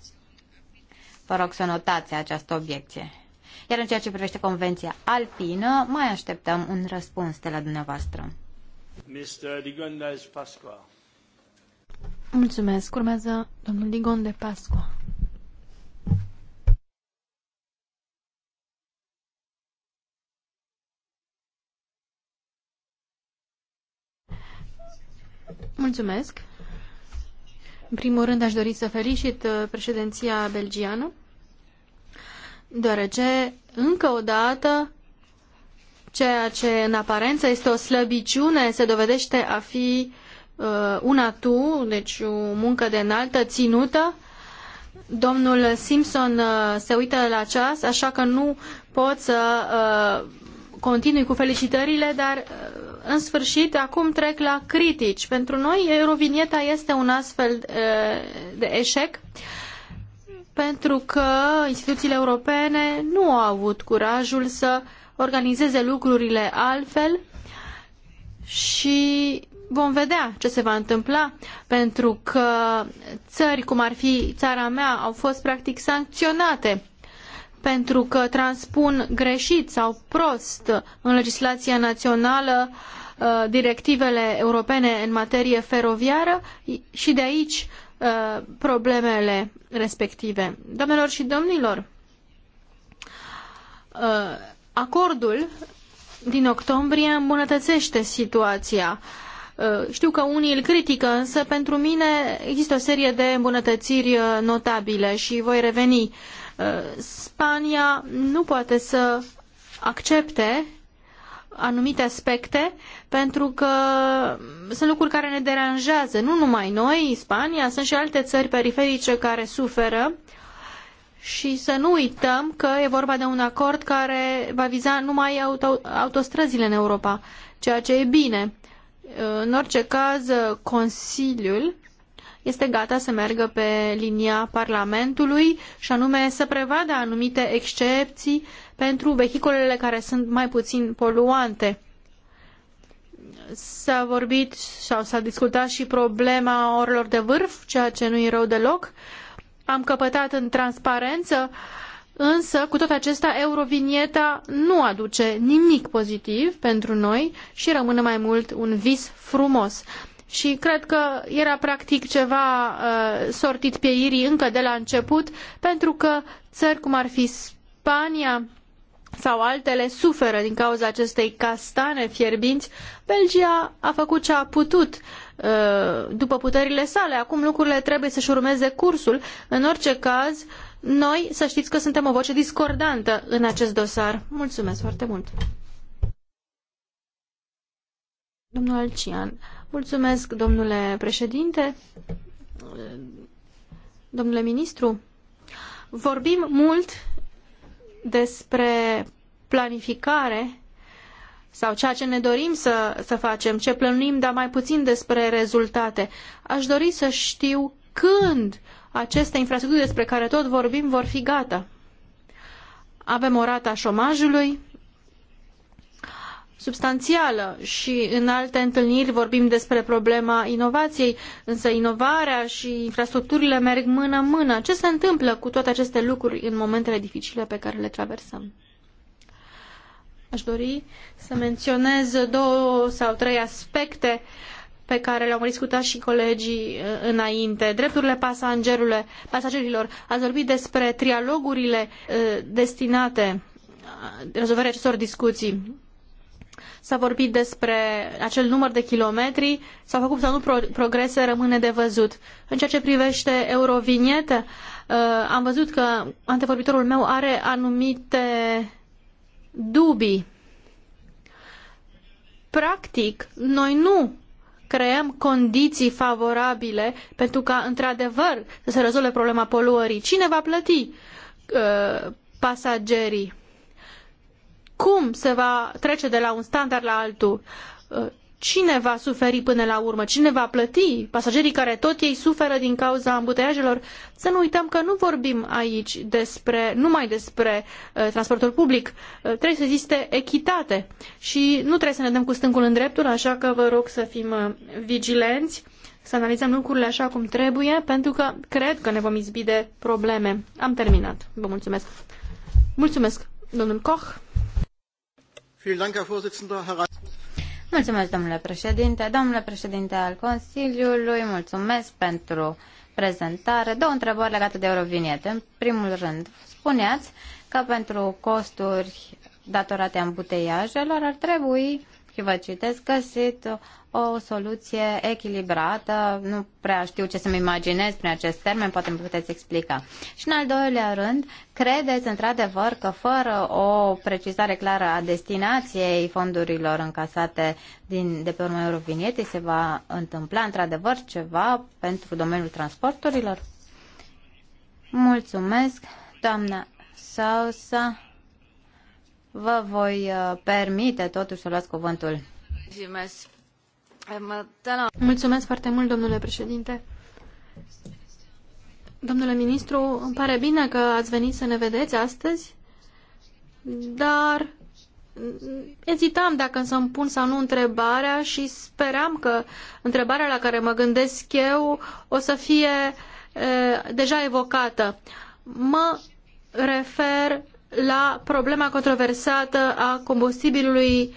Vă rog să notați această obiecție. Iar în ceea ce privește Convenția Alpină, mai așteptăm un răspuns de la dumneavoastră. Mr. Digondez Pasqua. Mulțumesc. Urmează domnul Digon de Pasqua. Mulțumesc. În primul rând aș dori să felicit uh, președinția belgiană, deoarece încă o dată Ceea ce în aparență este o slăbiciune se dovedește a fi uh, un atu, deci o muncă de înaltă, ținută. Domnul Simpson uh, se uită la ceas, așa că nu pot să uh, continui cu felicitările, dar uh, în sfârșit acum trec la critici. Pentru noi Eurovinieta este un astfel uh, de eșec pentru că instituțiile europene nu au avut curajul să uh, organizeze lucrurile altfel și vom vedea ce se va întâmpla, pentru că țări cum ar fi țara mea au fost practic sancționate pentru că transpun greșit sau prost în legislația națională uh, directivele europene în materie feroviară și de aici uh, problemele respective. Doamnelor și domnilor, uh, Acordul din octombrie îmbunătățește situația. Uh, știu că unii îl critică, însă pentru mine există o serie de îmbunătățiri uh, notabile și voi reveni. Uh, Spania nu poate să accepte anumite aspecte pentru că sunt lucruri care ne deranjează, nu numai noi, Spania, sunt și alte țări periferice care suferă și să nu uităm că e vorba de un acord care va viza numai auto autostrăzile în Europa, ceea ce e bine. În orice caz, Consiliul este gata să meargă pe linia Parlamentului și anume să prevadă anumite excepții pentru vehiculele care sunt mai puțin poluante. S-a vorbit sau s-a discutat și problema orelor de vârf, ceea ce nu e rău deloc. Uh, am căpătat în transparență, însă cu toate acestea Eurovinieta nu aduce nimic pozitiv pentru noi și rămâne mai mult un vis frumos. Și cred că era practic ceva uh, sortit pieirii încă de la început, pentru că țări cum ar fi Spania, sau altele suferă din cauza acestei castane fierbinți, Belgia a făcut ce a putut Uh, după puterile sale. Acum lucrurile trebuie să-și urmeze cursul. În orice caz, noi să știți că suntem o voce discordantă în acest dosar. Mulțumesc foarte mult! Domnul Alcian, mulțumesc, domnule președinte, domnule ministru. Vorbim mult despre planificare sau ceea ce ne dorim să, să facem, ce plănuim, dar mai puțin despre rezultate. Aș dori să știu când aceste infrastructuri despre care tot vorbim vor fi gata. Avem o rată a șomajului substanțială și în alte întâlniri vorbim despre problema inovației, însă inovarea și infrastructurile merg mână-mână. Ce se întâmplă cu toate aceste lucruri în momentele dificile pe care le traversăm? Aș dori să menționez două sau trei aspecte pe care le-au discutat și colegii uh, înainte. Drepturile pasagerilor. Ați vorbit despre trialogurile uh, destinate uh, rezolvării acestor discuții. S-a vorbit despre acel număr de kilometri, s-au făcut sau nu progrese, rămâne de văzut. În ceea ce privește eurovinietă, am văzut că antevorbitorul meu are anumite dubii. Practic, noi nu creăm condiții favorabile pentru ca, într-adevăr, să se rezolve problema poluării. Cine va plăti uh, pasagerii? Cum se va trece de la un standard la altul? Uh, cine va suferi până la urmă, cine va plăti, pasagerii care tot ei suferă din cauza ambuteiajelor, să nu uităm că nu vorbim aici despre, numai despre uh, transportul public, uh, trebuie să existe echitate și nu trebuie să ne dăm cu stâncul în dreptul, așa că vă rog să fim uh, vigilenți, să analizăm lucrurile așa cum trebuie, pentru că cred că ne vom izbi de probleme. Am terminat. Vă mulțumesc. Mulțumesc, domnul Koch. Vielen Dank, Herr Vorsitzender. Mulțumesc, domnule președinte. Domnule președinte al Consiliului, mulțumesc pentru prezentare. Două întrebări legate de Eurovinietă. În primul rând, spuneați că pentru costuri datorate ambuteiajelor ar trebui și vă citesc, găsit o soluție echilibrată, nu prea știu ce să-mi imaginez prin acest termen, poate îmi puteți explica. Și în al doilea rând, credeți într-adevăr că fără o precizare clară a destinației fondurilor încasate din, de pe urmă Eurovinietei se va întâmpla într-adevăr ceva pentru domeniul transporturilor? Mulțumesc, doamna Sausa. Vă voi uh, permite totuși să luați cuvântul. Mulțumesc. Mulțumesc foarte mult, domnule președinte. Domnule ministru, îmi pare bine că ați venit să ne vedeți astăzi, dar ezitam dacă să-mi pun sau nu întrebarea și speram că întrebarea la care mă gândesc eu o să fie e, deja evocată. Mă refer la problema controversată a combustibilului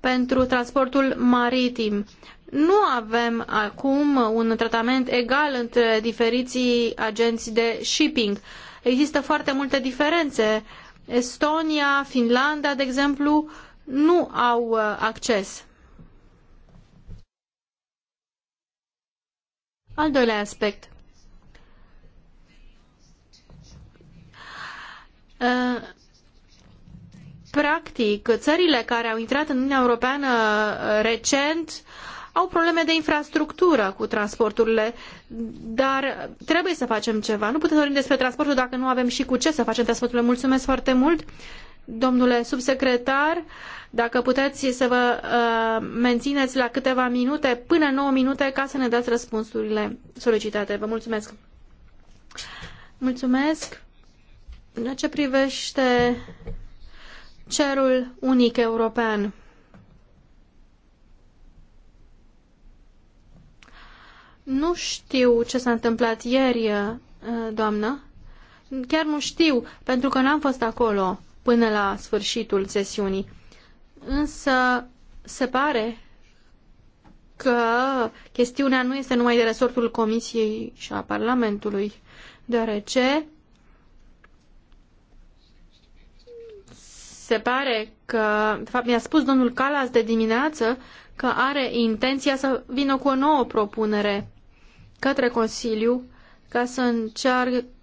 pentru transportul maritim. Nu avem acum un tratament egal între diferiții agenți de shipping. Există foarte multe diferențe. Estonia, Finlanda, de exemplu, nu au uh, acces. Al doilea aspect. Uh, practic, țările care au intrat în Uniunea Europeană uh, recent au probleme de infrastructură cu transporturile, dar trebuie să facem ceva. Nu putem vorbi despre transportul dacă nu avem și cu ce să facem transporturile. Mulțumesc foarte mult, domnule subsecretar. Dacă puteți să vă uh, mențineți la câteva minute, până 9 minute, ca să ne dați răspunsurile solicitate. Vă mulțumesc. Mulțumesc. În ce privește cerul unic european, nu știu ce s-a întâmplat ieri, uh, doamnă. Chiar nu știu, pentru că n-am fost acolo până la sfârșitul sesiunii. Însă se pare că chestiunea nu este numai de resortul Comisiei și a Parlamentului, deoarece se pare că, de fapt mi-a spus domnul Calas de dimineață că are intenția să vină cu o nouă propunere către Consiliu ca să,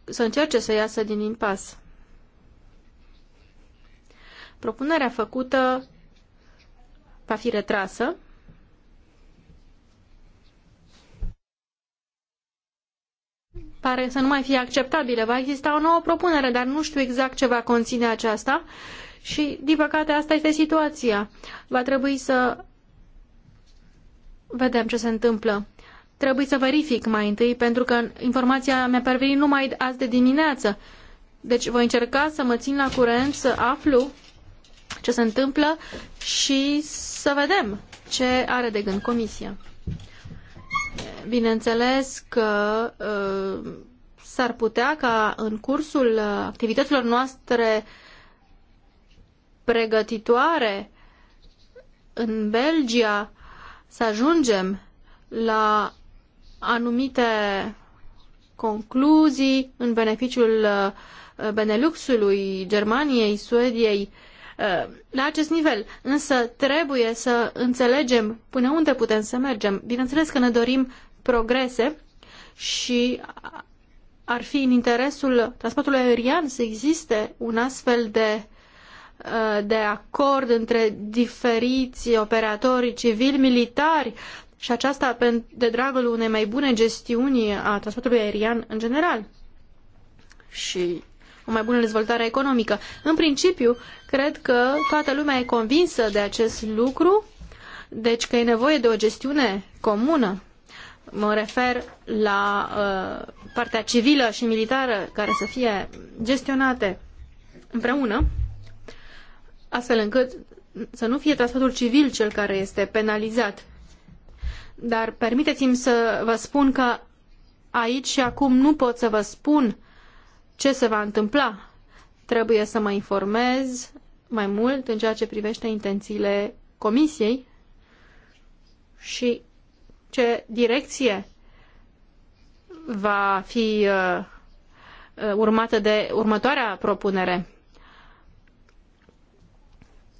să încerce să iasă din impas. Propunerea făcută va fi retrasă. Pare să nu mai fie acceptabilă. Va exista o nouă propunere, dar nu știu exact ce va conține aceasta și, din păcate, asta este situația. Va trebui să vedem ce se întâmplă. Trebuie să verific mai întâi, pentru că informația mi-a parvenit numai azi de dimineață. Deci voi încerca să mă țin la curent, să aflu ce se întâmplă și să vedem ce are de gând comisia. Bineînțeles că uh, s-ar putea ca în cursul uh, activităților noastre uh, pregătitoare în Belgia să ajungem la anumite concluzii în beneficiul uh, Beneluxului, Germaniei, Suediei, uh, la acest nivel. Însă trebuie să înțelegem până unde putem să mergem. Bineînțeles că ne dorim progrese și ar fi în interesul transportului aerian să existe un astfel de Uh, de acord între diferiți operatori civili, militari și aceasta de dragul unei mai bune gestiuni a transportului aerian în general și o mai bună dezvoltare economică. În principiu, cred că toată lumea e convinsă de acest lucru, deci că e nevoie de o gestiune comună. Mă refer la uh, partea civilă și militară care să fie gestionate împreună astfel încât să nu fie transportul civil cel care este penalizat. Dar permiteți-mi să vă spun că aici și acum nu pot să vă spun ce se va întâmpla. Trebuie să mă informez mai mult în ceea ce privește intențiile comisiei și ce direcție va fi uh, uh, urmată de următoarea propunere.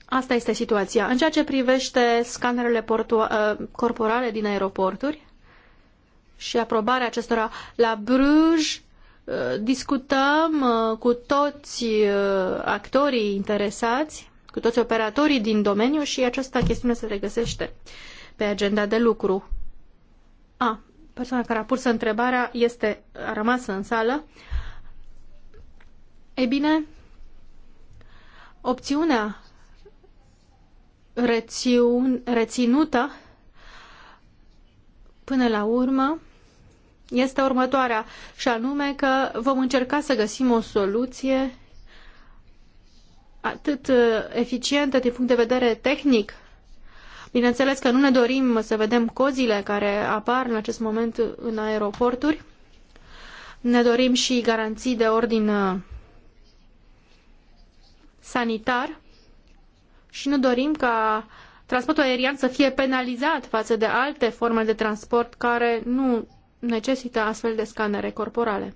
Asta este situația. În ceea ce privește scanerele uh, corporale din aeroporturi și aprobarea acestora la Bruges, uh, discutăm uh, cu toți actorii interesați, cu toți operatorii din domeniu și această chestiune se regăsește pe agenda de lucru. A, persoana care a pus întrebarea este, a rămas în sală. Ei bine, opțiunea rețiun, reținută până la urmă este următoarea, și anume că vom încerca să găsim o soluție atât uh, eficientă din punct de vedere tehnic. Bineînțeles că nu ne dorim să vedem cozile care apar în acest moment în aeroporturi. Ne dorim și garanții de ordin uh, sanitar și nu dorim ca transportul aerian să fie penalizat față de alte forme de transport care nu necesită astfel de scanere corporale.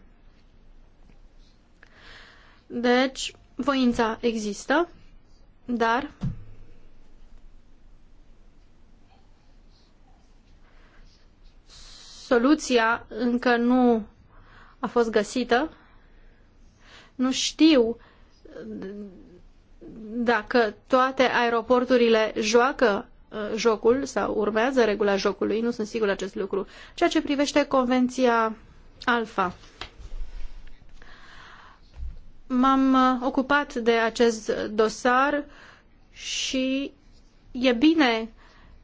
Deci, voința există, dar soluția încă nu a fost găsită. Nu știu dacă toate aeroporturile joacă uh, jocul sau urmează regula jocului, nu sunt sigur acest lucru, ceea ce privește Convenția Alfa. M-am uh, ocupat de acest dosar și e bine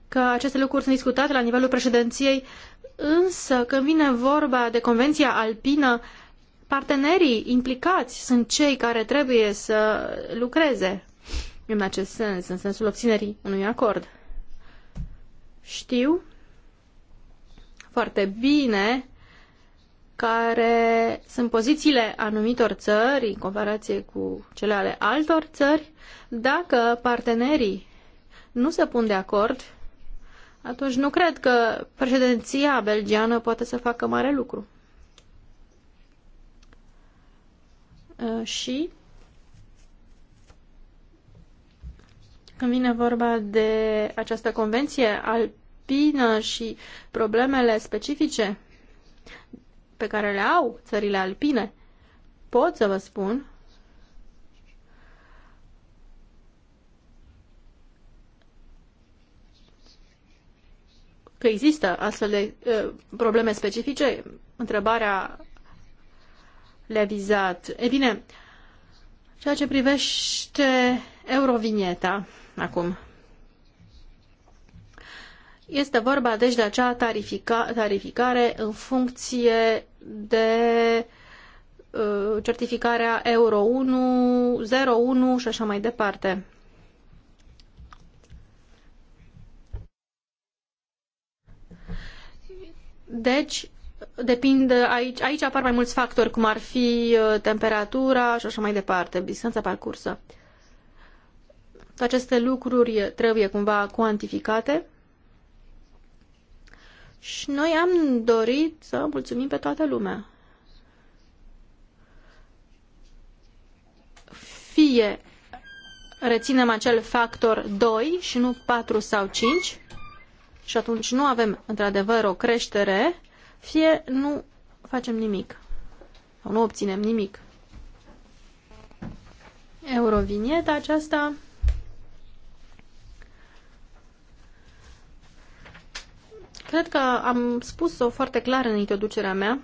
că aceste lucruri sunt discutate la nivelul președinției, însă când vine vorba de Convenția Alpină, partenerii implicați sunt cei care trebuie să lucreze în acest sens, în sensul obținerii unui acord. Știu foarte bine care sunt pozițiile anumitor țări în comparație cu cele ale altor țări. Dacă partenerii nu se pun de acord, atunci nu cred că președinția belgiană poate să facă mare lucru. Uh, și când vine vorba de această convenție alpină și problemele specifice pe care le au țările alpine, pot să vă spun că există astfel de uh, probleme specifice. Întrebarea le vizat. E bine, ceea ce privește Eurovinieta acum. Este vorba deci de acea tarifica, tarificare în funcție de uh, certificarea Euro 1, 1 și așa mai departe. Deci, Depind, aici, aici apar mai mulți factori, cum ar fi uh, temperatura și așa mai departe, distanța parcursă. Aceste lucruri trebuie cumva cuantificate și noi am dorit să mulțumim pe toată lumea. Fie reținem acel factor 2 și nu 4 sau 5 și atunci nu avem într-adevăr o creștere fie nu facem nimic sau nu obținem nimic. Eurovinieta aceasta Cred că am spus-o foarte clar în introducerea mea.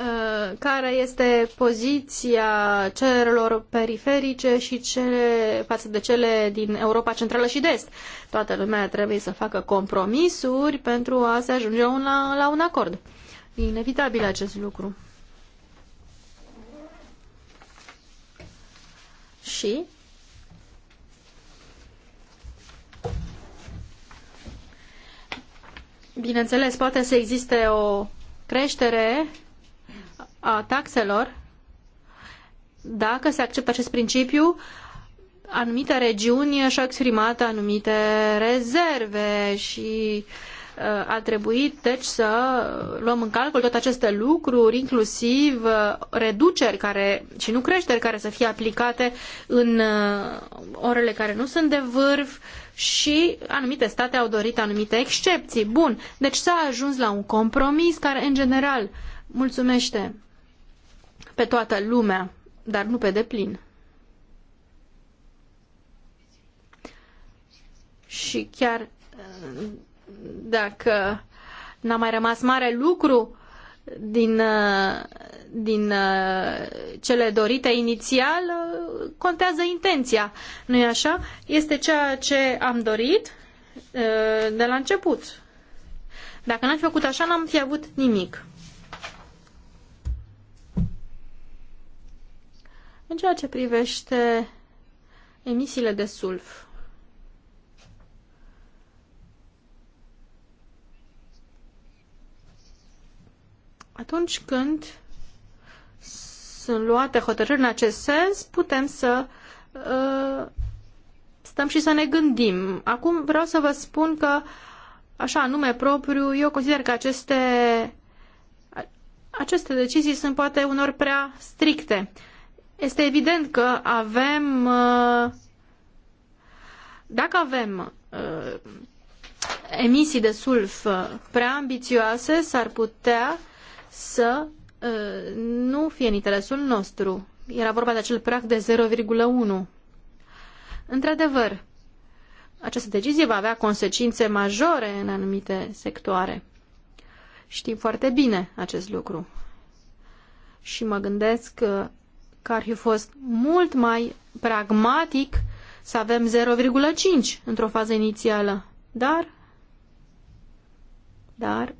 Uh, care este poziția celor periferice și cele, față de cele din Europa Centrală și de Est. Toată lumea trebuie să facă compromisuri pentru a se ajunge un, la, la un acord. E inevitabil acest lucru. Și Bineînțeles, poate să existe o creștere a taxelor, dacă se acceptă acest principiu, anumite regiuni și-au exprimat anumite rezerve și uh, a trebuit, deci, să luăm în calcul toate aceste lucruri, inclusiv uh, reduceri care, și nu creșteri care să fie aplicate în uh, orele care nu sunt de vârf și anumite state au dorit anumite excepții. Bun, deci s-a ajuns la un compromis care, în general, mulțumește pe toată lumea, dar nu pe deplin. Și chiar dacă n-a mai rămas mare lucru din, din cele dorite inițial, contează intenția, nu-i așa? Este ceea ce am dorit de la început. Dacă n-am fi făcut așa, n-am fi avut nimic. În ceea ce privește emisiile de sulf, atunci când sunt luate hotărâri în acest sens, putem să uh, stăm și să ne gândim. Acum vreau să vă spun că, așa, nume propriu, eu consider că aceste, aceste decizii sunt poate unor prea stricte. Este evident că avem, uh, dacă avem uh, emisii de sulf uh, prea ambițioase, s-ar putea să nu fie în interesul nostru. Era vorba de acel prag de 0,1. Într-adevăr, această decizie va avea consecințe majore în anumite sectoare. Știm foarte bine acest lucru. Și mă gândesc că ar fi fost mult mai pragmatic să avem 0,5 într-o fază inițială. Dar, dar,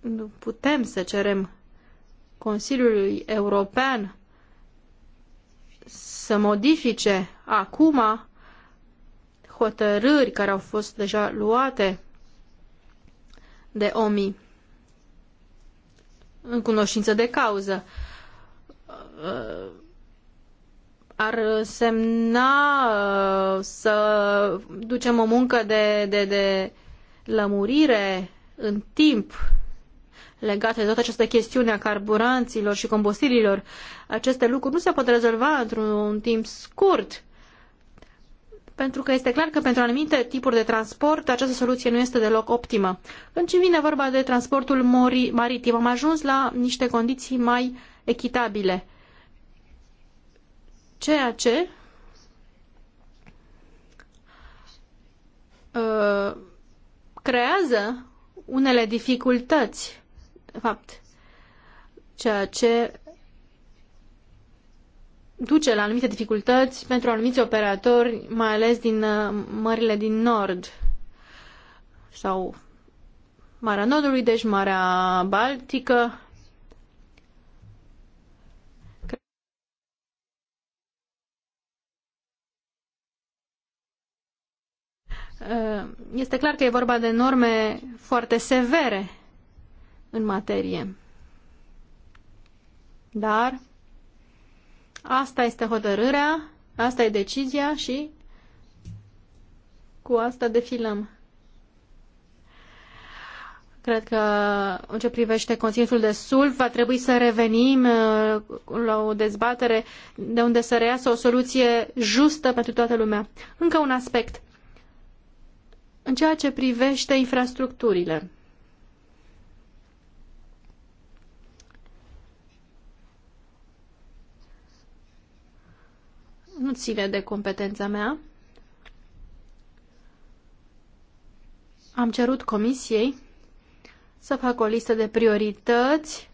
nu putem să cerem Consiliului European să modifice acum hotărâri care au fost deja luate de OMI în cunoștință de cauză. Ar semna uh, să ducem o muncă de, de, de lămurire în timp legate de toată această chestiune a carburanților și combustibililor. Aceste lucruri nu se pot rezolva într-un timp scurt pentru că este clar că pentru anumite tipuri de transport această soluție nu este deloc optimă. Când vine vorba de transportul maritim, am ajuns la niște condiții mai echitabile. Ceea ce uh, creează unele dificultăți, de fapt, ceea ce duce la anumite dificultăți pentru anumiți operatori, mai ales din uh, mările din nord sau Marea Nordului, deci Marea Baltică. Uh, este clar că e vorba de norme foarte severe în materie. Dar Asta este hotărârea, asta e decizia și cu asta defilăm. Cred că în ce privește conținutul de sulf, va trebui să revenim uh, la o dezbatere de unde să reiasă o soluție justă pentru toată lumea. Încă un aspect. În ceea ce privește infrastructurile, nu ține de competența mea. Am cerut comisiei să facă o listă de priorități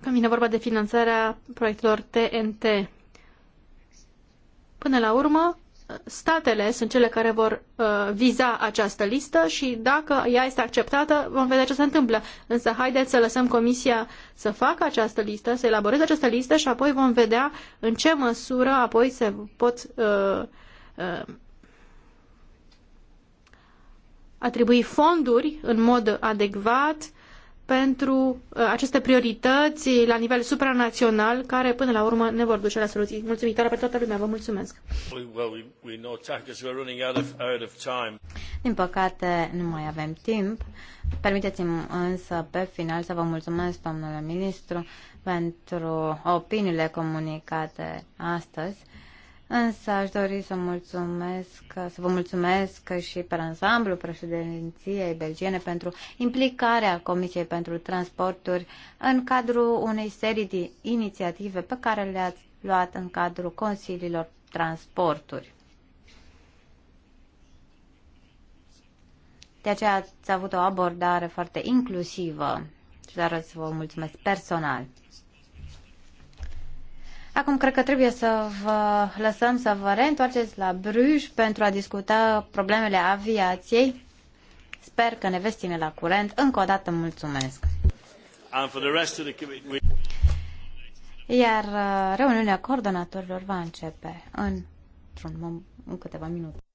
când vine vorba de finanțarea proiectelor TNT. Până la urmă, statele sunt cele care vor uh, viza această listă și dacă ea este acceptată, vom vedea ce se întâmplă. Însă haideți să lăsăm Comisia să facă această listă, să elaboreze această listă și apoi vom vedea în ce măsură apoi se pot uh, uh, atribui fonduri în mod adecvat pentru uh, aceste priorități la nivel supranațional, care până la urmă ne vor duce la soluții. Mulțumitoare pe toată lumea, vă mulțumesc! Din păcate, nu mai avem timp. Permiteți-mi însă pe final să vă mulțumesc, domnule ministru, pentru opiniile comunicate astăzi. Însă aș dori să mulțumesc, să vă mulțumesc și pe ansamblu președinției belgiene pentru implicarea Comisiei pentru Transporturi în cadrul unei serii de inițiative pe care le-ați luat în cadrul Consiliilor Transporturi. De aceea ați avut o abordare foarte inclusivă și dar să vă mulțumesc personal. Acum cred că trebuie să vă lăsăm să vă reîntoarceți la Bruj pentru a discuta problemele aviației. Sper că ne veți ține la curent. Încă o dată mulțumesc. Iar uh, reuniunea coordonatorilor va începe în, în câteva minute.